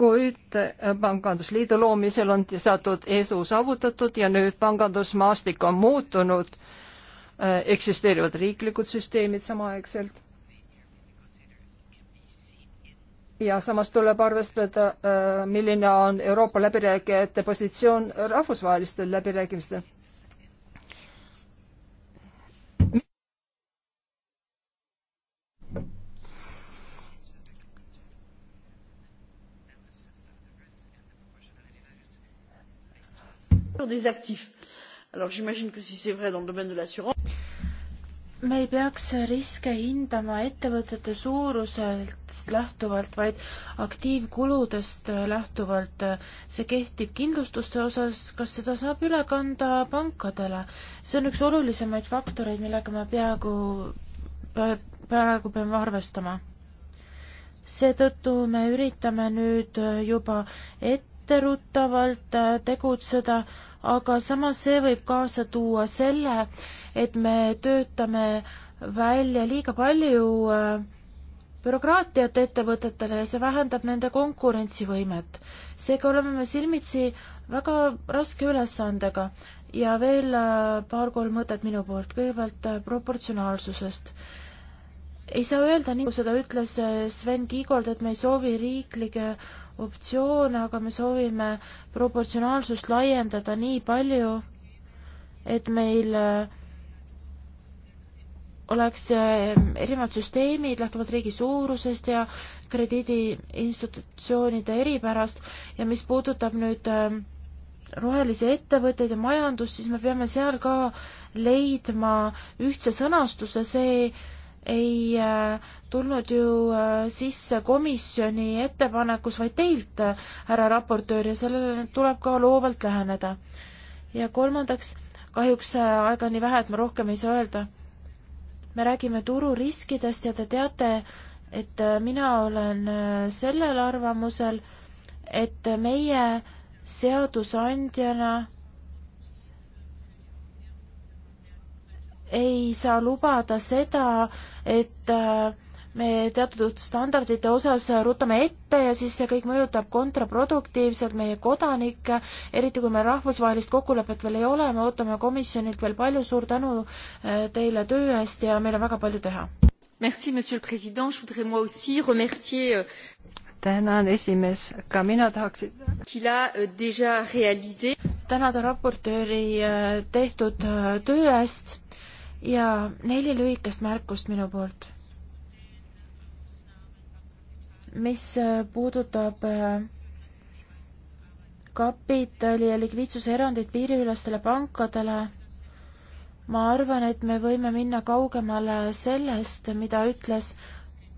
kuid Pangandusliidu loomisel on teatud edu saavutatud ja nüüd pangandusmaastik on muutunud, eksisteerivad riiklikud süsteemid samaaegselt ja samas tuleb arvestada, milline on Euroopa läbirääkijate positsioon rahvusvahelistel läbirääkimistel me ei peaks riske hindama ettevõtete suuruselt lähtuvalt, vaid aktiivkuludest lähtuvalt. see kehtib kindlustuste osas, kas seda saab üle kanda pankadele? see on üks olulisemaid faktoreid, millega me peaaegu, praegu peame arvestama seetõttu me üritame nüüd juba ette etteruttavalt äh, tegutseda, aga samas see võib kaasa tuua selle, et me töötame välja liiga palju äh, bürokraatiat ettevõtetele ja see vähendab nende konkurentsivõimet. seega oleme me silmitsi väga raske ülesandega ja veel äh, paar-kolm mõtet minu poolt, kõigepealt proportsionaalsusest ei saa öelda, nii nagu seda ütles Sven Kiigold, et me ei soovi riiklikke optsioone, aga me soovime proportsionaalsust laiendada nii palju, et meil äh, oleks äh, erinevad süsteemid lähtuvalt riigi suurusest ja krediidiinstitutsioonide eripärast ja mis puudutab nüüd äh, rohelisi ettevõtteid ja majandust, siis me peame seal ka leidma ühtse sõnastuse, see ei äh, tulnud ju äh, sisse komisjoni ettepanekus, vaid teilt, äh, härra raportöör, ja sellele tuleb ka loovalt läheneda. ja kolmandaks, kahjuks aega on nii vähe, et ma rohkem ei saa öelda. me räägime tururiskidest ja te teate, et mina olen sellel arvamusel, et meie seadusandjana ei saa lubada seda, et äh, me teatud standardite osas rutame ette ja siis see kõik mõjutab kontraproduktiivselt meie kodanikke, eriti kui meil rahvusvahelist kokkulepet veel ei ole, me ootame komisjonilt veel palju, suur tänu äh, teile töö eest ja meil on väga palju teha. Merci, monsieur le president, je voudrais moi aussi remercier euh, tänan, esimees, ka mina tahaksin euh, tänada raportööri äh, tehtud töö eest ja neli lühikest märkust minu poolt. mis äh, puudutab äh, kapitali ja likviidsuse erandit piiriülestele pankadele, ma arvan, et me võime minna kaugemale sellest, mida ütles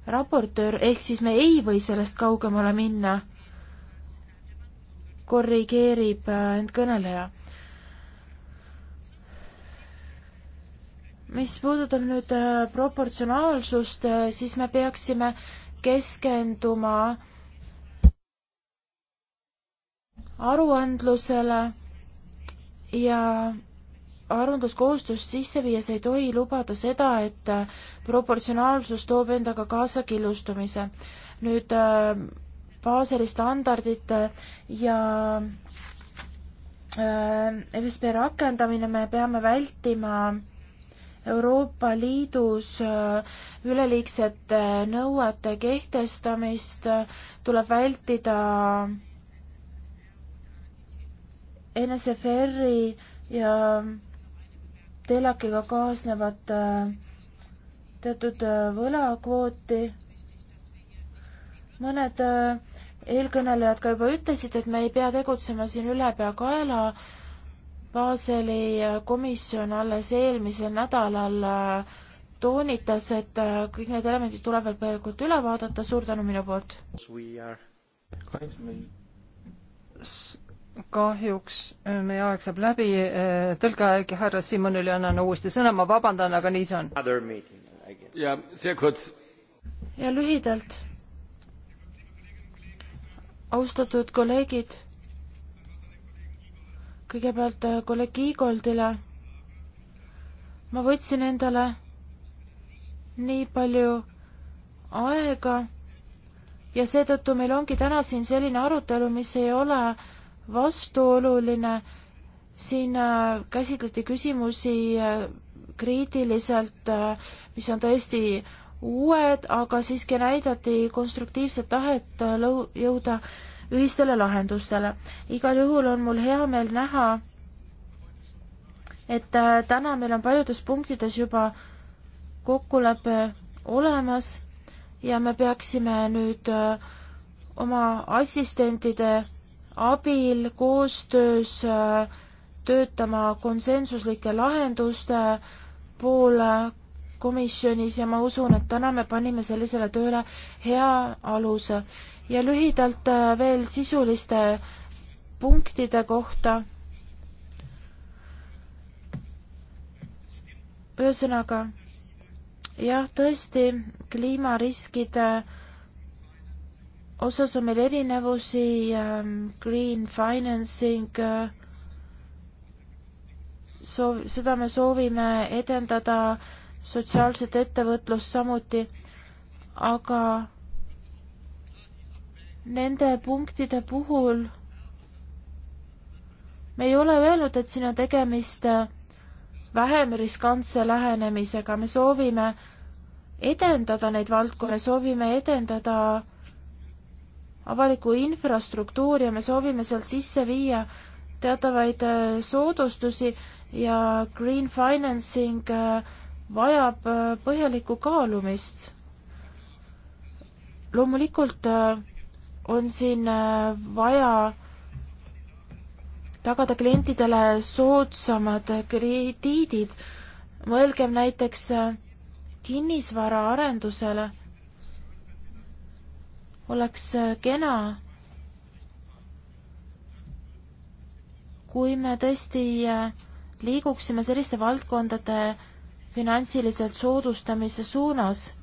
raportöör, ehk siis me ei või sellest kaugemale minna, korrigeerib äh, end kõneleja mis puudutab nüüd äh, proportsionaalsust, äh, siis me peaksime keskenduma aruandlusele ja aruandluskohustust sisse viies ei tohi lubada seda, et äh, proportsionaalsus toob endaga kaasa killustumise. nüüd Baseli standardid ja FSB rakendamine, me peame vältima äh, Euroopa Liidus äh, üleliigsete äh, nõuete kehtestamist äh, tuleb vältida NSFR-i ja TELAK-iga kaasnevat teatud võlakvooti. mõned eelkõnelejad ka juba ütlesid, et me ei pea tegutsema siin ülepeakaela Baseli komisjon alles eelmisel nädalal äh, toonitas, et äh, kõik need elemendid tuleb veel põhjalikult üle vaadata, suur tänu minu poolt. kahjuks äh, meie aeg saab läbi, tõlge härra Simonile annan uuesti sõna, ma vabandan, aga nii see on. ja, ja lühidalt. austatud kolleegid kõigepealt äh, kolleeg Iigoldile. ma võtsin endale nii palju aega ja seetõttu meil ongi täna siin selline arutelu, mis ei ole vastuoluline. siin äh, käsitleti küsimusi äh, kriitiliselt, mis on tõesti uued, aga siiski näidati konstruktiivset tahet jõuda ühistele lahendustele. igal juhul on mul hea meel näha, et äh, täna meil on paljudes punktides juba kokkulepe olemas ja me peaksime nüüd äh, oma assistentide abil koostöös äh, töötama konsensuslike lahenduste poole komisjonis ja ma usun, et täna me panime sellisele tööle hea aluse. ja lühidalt äh, veel sisuliste punktide kohta. ühesõnaga, jah, tõesti, kliimariskide äh, osas on meil erinevusi, ähm, green financing, äh, soov, seda me soovime edendada sotsiaalset ettevõtlust samuti, aga nende punktide puhul me ei ole öelnud, et siin on tegemist vähem riskantse lähenemisega, me soovime edendada neid valdkondi, soovime edendada avalikku infrastruktuuri ja me soovime sealt sisse viia teatavaid soodustusi ja green financing äh, vajab äh, põhjalikku kaalumist. loomulikult äh, on siin äh, vaja tagada klientidele soodsamad krediidid. mõelgem näiteks kinnisvaraarendusele. oleks kena, kui me tõesti liiguksime selliste valdkondade finantsiliselt soodustamise suunas.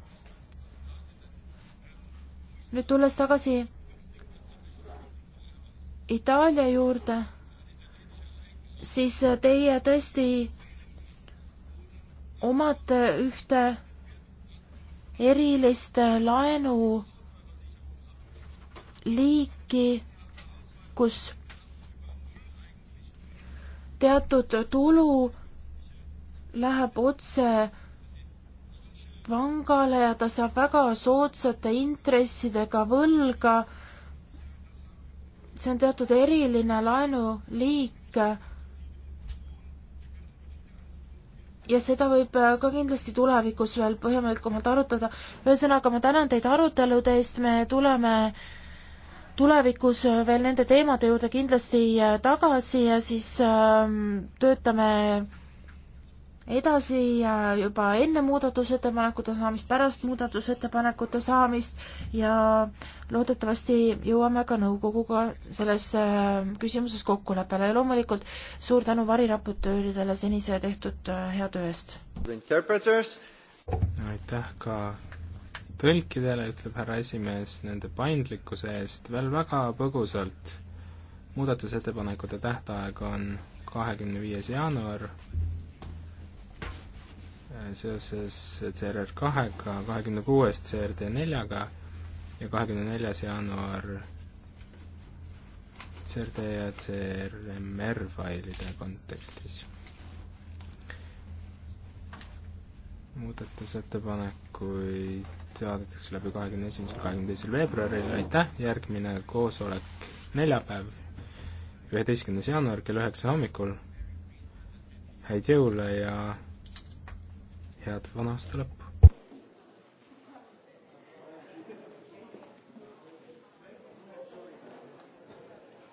nüüd tulles tagasi Itaalia juurde, siis teie tõesti omate ühte erilist laenu liiki, kus teatud tulu läheb otse pangale ja ta saab väga soodsate intressidega võlga. see on teatud eriline laenuliik. ja seda võib ka kindlasti tulevikus veel põhjalikumalt arutada. ühesõnaga, ma tänan teid arutelude eest, me tuleme tulevikus veel nende teemade juurde kindlasti tagasi ja siis äh, töötame edasi juba enne muudatusettepanekute saamist, pärast muudatusettepanekute saamist ja loodetavasti jõuame ka nõukoguga selles äh, küsimuses kokkuleppele ja loomulikult suur tänu variraportööridele senise tehtud äh, hea töö eest. aitäh ka tõlkidele, ütleb härra esimees, nende paindlikkuse eest veel väga põgusalt. muudatusettepanekute tähtaeg on kahekümne viies jaanuar seoses CRR kahega, kahekümne kuuest CRD neljaga ja kahekümne neljas jaanuar CRD ja CRMR failide kontekstis. muudatusettepanekuid saadetakse läbi kahekümne esimesel, kahekümne teisel veebruaril, aitäh, järgmine koosolek neljapäev, üheteistkümnes jaanuar kell üheksa hommikul, häid jõule ja head vana aastale!